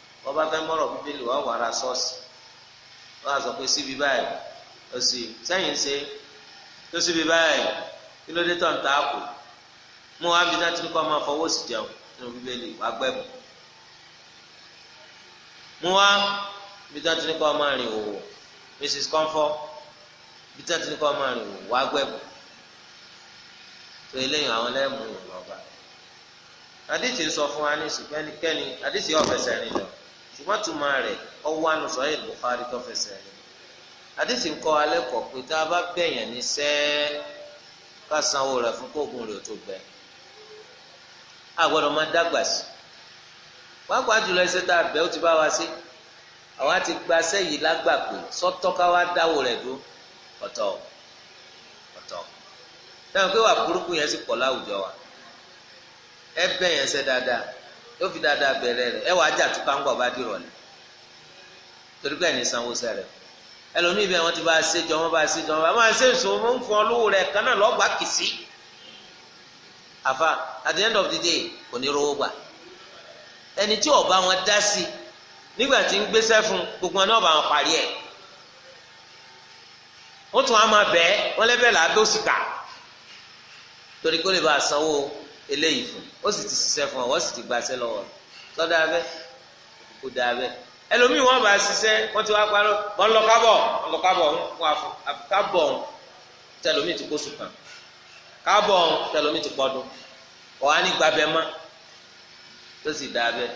wọ́n bá fẹ́ mọ́rọ̀ bíbélì wọ́n wàrà sọ́ọ̀sì wọ́n á sọ pé síbi báyìí ó sì sẹ́yìn ṣe tó síbi báyìí kí ló dé tọ̀ ń ta àpò mú wa bí dájú kọ́ máa fọwọ́ sí jẹun nínú bíbélì wà gbẹ́bù mú wa bí dájú kọ́ máa rìn òwò Mrs. Comfort bí dájú kọ́ máa rìn òwò wà gbẹ́bù tó eléyìn àwọn lẹ́mú ìlú ọba àdìsí sọ fún wa ní ìsìnkú ẹnikẹ́ni àdìsí ọ̀fẹ́sẹ̀ rìn lọ ṣùgbọ́n tuma rẹ̀ ọwọ́ anu sọ̀rọ̀ Bukhari tó fẹsẹ̀ rẹ̀ àdìsí ń kọ́ alẹ́ kọ̀ pé tá a bá bẹ̀yàn ní sẹ́ẹ́ ká sanwó rẹ̀ fún kóògùn rẹ̀ tó gbẹ a gbọ́dọ̀ máa dàgbà sí pàápàá jùlọ ẹsẹ̀ tá a bẹ́ ó ti bá wa sí àwọn àti gbaṣẹ́ yìí lágbà pé sọ́tọ́ ká wá dáwó rẹ̀ dó ọ̀tọ̀ ọ̀tọ̀ dáhùn pé wà burúkú yẹn sì pọ̀ láwùjọ wa ẹ bẹ̀yàn ṣe dáadáa yóò fi dáadáa bẹ̀rẹ̀ rẹ̀ ẹ wàá jà tó káńgbọ̀ bá dìrọ̀ lẹ̀ torí pé ẹni sanwó sẹ́rẹ̀ ẹlòmíì bẹ́ẹ̀ wọ́n ti bá a ṣe jọ wọ́n bá a ṣe jọ wọ́n bá a ṣe sọ wọ́n fún ọ rẹ̀ kan náà lọ́gbà kìsì àfa at the end of the day kò ní rówó gbà ẹni tí ọba wọn dá sí nígbà tí ń gbéṣẹ́ fún gbogbo wọn náà bá wọn parí ẹ̀ wọ́n tún wọn máa bẹ́ẹ̀ wọ́n lẹ́bẹ̀ẹ́ làá dó sìkà torí kó lè bá a sanwó eléyìí fún ó sì ti ṣiṣẹ́ fún ọ wọ́n sì ti gbaṣẹ́ lọ́wọ́ sọ́dọ̀ abẹ́ kò dà abẹ́ ẹlòmíì wọ́n bá ṣiṣẹ́ wọ́n ti wá parọ́ wọ́n lọ kábọ̀ wọ́n lọ kábọ̀ fún àbùkábọ̀ tẹlomi ti kó sùkàn kábọ̀ tẹlomi ti pọ́dún ọ̀hán ní gbàbẹ́ mọ́ tó sì dà abẹ́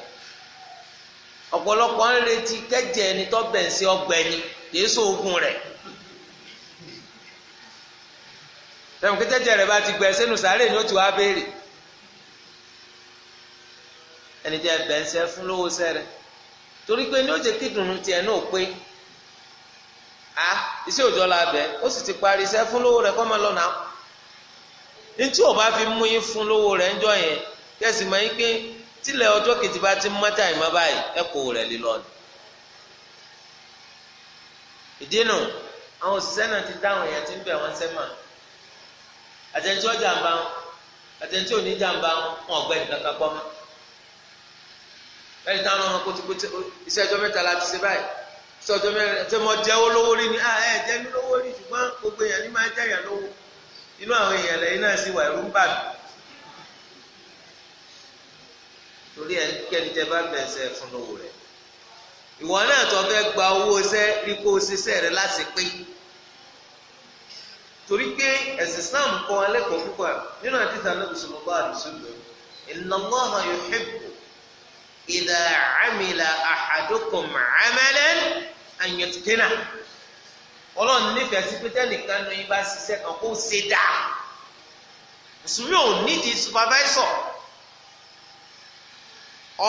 ọ̀pọ̀lọpọ̀ ń retí kẹ́jẹ́ ẹni tó bẹ̀ ń ṣe ọgbẹ́ni kìí sóògùn rẹ̀ tẹ̀wọ̀n kẹ́jẹ́ bá ti gbẹ̀ sínú sàárè ni ó ti wá béèrè ẹni tẹ́ ẹ bẹ̀ ń sẹ́ fún lówó sẹ́ torí pé ní ó jẹ́ kí dùnú tiẹ̀ náà pé a iṣẹ́ òjọ́ la bẹ̀ ó sì ti parí sẹ́ fún lówó rẹ kọ́ máa lọ nà ní tí o bá fi mú yín fún lówó rẹ yẹn kẹ́sì máa ń pé tílẹ̀ ọjọ́ kejì bá ti báyìí ẹ kò rẹ̀ lè lọ ìdí àwọn òṣìṣẹ́ náà ti dáhùn ń bẹ̀ wọ́n ọjà ń bá wọn òní ẹni táwọn ọmọ kò ti pé iṣẹ́ ọjọ́ mẹ́ta la ti ṣe báyìí iṣẹ́ ọjọ́ mẹ́ta ṣé mo jẹ́ owó lówó rí ni ah ẹ jẹ́ mi lówó rí ṣùgbọ́n gbogbo èèyàn ní máa jẹ́ èèyàn lówó inú àwọn èèyàn lẹ́yìn náà sì wà ẹ̀rú ń bà mí. torí ẹ kẹ́ni tẹ bá bẹ̀rẹ̀ sẹ́ fún lówó rẹ̀ ìwọ náà tó fẹ́ gba owó iṣẹ́ rí kó o ṣiṣẹ́ rẹ láti pé torí pé ẹ̀sìn Islam kọ́ alẹ́kọ̀ọ́ púpọ̀ nínú àdìsá náà bùsùlùmọ́ àdìsúlù inna Allaha yuhibbu ìdá àmìlà àhàdókòm àmàlẹ́ àyẹ̀tùkẹ́nà ọlọ́run nífẹ̀ẹ́ sí pé tẹ́nìkan ní bá ṣiṣẹ́ kan kó ṣe dáa mùsùlùmí ò supervisor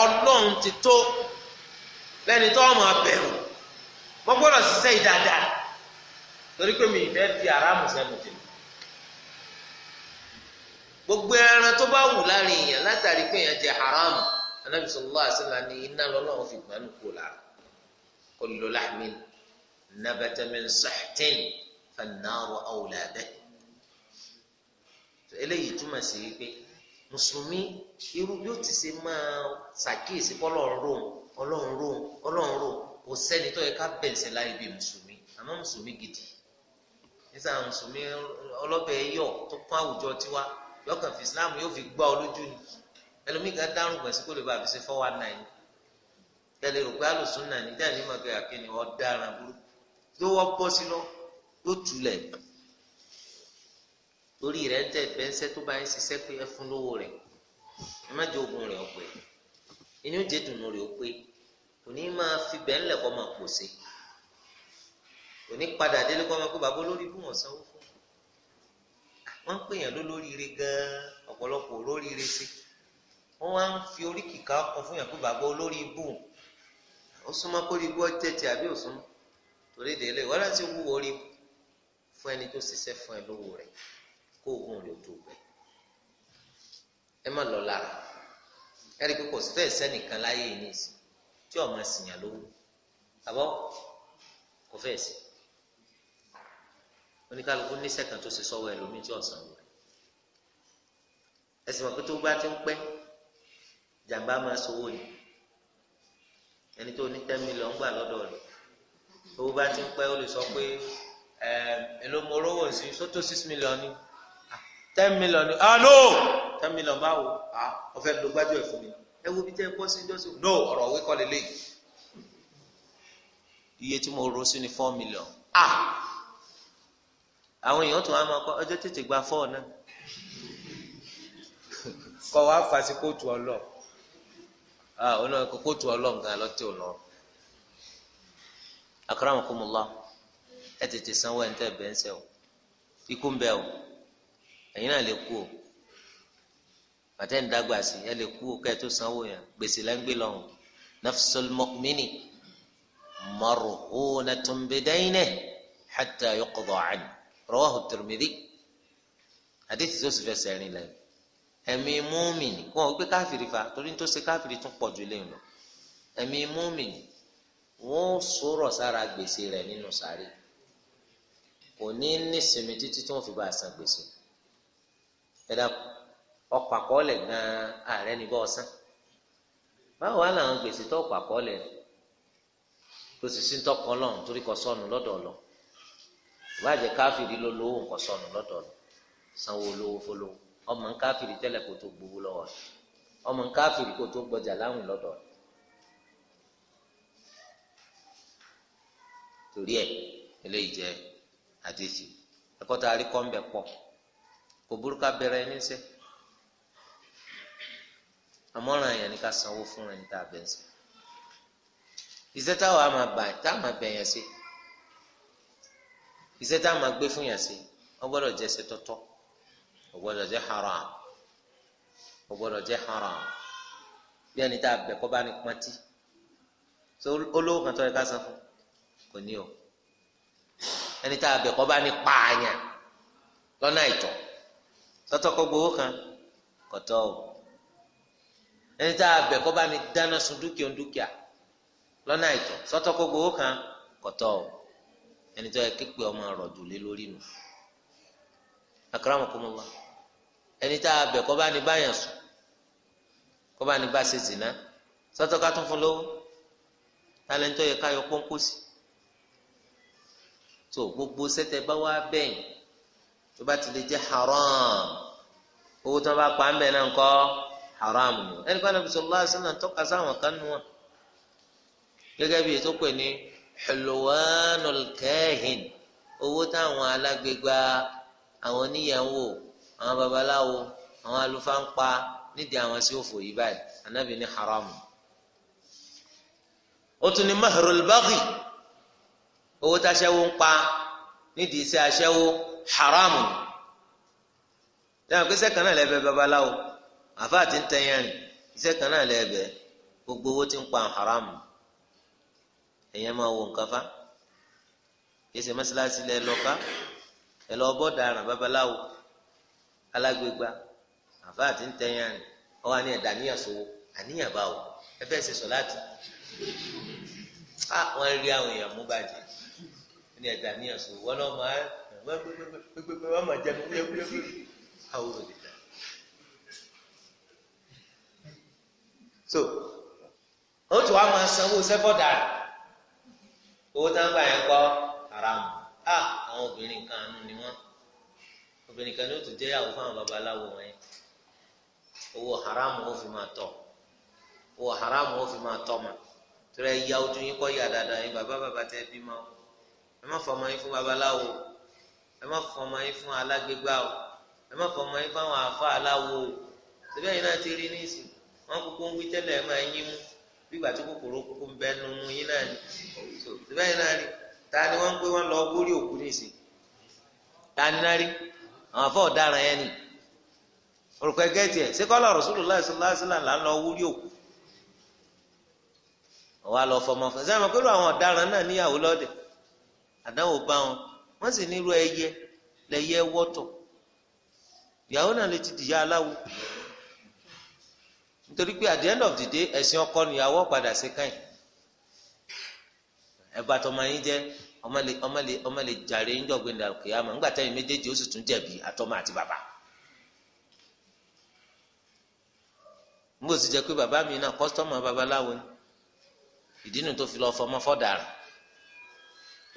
ọlọ́run ti tó tó ọmọ abẹ̀rù mo gbọ́dọ̀ ṣiṣẹ́ yìí torí pé mi gbogbo ẹran tó bá wù láàrin èèyàn látàrí anabi sallallahu alaihi wasallam ni iná lọ́lọ́run fi gbanu kó la kullu lahmin nabata min sahtin fannaru awla bih eléyìí túmọ̀ sí wípé mùsùlùmí irú bí ó ti ṣe máa ṣàkíyèsí kọ́lọ́run rò ọlọ́run rò ọlọ́run rò kò sẹ́ni tó yẹ ká bẹ̀nsẹ̀ láyé bíi mùsùlùmí àmọ́ mùsùlùmí gidi nígbà mùsùlùmí ọlọ́bẹ̀ yọ̀ tó kún àwùjọ tiwa yọkàn fi islam yóò fi gbá ọ lójú ni ẹlòmíì kan dárùn gbèsè kó lè bá àfi ṣe four one nine tẹ́lẹ̀ rò pé alùsùn náà ní dáhùn nímọ̀ pé àkínní ọ̀daràn burúkú ló wọ́ bọ́ sí lọ ló tulẹ̀ torí rẹ̀ ń tẹ̀ bẹ́ńsẹ́ tó bá ń ṣiṣẹ́ pé ẹ fún lówó rẹ̀ ẹ má jẹ́ oògùn rẹ̀ ọ̀pẹ inú jẹ́ dùnú rẹ̀ ọ̀pẹ kò ní máa fi bẹ́ẹ̀ lẹ̀ kọ́ máa pòṣe kò ní padà délé kọ́ máa kó bàbá olórí bù wọ́n sanwó fún wọn ń pèèyàn lólóríire gan-an ọ̀pọ̀lọpọ̀ olóríire sí wọ́n wá ń fi orí kìka ọkọ̀ fún yàn pé bàbá olórí ibù ó súnmọ́ kó rí ibú ọ̀tẹ̀tẹ̀ àbí òsúnmọ́ torí délé wọ́n láti wúwo orí fún ẹni tó ṣiṣẹ́ fún ẹ lówó rẹ̀ kó oògùn rẹ̀ tó gbẹ ẹ má lọ lára ẹ rí i pé kò sí fẹ́ẹ̀ sẹ́nìkan láyé yìí ìsìn tí ọmọ ẹ̀sìnyàn lówó àbọ̀ kò fẹ́ẹ̀ sí oníkálukú ní sẹ́kàn tó ṣe sọ́wọ́ ẹlòmíì tí ọ̀sán rẹ̀ ẹ̀sìn mọ̀ pé tó bá ti ń pẹ́ jàǹbá máa sowó ni ẹni tó ní ten million gbà lọ́dọ̀ rẹ̀ owó bá ti ń pẹ́ ó lè sọ pé ẹ èló mo rówó sí sótó six million ni ah, ten million ni ah no ten million báwo ah ọ̀fẹ́ ló gbájú ẹ̀ fún mi ẹ wo bí tẹ́ ẹ pọ́ sí jọ́sìn no ọ̀rọ̀ òwe kọ́ lélẹ́yìí iye tí mo ro sí ni four million ah àwọn èèyàn tó wá máa kọ ọjọ́ tètè gba four náà kọ́ wa fàṣíkò tù ọ lọ. Ah, ọ̀nà kókótù ọlọ́ǹgá lọ́tí ò lọ. akramakumullah ẹ tètè sanwó ẹ̀ ń tẹ̀ bẹ́ẹ̀ ń sẹ́ o ikú ń bẹ o ẹ̀yin náà lè kú o bàtẹ́ ń dàgbà sí ẹ lè kú o kẹ́ ẹ tó sanwó yẹn gbèsè la lọ́hùn nafsul mu'mini marhunatun bidaynihi hatta yuqda anhu rawahu tirmidhi àdéhùn tó sì fẹsẹ̀ rìn lẹ́yìn ẹ̀mí múmìnì wọn ò gbé káfìrí fa torí tó ṣe káfìrí tún pọ̀ ju lẹ́yìn lọ ẹ̀mí múmìnì wọn ò sọ̀rọ̀ sára gbèsè rẹ̀ nínú sàárè kò ní nísinmi títí tí wọn fi bá a san gbèsè ẹ̀dá ọkọ̀ àkọọ́lẹ̀ gan-an ààrẹ ní bọ́ ọ̀sán báwo wá làwọn gbèsè tó ọkọ̀ àkọọ́lẹ̀ kò sì sí tọkọ lọ́run torí kò sọnù lọ́dọ̀ ọ̀lọ́ ìbáàjẹ́ káfìrí ló lówó nǹkan sọnù lọ́dọ̀ ọ̀lọ́ sanwó olówó fólówó ọmọ nkáfìrí tẹ́lẹ̀ kó tó gbowó lọ́wọ́ ọmọ nkáfìrí kó tó gbọjà láwìn lọ́dọ̀ torí ẹ eléyìí jẹ àdéhì ẹ̀kọ́ tá a rí kọ́ ń bẹ̀ pọ̀ kò burúkú abẹ́rẹ́ níṣẹ́ àmọ́ràn yẹn ni ká sanwó fún ẹni tá a bẹ̀ ń sẹ́ iṣẹ́ táwọn a máa bà tá a máa bẹ̀ sí iṣẹ́ tá a gbé fún yẹn sí wọ́n gbọ́dọ̀ jẹ́ iṣẹ́ tọ́tọ́ kò gbọdọ̀ jẹ́ haram kò gbọdọ̀ jẹ́ haram bí ẹni tá a so olówó kan tó yẹ ká san fún kò ní o ẹni tá a bẹ̀ kọ́ bá ní pààyàn lọ́nà ìtọ̀ tọ́tọ́kọ́ gbowó kan kọ̀tọ́ o ẹni tá a bá ní dáná sun dúkìá ẹni tá a bẹ̀ kọ́ bá ní báyàn sùn kọ́ bá ní bá ṣe zìnà sọ́tọ́ ká tún fún lówó tálẹ́ nítorí ká yọ pọ́ńkó sí tó gbogbo sẹ́tẹ̀ bá wá bẹ́yìn tó bá ti lè jẹ́ haram owó tí wọ́n bá pa ń bẹ̀ náà ń haram ni ẹni kan Nabi sallallahu alaihi wasallam tọ́ka sáwọn kan nù wọn gẹ́gẹ́ bí ètò pè ní hulwanul kahin owó táwọn alágbègbà àwọn oníyàwó àwọn babaláwo àwọn àlùfáà ń pa nídìí àwọn sí òfò yìí báyìí anábì ní haramu ó tún ní mahrul baghi owó táṣẹ́wó ń pa nídìí iṣẹ́ aṣẹ́wó haramu dáhùn pé iṣẹ́ kan náà lẹ́bẹ̀ẹ́ babaláwo àfa àti ntẹ̀yẹrin iṣẹ́ kan náà lẹ́bẹ̀ẹ́ gbogbo owó tí ń pa haramu ẹ̀yẹ́ máa wo nǹkan fa kí ẹsẹ̀ mọ́sálásí lẹ́ lọ́ka bọ́ dàrán babaláwo alágbègbà àfa àti ntẹ̀yàn rìn ọ wà ní ẹ̀dá níyàn sówó àníyàn bá wò ẹ fẹ́ ṣe sọ̀láàtì ah, wọ́n rí àwọn èèyàn mú bàjẹ́ ní ẹ̀dá níyàn sówó wọn náà máa gbẹgbẹgbẹ wọn máa jẹ kúlẹ̀kúlẹ̀ àwòrán ìdá. so ó tún wá máa sanwó sẹ́fọ̀dà owó tá ń bá yẹn kọ́ haram ah àwọn obìnrin kan àánú ni wọ́n. obìnrin kan ní ó tún jẹ́yàwó fáwọn babaláwo wọn yẹn owó haramu ó fi máa tọ̀ owó haramu ó fi máa ya ojú yín ya dáadáa yín bàbá bàbá tẹ ma o ẹ má fọmọ yín fún babaláwo ẹ má fọmọ yín fún o ẹ má fọmọ yín fún aláwo o síbẹ̀ yín náà ti rí nísìn wọn kúkú ń wí tẹ́lẹ̀ ẹ máa yín mú bí ìgbà tí kòkòrò kúkú ń bẹ nu yín náà ni síbẹ̀ yín náà rí àwọn afọ ọ̀daràn yẹn ni orúkọ ẹgẹ tiẹ sekọlọ Rasulullah sallallahu alaihi wasallam là ń lọ wúrí òkú ọwọ àlọ fọmọ fún sẹyìn mọ pẹ̀lú àwọn ọ̀daràn náà níyàwó lọdẹ àdánwò bá wọn wọn sì nírú ẹyẹ lẹyẹ wọtọ ìyàwó náà lè ti dìyà aláwo nítorí pé at the end of the day ẹ̀sìn ọkọ nìyàwó padà sí káyìn ẹ bàtọ̀ mọ̀ yín jẹ́ ọmọlẹ ọmọlẹ ọmọlẹ jàre ń jọgbìn ní alùkìyàmọ ńgbà táyì méjèèjì ó sì tún jẹ̀bi àtọmọ àti bàbá ńgbà ó sì jẹ pé bàbá mi náà kọsítọmọ babaláwo ni ìdí nu tó fi lọ fọmọ fọdàrà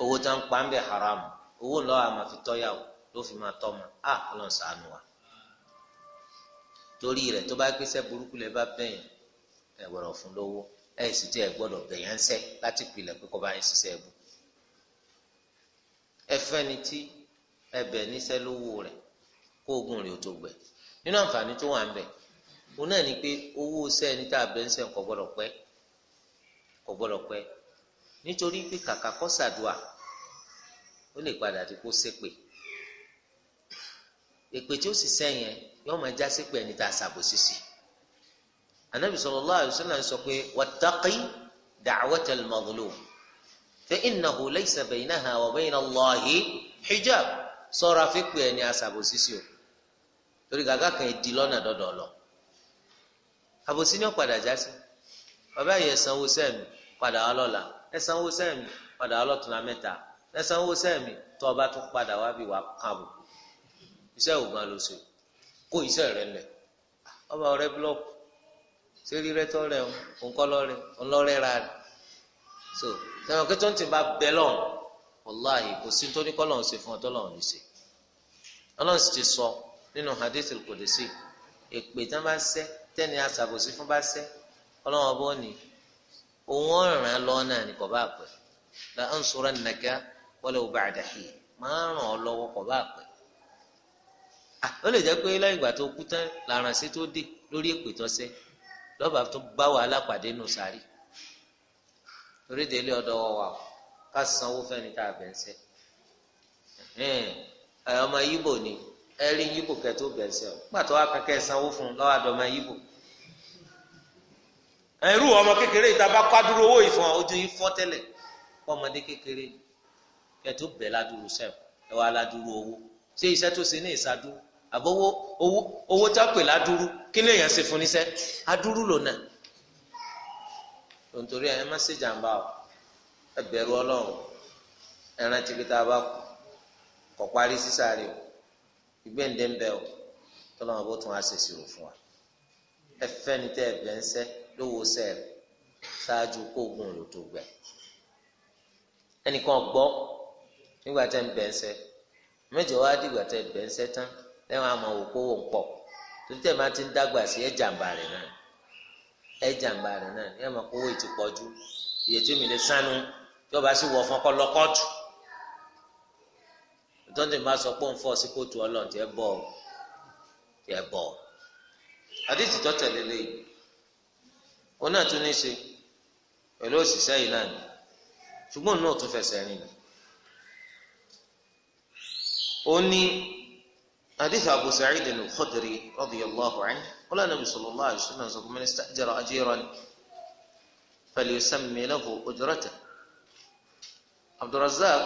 owó tá ń pa ń bẹ haram owó ńlọ àmà fi tọyàwó ló fi máa tọmọ á Ọlọ́run ṣàánú wa torí rẹ̀ tó bá gbèsè burúkú lẹ bá bẹyìn ẹ gbọ́dọ̀ fún lówó ẹ sì tẹ ẹ gbọ́dọ̀ bẹyàn láti pilẹ̀ pé kó bá yín ṣiṣẹ́ ẹbùn ẹfẹni tí ẹbẹ níṣẹ́ lówó rẹ̀ kó oògùn rẹ̀ ò tó gbẹ nínú àǹfààní tó wà ń bẹ òun náà ni pé owó sẹni tá a bẹ ń sẹ kò gbọ́dọ̀ pẹ́ kò gbọ́dọ̀ pẹ́ nítorí pé kàkà kó ṣàdúà ó lè padà di kó ṣépè èpè tí ó sì sẹyìn yóò máa já ṣépè ẹni tá a ṣàbò sísì anabi sallallahu alaihi wasallam sọ pé wattaqi da'watal فإنه ليس بينها وبين الله حجاب ṣọ́ra fípè ẹni aṣàbòsíṣe o torí gàgà kan di lọ́nà dọ́dọ̀ lọ àbòsí ni ó padà já sí bàbá yìí ẹ sanwó sẹ́ẹ̀mì padà wá lọ́la ẹ sanwó sẹ́ẹ̀mì padà wá lọ́tùnlá mẹ́ta ẹ sanwó sẹ́ẹ̀mì tó o bá tún padà wá bí wà kábò iṣẹ́ ògùn àlòsè kó iṣẹ́ rẹ lẹ̀ ọba ọ̀rẹ́ búlọ́ọ̀kù ṣé rírẹ́ tọ́ rẹ̀ òǹkọ́ lọ́rẹ́ òǹlọ́rẹ́ ra rẹ̀ so sẹ́wọ̀n kí tó ń tì bá bẹ́ lọ́n wàláhì kò sí tó ní kọ́ lọ́n ṣe fún ọ tó lọ́n lè ṣe ọlọ́run sì ti sọ nínú hadith kòdìsí èpè tán bá ṣẹ́ tẹ́ni aṣàbòsí fún bá ṣẹ́ ọlọ́run ọbọ̀ ni òun ọ̀ràn lọ náà ní kò bá pẹ́ la ansurannaka walau ba'da hin máa ràn ọ́ lọ́wọ́ kò bá pẹ́ ó lè jẹ́ pé lẹ́yìn ìgbà tó kú tán làrànṣẹ́ tó dé lórí èpè tó ṣẹ́ lọ́ba tó bá wàhálà pàdé nù sáré torí délé ọ̀dọ̀ wa ká sanwó fẹ́ni tá a bẹ̀ ń sẹ́ ẹ ọmọ yíbò ni ẹ rí yíbò kẹtó bẹ̀ ń sẹ́ ọ pàtó akẹ́kẹ́ sanwó fún un lọ́wọ́ àdọ́mọ yíbò irú ọmọ kékeré yìí tá a bá kwádúró owó ìfọ̀n ojú yìí fọ́ tẹ́lẹ̀ ọmọdé kékeré kẹtó bẹ̀ ládùúrú sẹ́ẹ̀ ẹ wá ládùúrú owó ṣé iṣẹ́ tó ṣe ní ìṣàdúró àbówó owó owó tá a pè ládùúrú kí lèèyàn ṣe fún níṣẹ́ adúrú lòna nítorí ẹ má ṣe jàǹbá o ẹ bẹ̀rù ọlọ́run ẹran tí kìtà bá kú kọ̀ parí sísáré o ìgbéǹde ń bẹ o tọ́lọ́mọ bó tún á ṣe ṣòro fún wa ẹ fẹ́ni tẹ́ ẹ bẹ́ ń sẹ́ lówó sẹ́ẹ̀rì ṣáájú kóògùn rò tó gbẹ ẹnìkan gbọ́ nígbà tẹ́ ń bẹ́ ń sẹ́ mẹ́jọ wá dìgbà tẹ́ bẹ́ ń sẹ́ tán lẹ́wọ̀n àmọ́ òkú ń pọ̀ torí tẹ́ máa ti ń dàgbà sí ẹ̀ jàǹbá rẹ̀ náà ẹ jàǹbá rẹ̀ náà ní ẹ̀mọ́ kówó ti pọ̀ ju iye tí mi lè sánu tí ọba sì wọ̀ fún ọkọ lọ kóòtù tọ́jú bá sọ pé òun fọ́ sí kóòtù ọlọ́run tí ẹ bọ̀ tí ẹ bọ̀ àdìsí tó tẹ̀lé lẹ́yìn òun náà tún ní ṣe pẹ̀lú òṣìṣẹ́ yìí náà ni ṣùgbọ́n òun náà tún fẹsẹ̀ rìn ni ó ní àdìsí Abu Sa'id al-Khudri radiyallahu anhu wọn lànà bisalòlá àìsàn sọ fún mínísítà jẹrọ ajẹrọni falyusammi lahu ujrata abdulrazak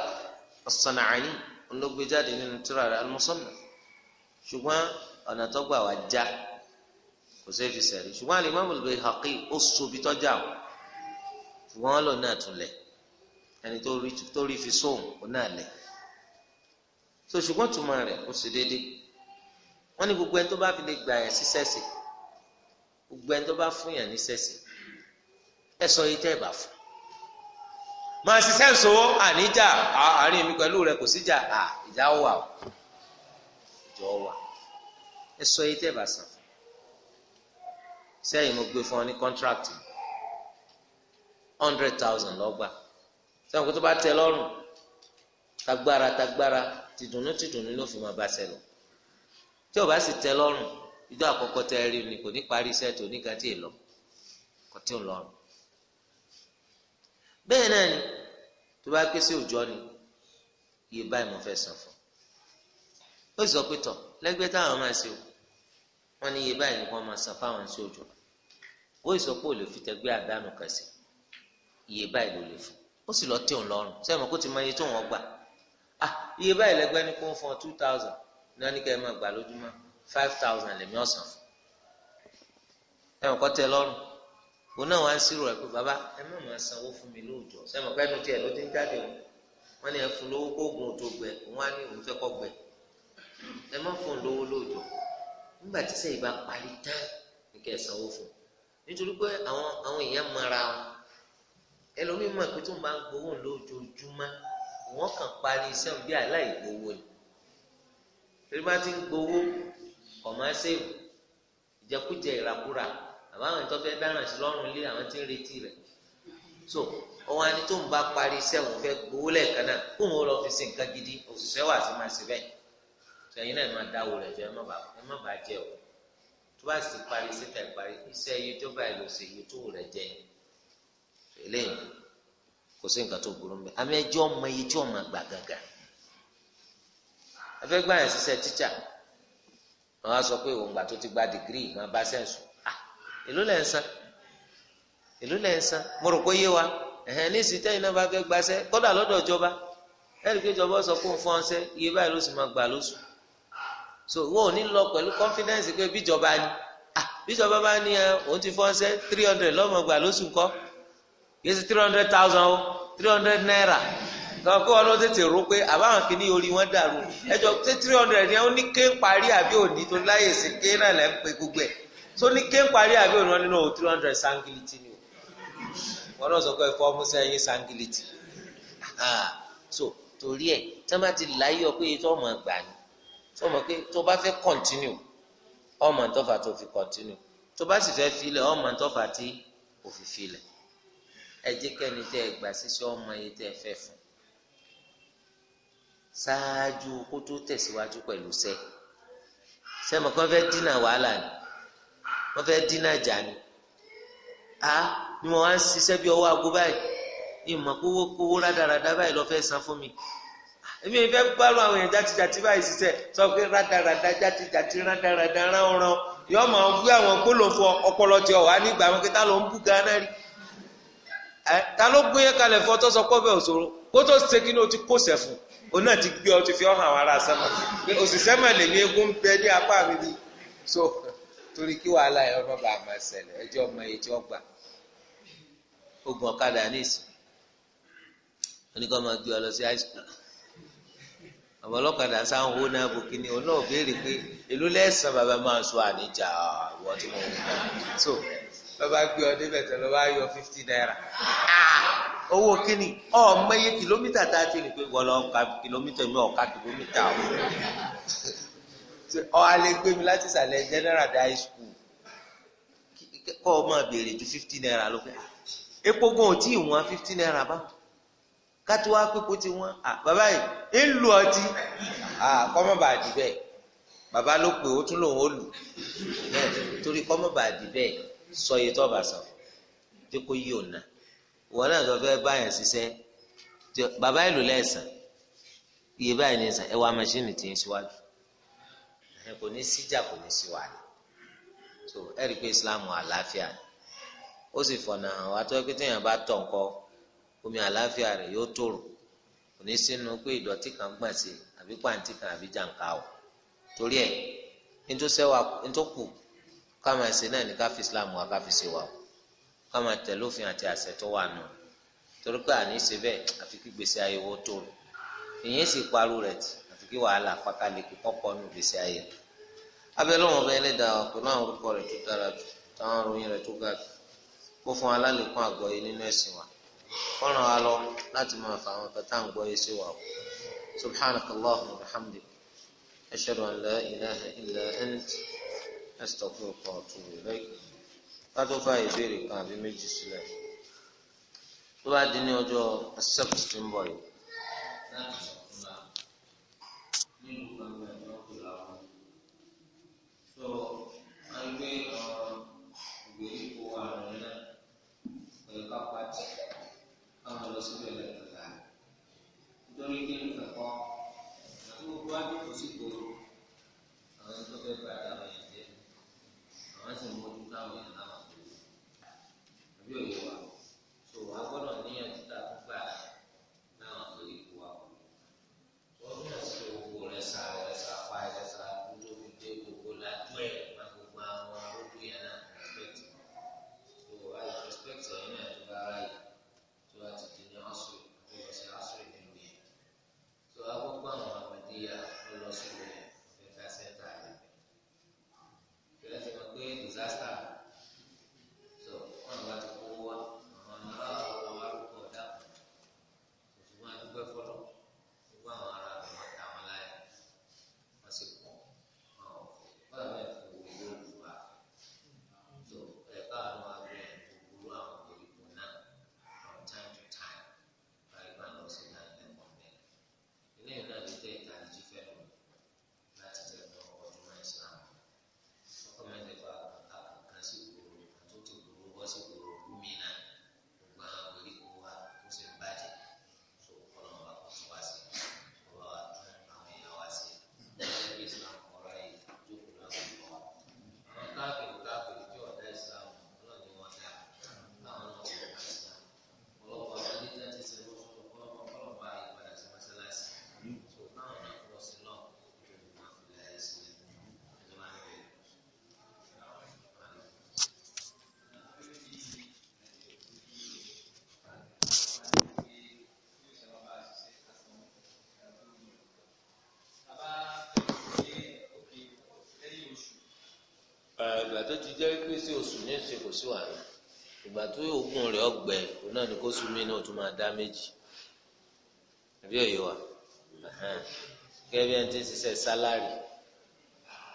as-San'ani olóògbéjáde nínú tírà rẹ̀ al-Musannaf ṣùgbọ́n ọ̀nà tó gbà wá já kò sí fi sẹ̀rí ṣùgbọ́n al-Imam al-Bayhaqi ó sobi tọ́jà o ṣùgbọ́n lò náà tún lẹ̀ ẹni tó rí fi sóhùn ó náà lẹ̀ so ṣùgbọ́n túmọ̀ rẹ̀ ó sì déédéé wọ́n ní gbogbo ẹni tó bá fi lè gbà ẹ̀ sísẹ́sì gbogbo ẹni tó bá fún yàn ní sẹ́sì ẹ sọ yìí tẹ́ ẹ bá fún máa ṣiṣẹ́ ń sowó àníjà àárín mi pẹ̀lú rẹ kò síjà ìjà wà ó ìjọ wà ẹ sọ yìí tẹ́ ẹ bá san sẹ́yìn mo gbé fún ọ ní contract hundred thousand lọ́gbà sẹ́yìn kó tó bá tẹ lọ́rùn tagbára tagbára tìdùnnú tìdùnnú ló fi máa bá ṣẹlẹ̀ tí o bá sì tẹ lọ́rùn ìjọ àkọ́kọ́ tẹ ẹ rí ni kò ní parí iṣẹ́ tó ní kan tí kò tí ì lọ. bẹ́ẹ̀ náà ni tó bá ké sí òjò ni iye báyìí mo fẹ́ san fún un ó sọ pé tọ̀ lẹ́gbẹ́ táwọn máa ṣe o wọ́n ní iye báyìí ni wọ́n máa san fáwọn sí òjò ó sọ pé ò lè fi tẹgbẹ́ àdánù kan sí iye báyìí ló lè fún ó sì lọ tí òun lọ́rùn sẹ́mi kó ti mọ iye tó wọ́n gbà ah iye báyìí lẹ́gbẹ́ ni kó ń fún ọ two thousand ní wọ́n ní five thousand lèmi ọ̀sán ẹ̀wọ̀n kọ́tẹ́ lọ́rùn òun náà wàá sírò ẹ̀ pé bàbá ẹ má máa sanwó fún mi lóòjọ́ sẹ́mi ọ̀pẹ́ nu tiẹ̀ ló ti ń jáde o wọ́n ní ẹ fún lówó kóògùn tó gbẹ òun á ní òun fẹ́ kọ́ gbẹ ẹ má fún lówó lóòjọ́ nígbà tí sẹ́yìn bá parí tán ní kẹ́ ẹ sanwó fún nítorí pé àwọn àwọn èèyàn mara wọn ẹlòmíín mọ̀ pé tó ń bá ń gbowó lójoojúmọ́ wọ́n kàn parí iṣẹ́ bí aláìgbowó ni torí bá ti ń gbowó kọ̀mọ́ sèwù ìjẹkújẹ ìrakúra àmọ́ àwọn ìtọ́fẹ́ dáràn sí lọ́rùn ilé àwọn tí ń retí rẹ̀ so ọwọ́n ani tó ń bá parí iṣẹ́ òun fẹ́ gbowó lẹ́ẹ̀kan náà kó òun lọ fi ṣe nǹkan gidi òṣìṣẹ́ wà sí máa ṣe bẹ́ẹ̀ sẹ́yìn náà máa dáwọ́ rẹ̀ jọ ẹ má bàa jẹ o tó bá sì parí síta ìparí iṣẹ́ iye tó báyìí lọ sí iye tó rẹ̀ jẹ eléyìí kò sí nǹkan tó burú mbẹ àmì ẹjọ́ ọmọ iye tí ọmọ gbà ẹ fẹ́ gbà ṣiṣẹ́ tíṣà wọn á sọ pé òun gbà tó ti gba dìgírì máa bá sẹ́ǹsù ah, èló lẹ̀ ń san èló lẹ̀ ń san mo rò pé yé wa ẹ̀hẹ́n níìsín tẹ́yìn náà bá fẹ́ gbaṣẹ́ kọ́dà lọ́dọ̀ ìjọba ẹ̀rí pé ìjọba sọ pé òun fọ́n ṣẹ́ iye báyìí ló sì máa gbà lóṣù so wọn ò ní lọ pẹ̀lú confidence pé bíjọba ni ah, bíjọba bá ní òun ti fọ́n ṣẹ́ three hundred lọ́mọ gbà lóṣù kọ́ yé three hundred thousand o three hundred naira sọ pé wọn ló tètè rò pé àbáwọn kìíní orí wọn dàrú ẹjọ ṣé three hundred yẹn ó ní ké ń parí àbí òní tó láyè sí ké náà lẹ́ ń pe gbogbo ẹ̀ tó ní ké ń parí àbí òní wọn nínú three hundred sangiliti ni o wọn náà sọ pé ẹ̀fọ́ musa ẹ̀yìn sangiliti ah, so torí ẹ̀ tí wọ́n bá ti láyọ̀ pé tó ọmọ gbà ni tó ọmọ pé tó bá fẹ́ continue ọmọ ntọ́fà tó fi continue tó bá sì fẹ́ filẹ̀ ọmọ ntọ́fà tí òfin filẹ̀ ẹ jẹ́ kẹ́ni tẹ́ ẹ gbà sísẹ́ ọmọ yìí tẹ́ ẹ fẹ́ fún ṣáájú kó tó tẹ̀síwájú pẹ̀lú sẹ́ sẹ́mi kan fẹ́ dínà wàhálà ni wọ́n fẹ́ dínà jà ni a ni mo wá ń ṣiṣẹ́ bí ọwọ́ aago báyìí ìmọ̀ kówó kówó rádaràda báyìí lọ́ọ́ fẹ́ san fún mi èmi ìfẹ́ gbárù àwọn èèyàn játijàti báyìí ṣiṣẹ́ sọ pé rádaràda játijàti rádaràda ránran yọ máa ń gbé àwọn gbólófò ọpọlọ tí ọwà nígbà wọn kí tá ló ń bú ganan rí ta ló gbé yẹn kalẹ̀ fún ọ tó òṣòro kó tó ṣe kí ni o ti kó sẹ̀ fún un òun náà ti gbé ọ ti fi ọ̀hàn àwọn ará sẹ́mà pé òṣìṣẹ́ mà lèmi egun bẹ ní apá mi ni so torí kí wàhálà yẹn ọmọ bàá máa ṣẹlẹ̀ ẹjọ́ ọmọ yẹn tí wọ́n gbà ogun ọ̀kadà níìsì oníkan máa gbé ọ lọ sí high school àwọn ọlọ́kadà sáà ń náà bòkí ni òun náà béèrè pé èló lẹ́sàn bàbá máa sọ àníjà ìwọ tí mo wù náà so bàbá gbé ọ débẹ̀ tẹ lọ́ba yọ fifty naira. Ah! owó kíni ọmọ iye kìlómítà tá a ti rìn pé wọ́n lọ ka kìlómítà mi ò ka kìlómítà o ọ alẹ́ gbé mi láti sàlẹ̀ general high school kọ́ ọ máa béèrè ju fifty naira ló fẹ́ ah, epo gan ò tí ì wọ́n fifty naira bá kátó wá pípó tí wọ́n ah, bàbá yìí ń lu ọtí ah, kọ́mọ́ bàá dì bẹ́ẹ̀ bàbá ló pè ó tún lòun ó lù torí kọ́mọ́ bàá dì sọ iye tó bá sọ pé kó yí òun náà. wọn náà sọ fẹ́ báyẹn ṣiṣẹ́ bàbá ìlú lẹsàn iye báyìí ní sàn ẹ tí ń ṣíwájú kò ní síjà kò ní síwájú so ẹ rí i pé Islam àlàáfíà ó sì àwọn atọ́ pé bá tọ̀ ńkọ omi àlàáfíà rẹ yóò tòrò kò ní sínú pé ìdọ̀tí kan gbà sí àbí pàǹtí kan àbí jàǹkà torí ká máa ṣe náà ká máa tẹ̀lé òfin àti àṣẹ tó wà nù torí pé àní ṣe bẹ́ẹ̀ àfi kí gbèsè ayé wọ́n tó ìyẹn sì parú rẹ̀ tì àfi kí wàhálà pàkàlẹ́kì pọ́pọ́ nù gbèsè ayé abẹ́lẹ́wọ̀n ọba ẹlẹ́dàá pẹ̀lú àwọn orúkọ rẹ̀ tó dára jù táwọn ròyìn rẹ̀ tó ga jù kó fún alálẹ̀kùn àgbọ́yé nínú ẹ̀sìn wa kó ràn lọ láti máa fa àwọn kẹta ń gbọ́yé sí wa o wa bihamdik kátó fàyè béèrè kan àbí méjì sílẹ̀ tó bá di ní ọjọ́ accept tí ń bọ̀ yìí. ìgbà tó ti jẹ́ pé sí oṣù ní ṣe kò sí wàhálà ìgbà tó oògùn rẹ̀ ọgbẹ́ òun náà ni kó sún mí náà tún máa dá méjì àbí òye wa gẹ́gẹ́ bí ẹni tí ń ṣiṣẹ́ sálárì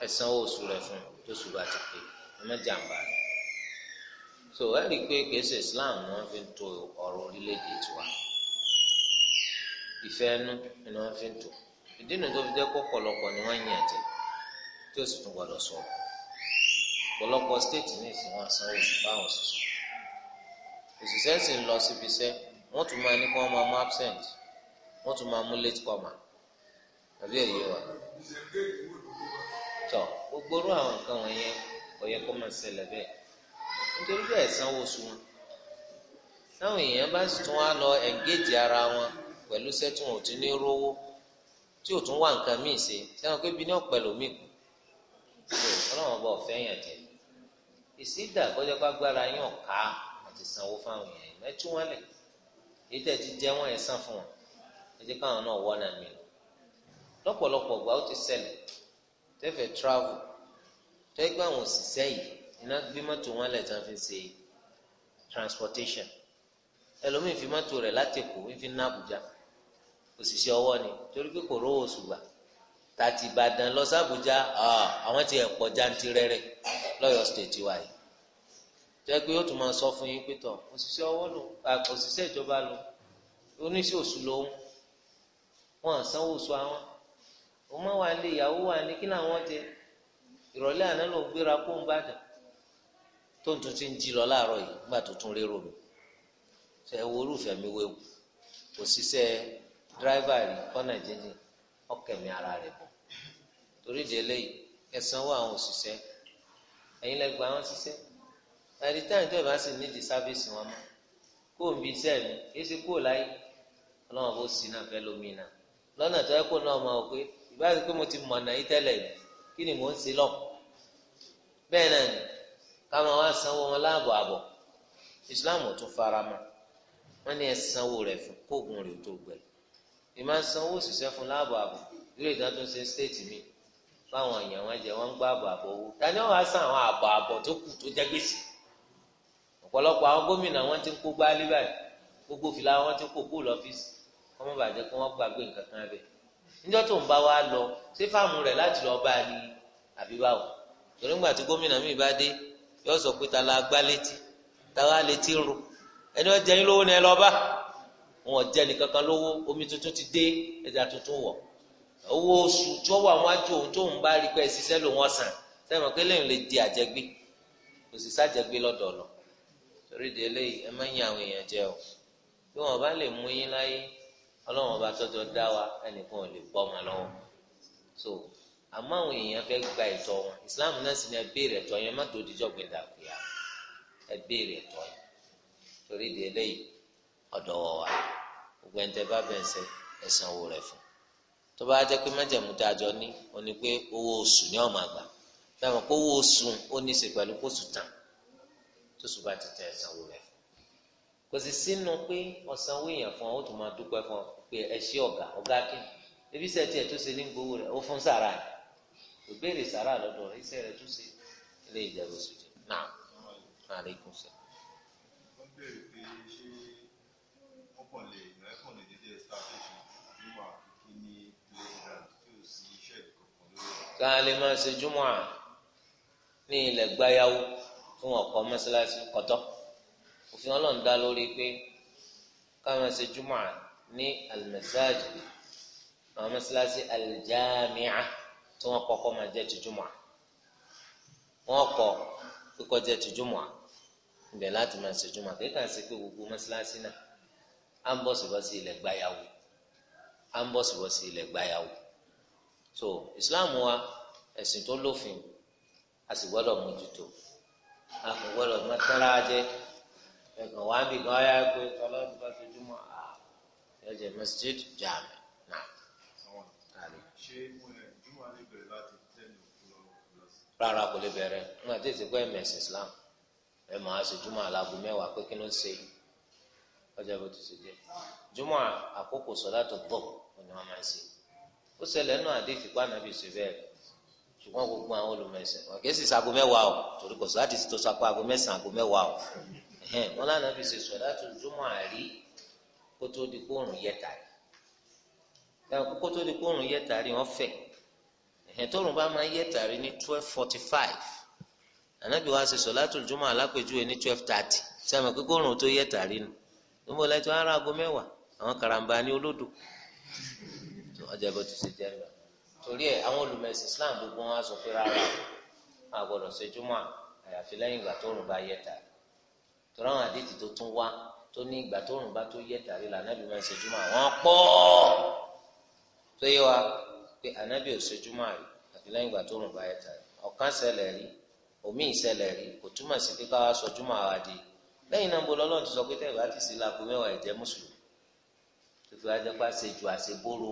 ẹ̀sánwó oṣù rẹ̀ fún tó sùn bá ti pé ẹ má rẹ̀ so ẹ rí i pé kèésì Islam ni wọ́n fi ń to ọ̀rọ̀ orílẹ̀-èdè tiwa ìfẹ́ ẹnu ni wọ́n fi ń tò ìdí nu tó fi jẹ́ pọ̀ pọ̀lọpọ̀ ni wọ́n yàn jẹ tí ó sì tún gbọdọ̀ sọ̀rọ̀ ọ̀pọ̀lọpọ̀ stéètì ní ìsìn wọn san oṣù fáwọn òṣìṣẹ́ òṣìṣẹ́ sì ń lọ síbi iṣẹ́ wọ́n tún máa ní kí wọ́n máa mú absent wọ́n tún máa mú late comer àbí èyí wa tọ gbogbo orú àwọn nǹkan wọ̀nyẹn kò yẹ kó máa ṣẹlẹ̀ bẹ́ẹ̀ nítorí bẹ́ẹ̀ sanwó oṣù wọn táwọn èèyàn bá sì tún wá lọ ẹ̀ngéèjì ara wọn pẹ̀lú sẹ́tùn òtún ní rówó tí ò tún wá nǹkan míì ṣe sẹ́wọ̀n pé bí ní ọ̀pẹ kù ọlọ́run ọba ọ̀fẹ́ yàn jẹ́ ìsídà kọjá pàgbára yín ọ̀ka àti sanwó fáwọn èèyàn mẹ́tú wọn lẹ̀ èyí tẹ̀ ti jẹ́ wọ́n yẹn sàn fún wọn ẹ káwọn náà wọ́n náà mi lọ. lọ́pọ̀lọpọ̀ ọgbà ó ti ṣẹlẹ̀ tẹ́fẹ̀ travel tẹ́gbà àwọn òṣìṣẹ́ yìí iná gbé mọ́tò wọn lẹ̀ tán fi ṣe transportation ẹlòmíì fi mọ́tò rẹ̀ láti Èkó ń fi ná Àbújá òṣìṣẹ́ ọwọ́ ni torí pé kò rówó oṣù gbà tati ìbàdàn lọ sàbújá ah, àwọn ti ẹ̀pọ̀ jantirẹrẹ lọ́yọ̀ stéètì wa yìí jẹ́ pé ó tún máa sọ fún yín pé tọ̀ òṣìṣẹ́ ọwọ́ lò òṣìṣẹ́ ìjọba lò oníṣẹ́ oṣù wọn àsanwó oṣù àwọn òun máa wà ní ìyàwó wà ní kí làwọn jẹ ìrọ̀lẹ́ àná ló gbéra kó ń bàdàn tó ń tún ti ń jí lọ láàárọ̀ yìí nígbà tó tún rérò mi torí ìdí eléyìí ẹ sanwó àwọn òṣìṣẹ́ ẹ̀yin lẹ gba àwọn ṣiṣẹ́ ẹ̀rí táyì tó ìbá sì nídìí sáfíìsì wọn mọ́ kó o ń bi iṣẹ́ mi kí ṣe kó o láyé ọlọ́run bó sì náà fẹ́ lómi náà lọ́nà tó yẹ kó náà mọ̀ pé ìbáṣe pé mo ti mọ̀ náà yí tẹ́lẹ̀ ni kí ni mò ń ṣe lọ́hùn bẹ́ẹ̀ náà ni ká máa wá sanwó wọn láàbọ̀ àbọ̀ Islam ò tún fara mọ́ wọ́n ní ẹ sanwó rẹ̀ fún kóògùn rẹ̀ tó gbẹ ìmọ̀ sanwó òṣìṣẹ́ fún láàbọ̀ àbọ̀ ìrètí wọn tún ṣe stéètì míì fáwọn èèyàn wọn jẹ wọn ń gbọ́ àbọ̀ àbọ̀ owó tani wọn wá sàn àwọn àbọ̀ àbọ̀ tó kù tó jẹ gbèsè ọ̀pọ̀lọpọ̀ àwọn gómìnà wọn ti ń kó gbálí báyìí gbogbo fìlà wọn ti ń kó kó lọ́fíìsì wọn má bàjẹ́ kí wọ́n gbàgbé nǹkan kan bẹ̀ níjọ́ tó ń bá wa lọ ṣé fáàmù rẹ̀ láti lọ bá a ní àbí torí ńgbà tí gómìnà mi bá dé yọ sọ pé ta la gbá létí ta wá létí ń ro ẹni wọn jẹ yín lówó ni ẹ lọ bá wọn jẹ nìkankan lówó omi tuntun ti dé ẹja tuntun wọ̀ owó oṣù tí wọ́n wà wọ́n ajú òun tóun bá rí pé ṣiṣẹ́ ló wọ́n sàn sẹ́wọ̀n pé lẹ́yìn lè di àjẹgbé kò sì sájẹgbé lọ́dọ̀ lọ torí de eléyìí ẹ má yin àwọn èèyàn jẹ o bí wọn bá lè mú yín láyé ọlọ́run ọba tọ́jọ́ dá wa ẹnìkan ò lè bọ́ wọn lọ́wọ́ so àmọ́ àwọn èèyàn fẹ́ gba ẹ̀tọ́ wọn Islam náà sì ní ẹ béèrè ẹ̀tọ́ yẹn má tó dijọ́ gbé dàgbéyà ẹ béèrè ẹ̀tọ́ yẹn torí de eléyìí ọ̀dọ̀ wọ̀ wá gbẹ̀ǹtẹ̀ bá bẹ̀ ń sẹ́ ẹ̀sán owó rẹ̀ fún tó bá jẹ́ pé májẹ̀mú a jọ ní o ní pé owó oṣù ọmọ àgbà pé owó oṣù ó ní í ṣe kóṣù tán tó sùn bá ti tẹ kò sì sínú ọ ó tún máa fún ọ pé ẹ kí ebi iṣẹ́ tiẹ̀ tó ṣe ní gbowó rẹ̀ ó fún sàrà rẹ̀ kò béèrè sàrà lọ́dọ̀ rẹ̀ tó ṣe ilé náà máa rí kùn sí. wọ́n pé ṣé ọkọ̀ lè ká lè máa ṣe júmọ̀ à ní ilẹ̀ gbáyàwó fún ọ̀kọ́ mọ́ṣáláṣí kọ́tọ́ òfin ọlọ́run dá lórí pé ká máa ṣe júmọ̀ à ní alimẹ́sáàjì àwọn mọ́ṣáláṣí alìjáàmíà tí wọ́n kọ́kọ́ máa jẹ́ ti júmọ̀ à wọ́n kọ́ kíkọ́ jẹ́ ti júmọ̀ à ibẹ̀ láti máa ṣe júmọ̀ à kéka ṣe pé gbogbo mọ́ṣáláṣí náà á ń bọ̀ síbọ̀ sí ilẹ̀ gbáyàwó á ń bọ̀ síbọ̀ sí ilẹ̀ gbáyàwó. so islam wa esin tó lófin a sì gbọ́dọ̀ mójútó a kò gbọ́dọ̀ má tẹ́ra wa bí gan ya pé bá a yọ jẹ masjid jaami náà. ṣé jùmọ̀ lè bẹ̀rẹ̀ láti tẹ́lẹ̀ islam ẹ̀ máa ṣe jùmọ̀ aláàbò mẹ́wàá pé kí ló ń ṣe ọjọ́ bó ti ṣe jẹ́ jùmọ̀ àkókò tó ó ṣẹlẹ̀ nù àdéhìí kó ànábì sí bẹ́ẹ̀ ṣùgbọ́n gbogbo àwọn olùmẹ̀sìn sì sago mẹ́wàá o torí kò sáà ti tó sakọ ago mẹ́sàn-án ago mẹ́wàá o wọn lànà fi ṣe sọ̀dá tó àrí kó tó di kóòrùn kó tó di kóòrùn wọn fẹ̀ tóòrùn bá máa ní twelve forty five ànábì wa alápèjúwe ní twelve thirty kóòrùn tó ara ago mẹ́wàá àwọn karambani olódò ọjọ́ bó ti ṣe jẹ́ lọ. torí ẹ̀ àwọn olùmẹ̀sìn Islam gbogbo wọn á sọ pé rárá a gbọ́dọ̀ ṣe júmọ́ àyàfi lẹ́yìn ìgbà tóòrùn bá yẹ tà torí àwọn àdéhìí tó tún wá tó ní ìgbà tóòrùn bá tó yẹ tà rí là nábì máa ń ṣe júmọ́ àwọn pọ̀ tó yẹ wa pé ànábì ò ṣe júmọ́ rí àfi lẹ́yìn ìgbà tóòrùn bá yẹ tà rí ọ̀kan ṣẹlẹ̀ rí omi ìṣẹlẹ̀ rí kò túmọ̀ sí pé káwá sọ júmọ́ àwa di lẹ́yìn náà bọ́lá ọlọ́run ti sọ pé tẹ́ẹ̀ bá sí láago mẹ́wàá mùsùlùmí tó fi wá jẹ́ pé àṣejù àṣebóró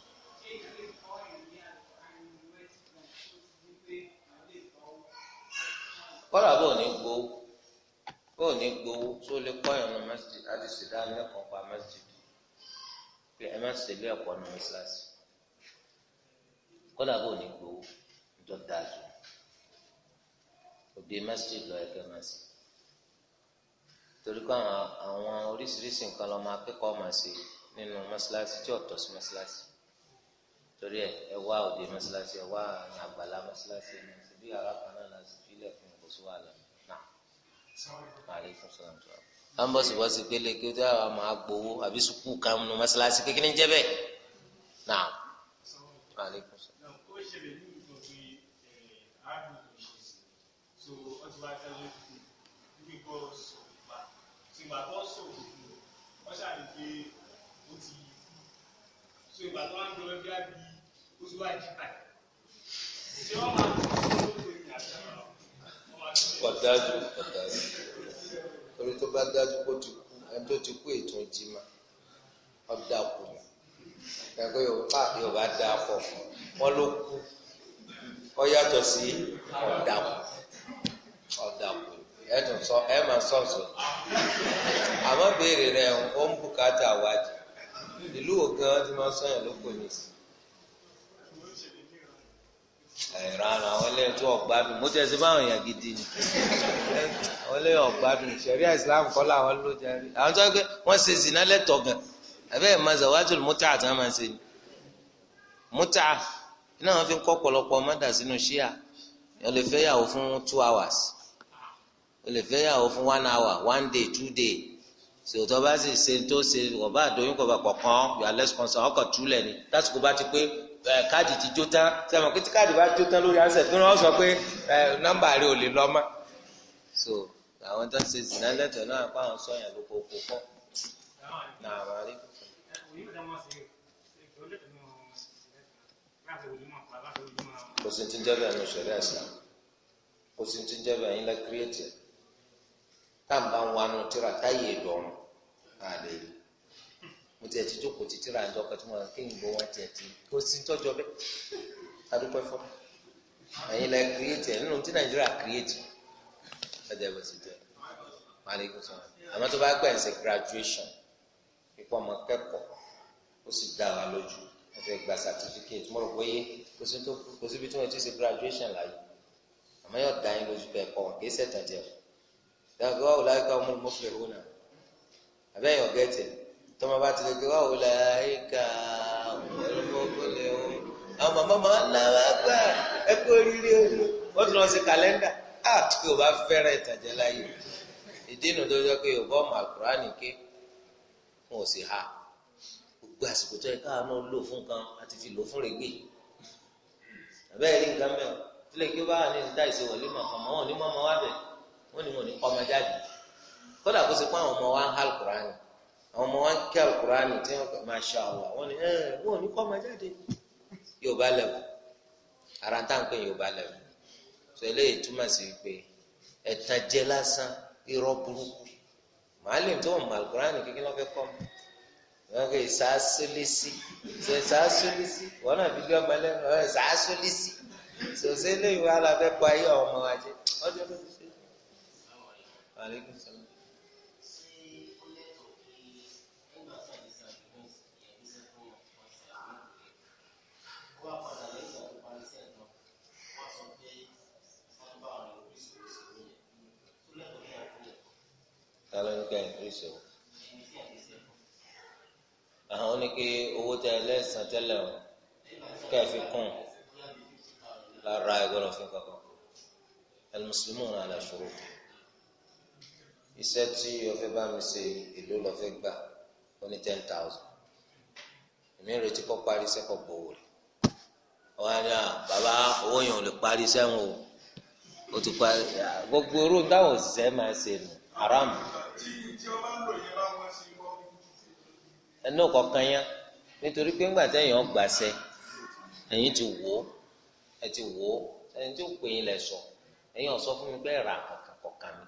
kọ́lá bò ní gbowó bò ní gbowó tó lè kọ́yọ̀ masjid láti ṣèdáni pa masjid pé ẹ má ṣèlé ẹ̀kọ́ ní mọ́ṣáláṣí kọ́lá bò ní gbowó tó dáa jù òbí masjid lọ ẹgbẹ́ masjid torí pé àwọn oríṣiríṣi nǹkan lọ́mọ akẹ́kọ̀ọ́ máa ṣe nínú mọ́ṣáláṣí tí ọ̀tọ̀ sí mọ́ṣáláṣí torí ẹ ẹ wá òde mọ́ṣáláṣí ẹ wá àgbàlá ẹ sí wàhálà náà aleykum salaam tó a ń bọ̀ sí bọ́sí pélé kí o tó àwọn máa gbowó àbí sukùú kan nu mọ́sálásí kékeré ń jẹ́ bẹ́ẹ̀ náà aleykum salaam. ìgbà tó ń sọ òkùnkùn wọ́n ṣàlè pé ó ti so ìgbà tó ń lọ bí a bí ó ti wá ìjìká ṣé wọ́n máa ń kọdájú kọdájú torí tó bá dájú kó ti kú ẹni tó ti kú ètò ìjìmá ọdá kù ni ẹgbẹ́ yorùbá ah, yorùbá dá pọ̀ wọ́n ló kú ọ yàtọ̀ sí ọdá kù ọdá kù ẹ tún sọ ẹ máa sọ sọ àmọ́ béèrè rẹ ó ń bùkátà wájú ìlú ògán ti máa sọ yẹn lóko ní sí ìran àwọn ilé tó ọgbádùn mo tẹ̀sí báwọn èèyàn gidi ni àwọn ilé ọgbádùn ìṣẹ̀ríà Islam kọ́ làwọn ló jẹrí àwọn tó ń pẹ́ wọ́n ṣe zina lẹ́tọ̀ gan abẹ́ ẹ̀ máa zàwájú mútà àti wọn máa ṣe ni mútà iná wọn fi kọ́ pọ̀lọpọ̀ mọ́dà sínú ṣíà o lè fẹ́ yàwó fún two hours o lè fẹ́ yàwó fún one hour one day two day sèwòtọ́ bá sì ṣe tó ṣe ọba àdóyún kọ̀ọ̀kan yọ alẹ́ sọ̀kan sọ̀kan ọkọ̀ túlẹ̀ ni lásìkò bá ti pé káàdì ti jó tán sẹ́wọ̀n pé tí káàdì bá jó tán lórí ansẹ̀ tí wọ́n sọ pé nọ́mbà rẹ ò lè lọ mọ́. so àwọn tó ń ṣe zìnnà lẹ́tọ̀ọ́ náà kó àwọn sọ̀yàn ló kó kó kọ́. kò sí ti ń jẹ́ bẹ́ẹ̀ ní kò sí ti mo tiẹ̀ ti jókòó títí ra àjọ kan tí mo rà kéyìn bó wọn tiẹ̀ ti kó sí tọ́jọ́ bẹ́ẹ̀ adúpẹ́ fọ́ ẹ̀yin lẹ kírètì ẹ̀ nínú tí nàìjíríà kírètì ọjà ìwé ti jẹ maaleykum sọ àmọ́ tó bá gbà ẹ̀ graduation ipò ọmọ kẹ́kọ̀ọ́ ó sì dá wa lójú wọ́n fẹ́ gba certificate mo rò pé yé kò síbi tí wọ́n ti ṣe graduation láàyè àmọ́ yóò dá yín lójú bẹ́ẹ̀ kọ́ wọn kì í ṣẹ̀tàn jẹ́ o dáhùn wọ́n wò láyé ká ọmọ mọ́fìlẹ̀ wò náà àbẹ́yìn ọ̀gẹ́tẹ̀ tọ́mọ bá ti lè gbé wàhùn làyíká olùkókòlè o àwọn màmá máa ń là wá gbà ẹ kó rírí o wọ́n tún lọ sí kàlẹ́ndà á kí o bá fẹ́rẹ̀ ìtàjẹ́ láyé ìdí inú tó jẹ́ pé yorùbá ọmọ àkùránì ké wọn ò sì ha gbogbo àsìkò tó yẹ káwọn náà lò fún kan àti fi lò fún rẹ̀gbẹ́ àbẹ́ẹ̀ rí nǹkan mẹ́wàá tí lè gbé báwa ní ìdá ìṣèwọ̀lé màkàn mọ́ wọn ní mọ́ ọmọ wa bẹ̀ wọ́n ní wọn ní ọmọ jáde kódà kó sì pé àwọn ọmọ wa ń hàlùkùránì ọmọ wa kí alukurani tí wọn kọ masha allah wọn ni eh, wọn ò ní kọ́ ọmọ jáde yorùbá lẹ́wù ara ń tàn pé yorùbá lẹ́wù sọ eléyìí sí pé ẹ̀tàn jẹ lásán irọ́ burúkú màálìm tó wọn mọ alukurani kékeré wọn fẹ́ kọ́ mi wọn kò sàásólísì sàásólísì wọn náà fi gbé ọgbà ló ní kẹ́ increase o àwọn ní kí owó tẹ ẹlẹ́sàn tẹ́lẹ̀ o kẹ́ fi kún lára ẹgbẹ́rún fi kankan al-muslimuna ala shuruti iṣẹ́ tí o fẹ́ bá mi ṣe èlò lọ fẹ́ gbà ó ní ten thousand èmi retí kọ́ parí iṣẹ́ kọ́ gbowó rẹ̀ wọ́n á à bàbá owó yẹn ò lè parí iṣẹ́ wọn o ó ti parí gbogbo orú dáhùn òṣìṣẹ́ máa ṣe nù haram ẹnu kọ̀ọ̀kan yá nítorí pé ńgbà tẹ́yìn ọgbàṣẹ ẹ̀yìn ti wò ó ẹ̀ ti wò ó ẹni tí ó pè yín lẹ̀ sọ ẹ̀yìn ọ̀sọ́ fún mi pé rà kọ̀ọ̀kan kọ̀ọ̀kan mi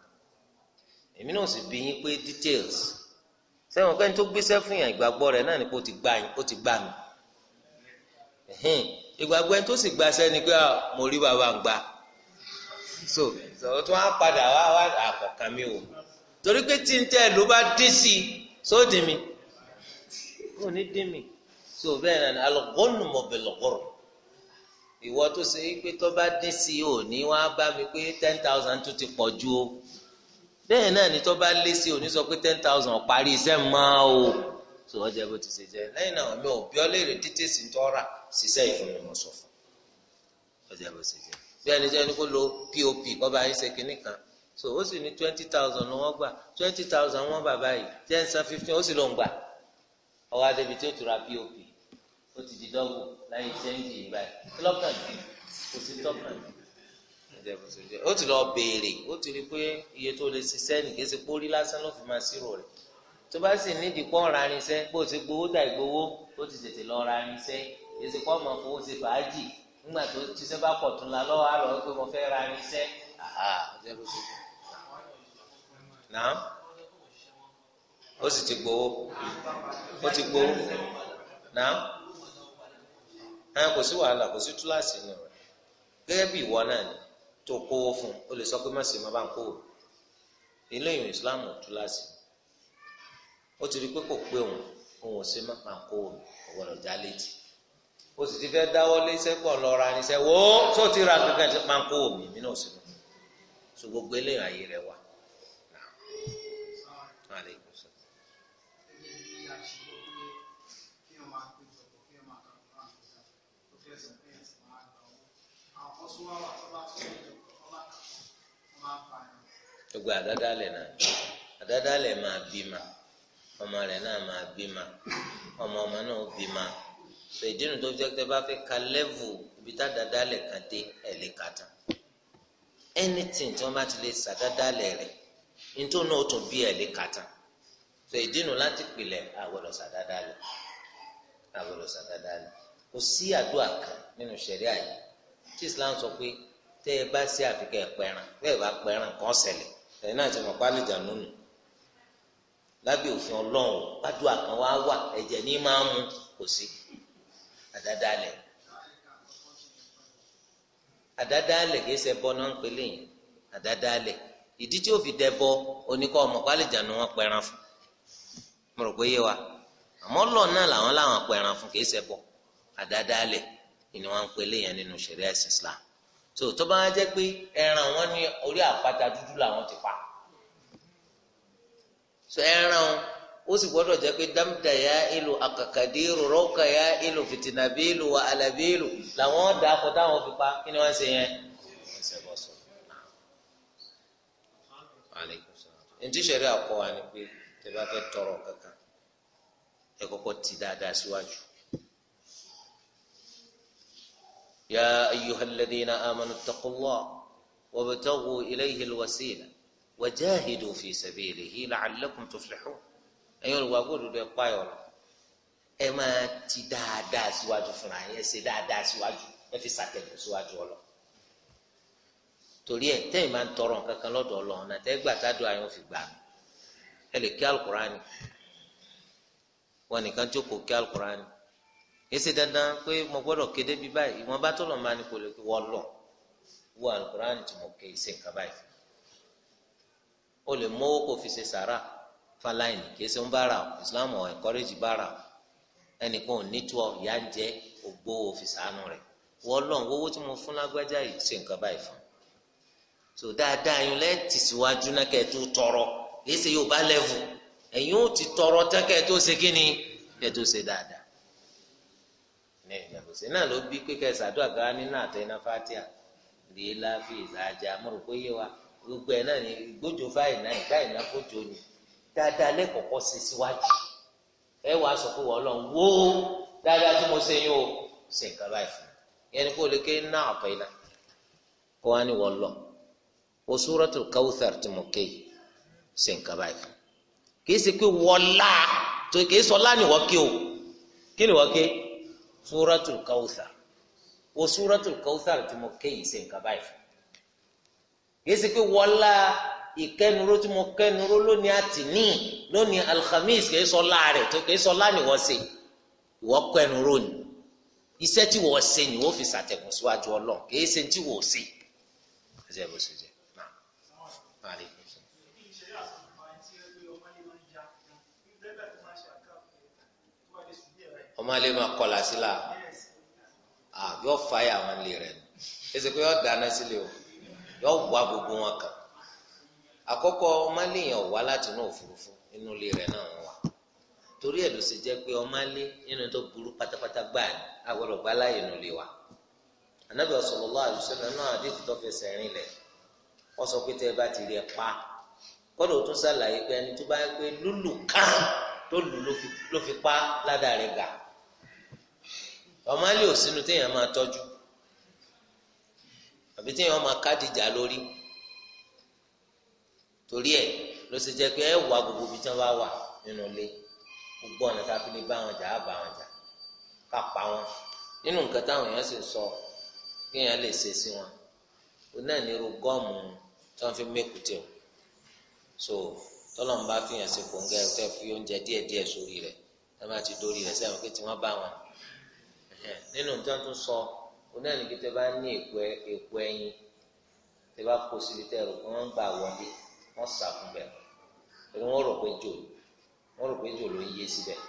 èmi náà sì bí yín pé details sẹ́wọ̀n kẹ́ni tó gbéṣẹ́ fún yàn ìgbàgbọ́ rẹ̀ náà ni kò ti gbà yín kò ti gbà mí ìgbàgbọ́ ẹni tó sì gbàṣẹ́ ni pé ah, mo rí bàbá ń gbà so so á padà wá wá àkọ̀kan mi ò torí pé tí n tẹ́ ló bá dé sí i sóòdì mi kò ní dé mi tí o bẹ́ẹ̀ náà alọ́gọ́nù mọ̀bẹ̀lọ́gọ́rọ̀ ìwọ tó ṣe pé tó bá dé sí i ò ní wá bá mi pé ten thousand tó ti pọ̀ ju o bẹ́ẹ̀ náà ni tó bá lé sí i ò ní sọ pé ten thousand parí iṣẹ́ máa o tó wọ́n jẹ́ bó ti ṣe jẹ́ lẹ́yìn náà mi ò bí ọ léèrè títí sí tó rà ṣiṣẹ́ ìfúnni mo sọ fún ọ jẹ́ bó ṣe jẹ́ bí ẹni jẹ́ ẹni kó lo pop kọ́ bá yín ṣe kinní kan so ó sì ní twenty thousand ni wọ́n gbà twenty thousand wọ́n bàbá yìí ten san fifteen ó sì ló ń gbà ọwọ́ adébí tí ó tura pop ó ti di dọ́gbò láyé sẹ́ńdì yìí báyìí lọ́kàn jù kò sí tọ́kàn jù ó ti lọ béèrè ó ti rí i pé iye tó lè ṣiṣẹ́ nìkan ṣe pórí lásán ló fi máa ṣírò rẹ̀ tó bá sì ní ìdìpọ̀ ránṣẹ́ bó ti gbowó dà ìgbowó ó ti tètè lọ ránṣẹ́ èsì pọ́ mọ̀ fowó ṣe fàájì nígbà tó tíṣẹ́ bá pọ̀ tún la lọ́wọ́ àlọ́ pé mo fẹ́ ránṣẹ́ àhà ọjọ́ bó ṣe kú náà ó sì ti gbowó ó ti gbowó náà àwọn kò sí wàhálà kò sí túláàsì nù rẹ gẹ́gẹ́ bí ìwọ náà ni tó kówó fún o lè sọ pé má sì má bá ń kówó ilé ìwé ìsìláàmù túláàsì ó ti rí pé kò pé òun òun ò sí má bá ń kówó ọ̀gbọ́dọ̀ já létí o sì ti fẹ́ dáwọ́ lé sẹ́pọ̀ lọ́ra ní sẹ́ wò tó ti ra kankan ti máa ń kówó mi mí náà sí mi so gbogbo eléyàn ayé rẹ wá gbogbo na náà àdádálẹ̀ máa ma ọmọ naa náà máa ma ọmọ ọmọ náà ó ma sọ ìdí nu tó fi jẹ́ bá fẹ́ ka lẹ́vù ibi tá àdádálẹ̀ kan dé ẹ̀ lè tán tí wọ́n bá ti lè sàdádálẹ̀ rẹ̀ nítorí náà ó tún bí ẹ̀ lè tán sọ ìdí nu láti pilẹ̀ kò sí àdúrà kan nínú tí Islam sọ pé tẹ́ ẹ bá sí àfikẹ́ ẹ̀yin náà ti mọ̀ pé alìjà nùnù òfin ọlọ́run gbàdúrà kan wá wà ẹ̀jẹ̀ ní máa mú kò sí àdádálẹ̀ àdádálẹ̀ kìí ṣe náà ń ìdí tí ó fi dẹbọ oníkọ́ ọmọ pé alìjà wọn pẹran fún mo rò pé yé wa náà làwọn làwọn pẹran fún kìí ṣe so tó bá jẹ́ pé ẹran wọn ní orí àpáta dúdú làwọn ti pa so ẹran ó sì gbọ́dọ̀ jẹ́ pé dámdà ya ìlú àkàkàdérò rọkà ya ìlú fìtìnàbílù wà àlàbílù làwọn dà á kọ táwọn fi pa kí ni wọ́n ṣe yẹn. ntí sẹ́rí àkọ́ ni pé tẹ́ fẹ́ tọrọ kankan ẹ kọ́kọ́ ti dáadáa síwájú. Si يا أيها الذين آمنوا اتقوا الله وابتغوا إليه الوسيلة وجاهدوا في سبيله لعلكم تفلحون ẹ̀yin olùwàgbọ́ òdodo ẹ pa ọ̀rọ̀ ẹ máa ti dáadáa síwájú fúnra yín ẹ ṣe dáadáa síwájú ẹ fi ṣàtẹ̀gùn síwájú ọlọ torí ẹ tẹ́yin máa ń tọrọ nǹkan kan lọ́dọ̀ Ọlọ́run náà tẹ́ gbà tádùn àyàn fi gbà ẹ lè kí alukurani wọn nìkan jókòó kí alukurani èsì dandan pé mo gbọ́dọ̀ kéde bí báyìí ìwọ̀n bá tó lọ máa ní kò lè wọ lọ wọ alukur'an tí mo ké ṣe nǹkan báyìí o lè mówó kó fi ṣe sàrà fáláìní kì í ń bára islam ọ̀ encourage bára ẹnìkan ò ní tó ọ ìyá ń jẹ ògbó òfin sànù rẹ wọ́n lọ́n owó tí mo fún lágbájá yìí ṣe nǹkan báyìí fún so dáadáa yín lẹ́ẹ̀ tì síwájú náà kẹ́ ẹ tó tọrọ kì í ṣe yóò bá lẹ́vù ẹ̀yin ó ti tọrọ tán tó ṣe kí ni tó ṣe dáadáa. ẹ̀yìn eh, àbòsí náà ló bí pé kẹsà àdúrà gáwá nínú àtọ iná fatia lè láfi ìlàjà mo rò pé yé wa gbogbo ẹ náà ní gbójú fáyìn náà ìgbà ìná fójú ni dáadáa lẹ́kọ̀ọ́kọ́ sí síwájú ẹ wàá sọ pé wọ́n lọ wó dáadáa tí mo ṣe yín o ṣe nǹkan báyìí fún mi yẹn ni kó lè ké ná àtọ iná kó wá ní wọ́n lọ o Suratul Kawthar tí mo ké ṣe nǹkan báyìí fún mi kì í ṣe pé wọ́n lá kì í sọ lá ni wọ́n ké o kí ni wọ́n ké. suratul kawthar wo suratul kawthar tí mo ké yìí ṣe nǹkan báyìí fún yìí sì pé wọlá ìkẹnuró tí mo kẹnuró lónìí àtìní lónìí alhamis kìí sọ láàrẹ tó kìí sọ lánìwọ sí ìwọ kẹnuró ni iṣẹ́ tí wọ́n ṣe ni wọ́n fi ṣàtẹ̀kùn síwájú Ọlọ́run kìí ṣe tí wọ́n ṣe. ọmọ alẹ́ máa kọlà sí la yọ fàáyà wọn lè rẹ ẹsẹ pé yọ dáná sílẹ̀ o yọ wá gbogbo wọn kan àkọ́kọ́ ọmọ alẹ́ yẹn wá láti inú òfurufú inú rẹ náà wọn torí ẹ̀ ló ṣe jẹ́ pé ọmọ alẹ́ nínú tó burú pátápátá gbáà ni anabi náà tó fẹsẹ̀ rìn wọ́n sọ pa kọ́dọ̀ ṣàlàyé pé ẹni tó bá yẹ pé tó lù ló fi pa ọmọ àlè ò sínú téèyàn máa tọ́jú àbí téèyàn máa kádìjà lórí torí ẹ̀ ló ṣe jẹ́ pé gbogbo ibi tí wà nínú ilé gbogbo ọ̀nà tá fi lè bá wọn jà á bá wọn jà nínú nǹkan táwọn èèyàn sì sọ kéèyàn lè ṣe sí wọn náà ní irú gọ́ọ̀mù tí fi o so tọ́lọ́mù bá fi nínú nǹkan tó sọ oní ẹnìkí tẹ bá ní èpo ẹyin tẹ bá kó síbi tẹ rò pé wọn ń gbà wọlé wọn sà fún bẹ ẹni wọn rò pé jò wọn rò pé jò ló ń yé síbẹ̀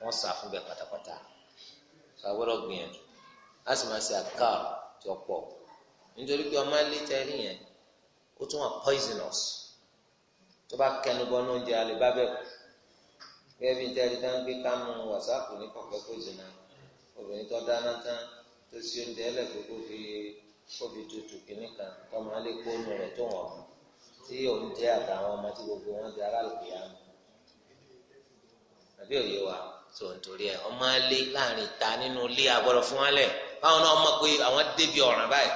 wọn sà fún bẹ pátápátá sàgbọ́dọ̀ gbìyànjú a sì máa ṣe àkàrò tí ó pọ̀ nítorí pé ọmọ ilé tẹ rí yẹn ó tún wà poisonous tó bá kẹnu bọ ní oúnjẹ alẹ́ bá bẹ kú gẹ́gẹ́ bí tẹ rí dáńgbé ká mú wàsáàpù ní kọ̀ọ̀kan poisonous obìnrin tó dáná tán tó sì oúnjẹ ẹlẹ́kọ̀ọ́kọ́ fi kóbi tutù kìíní kan tọ́mọ alẹ́ kónú rẹ̀ tó wọ̀n mọ́ tí oúnjẹ àtàwọn ọmọ tí gbogbo wọn di aráàlú yá mọ́ àbí òye wa tó ń torí ẹ ọmọ alẹ́ láàrin ìta nínú ilé agbọ́dọ̀ fún wọn lẹ̀ báwọn náà mọ̀ pé àwọn débi ọ̀ràn báyìí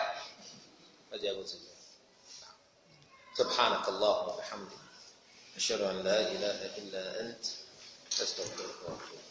wọ́n jẹ́ bó ti jẹ́ سبحانك اللهم وبحمدك أشهد أن لا إله إلا أنت أستغفرك وأتوب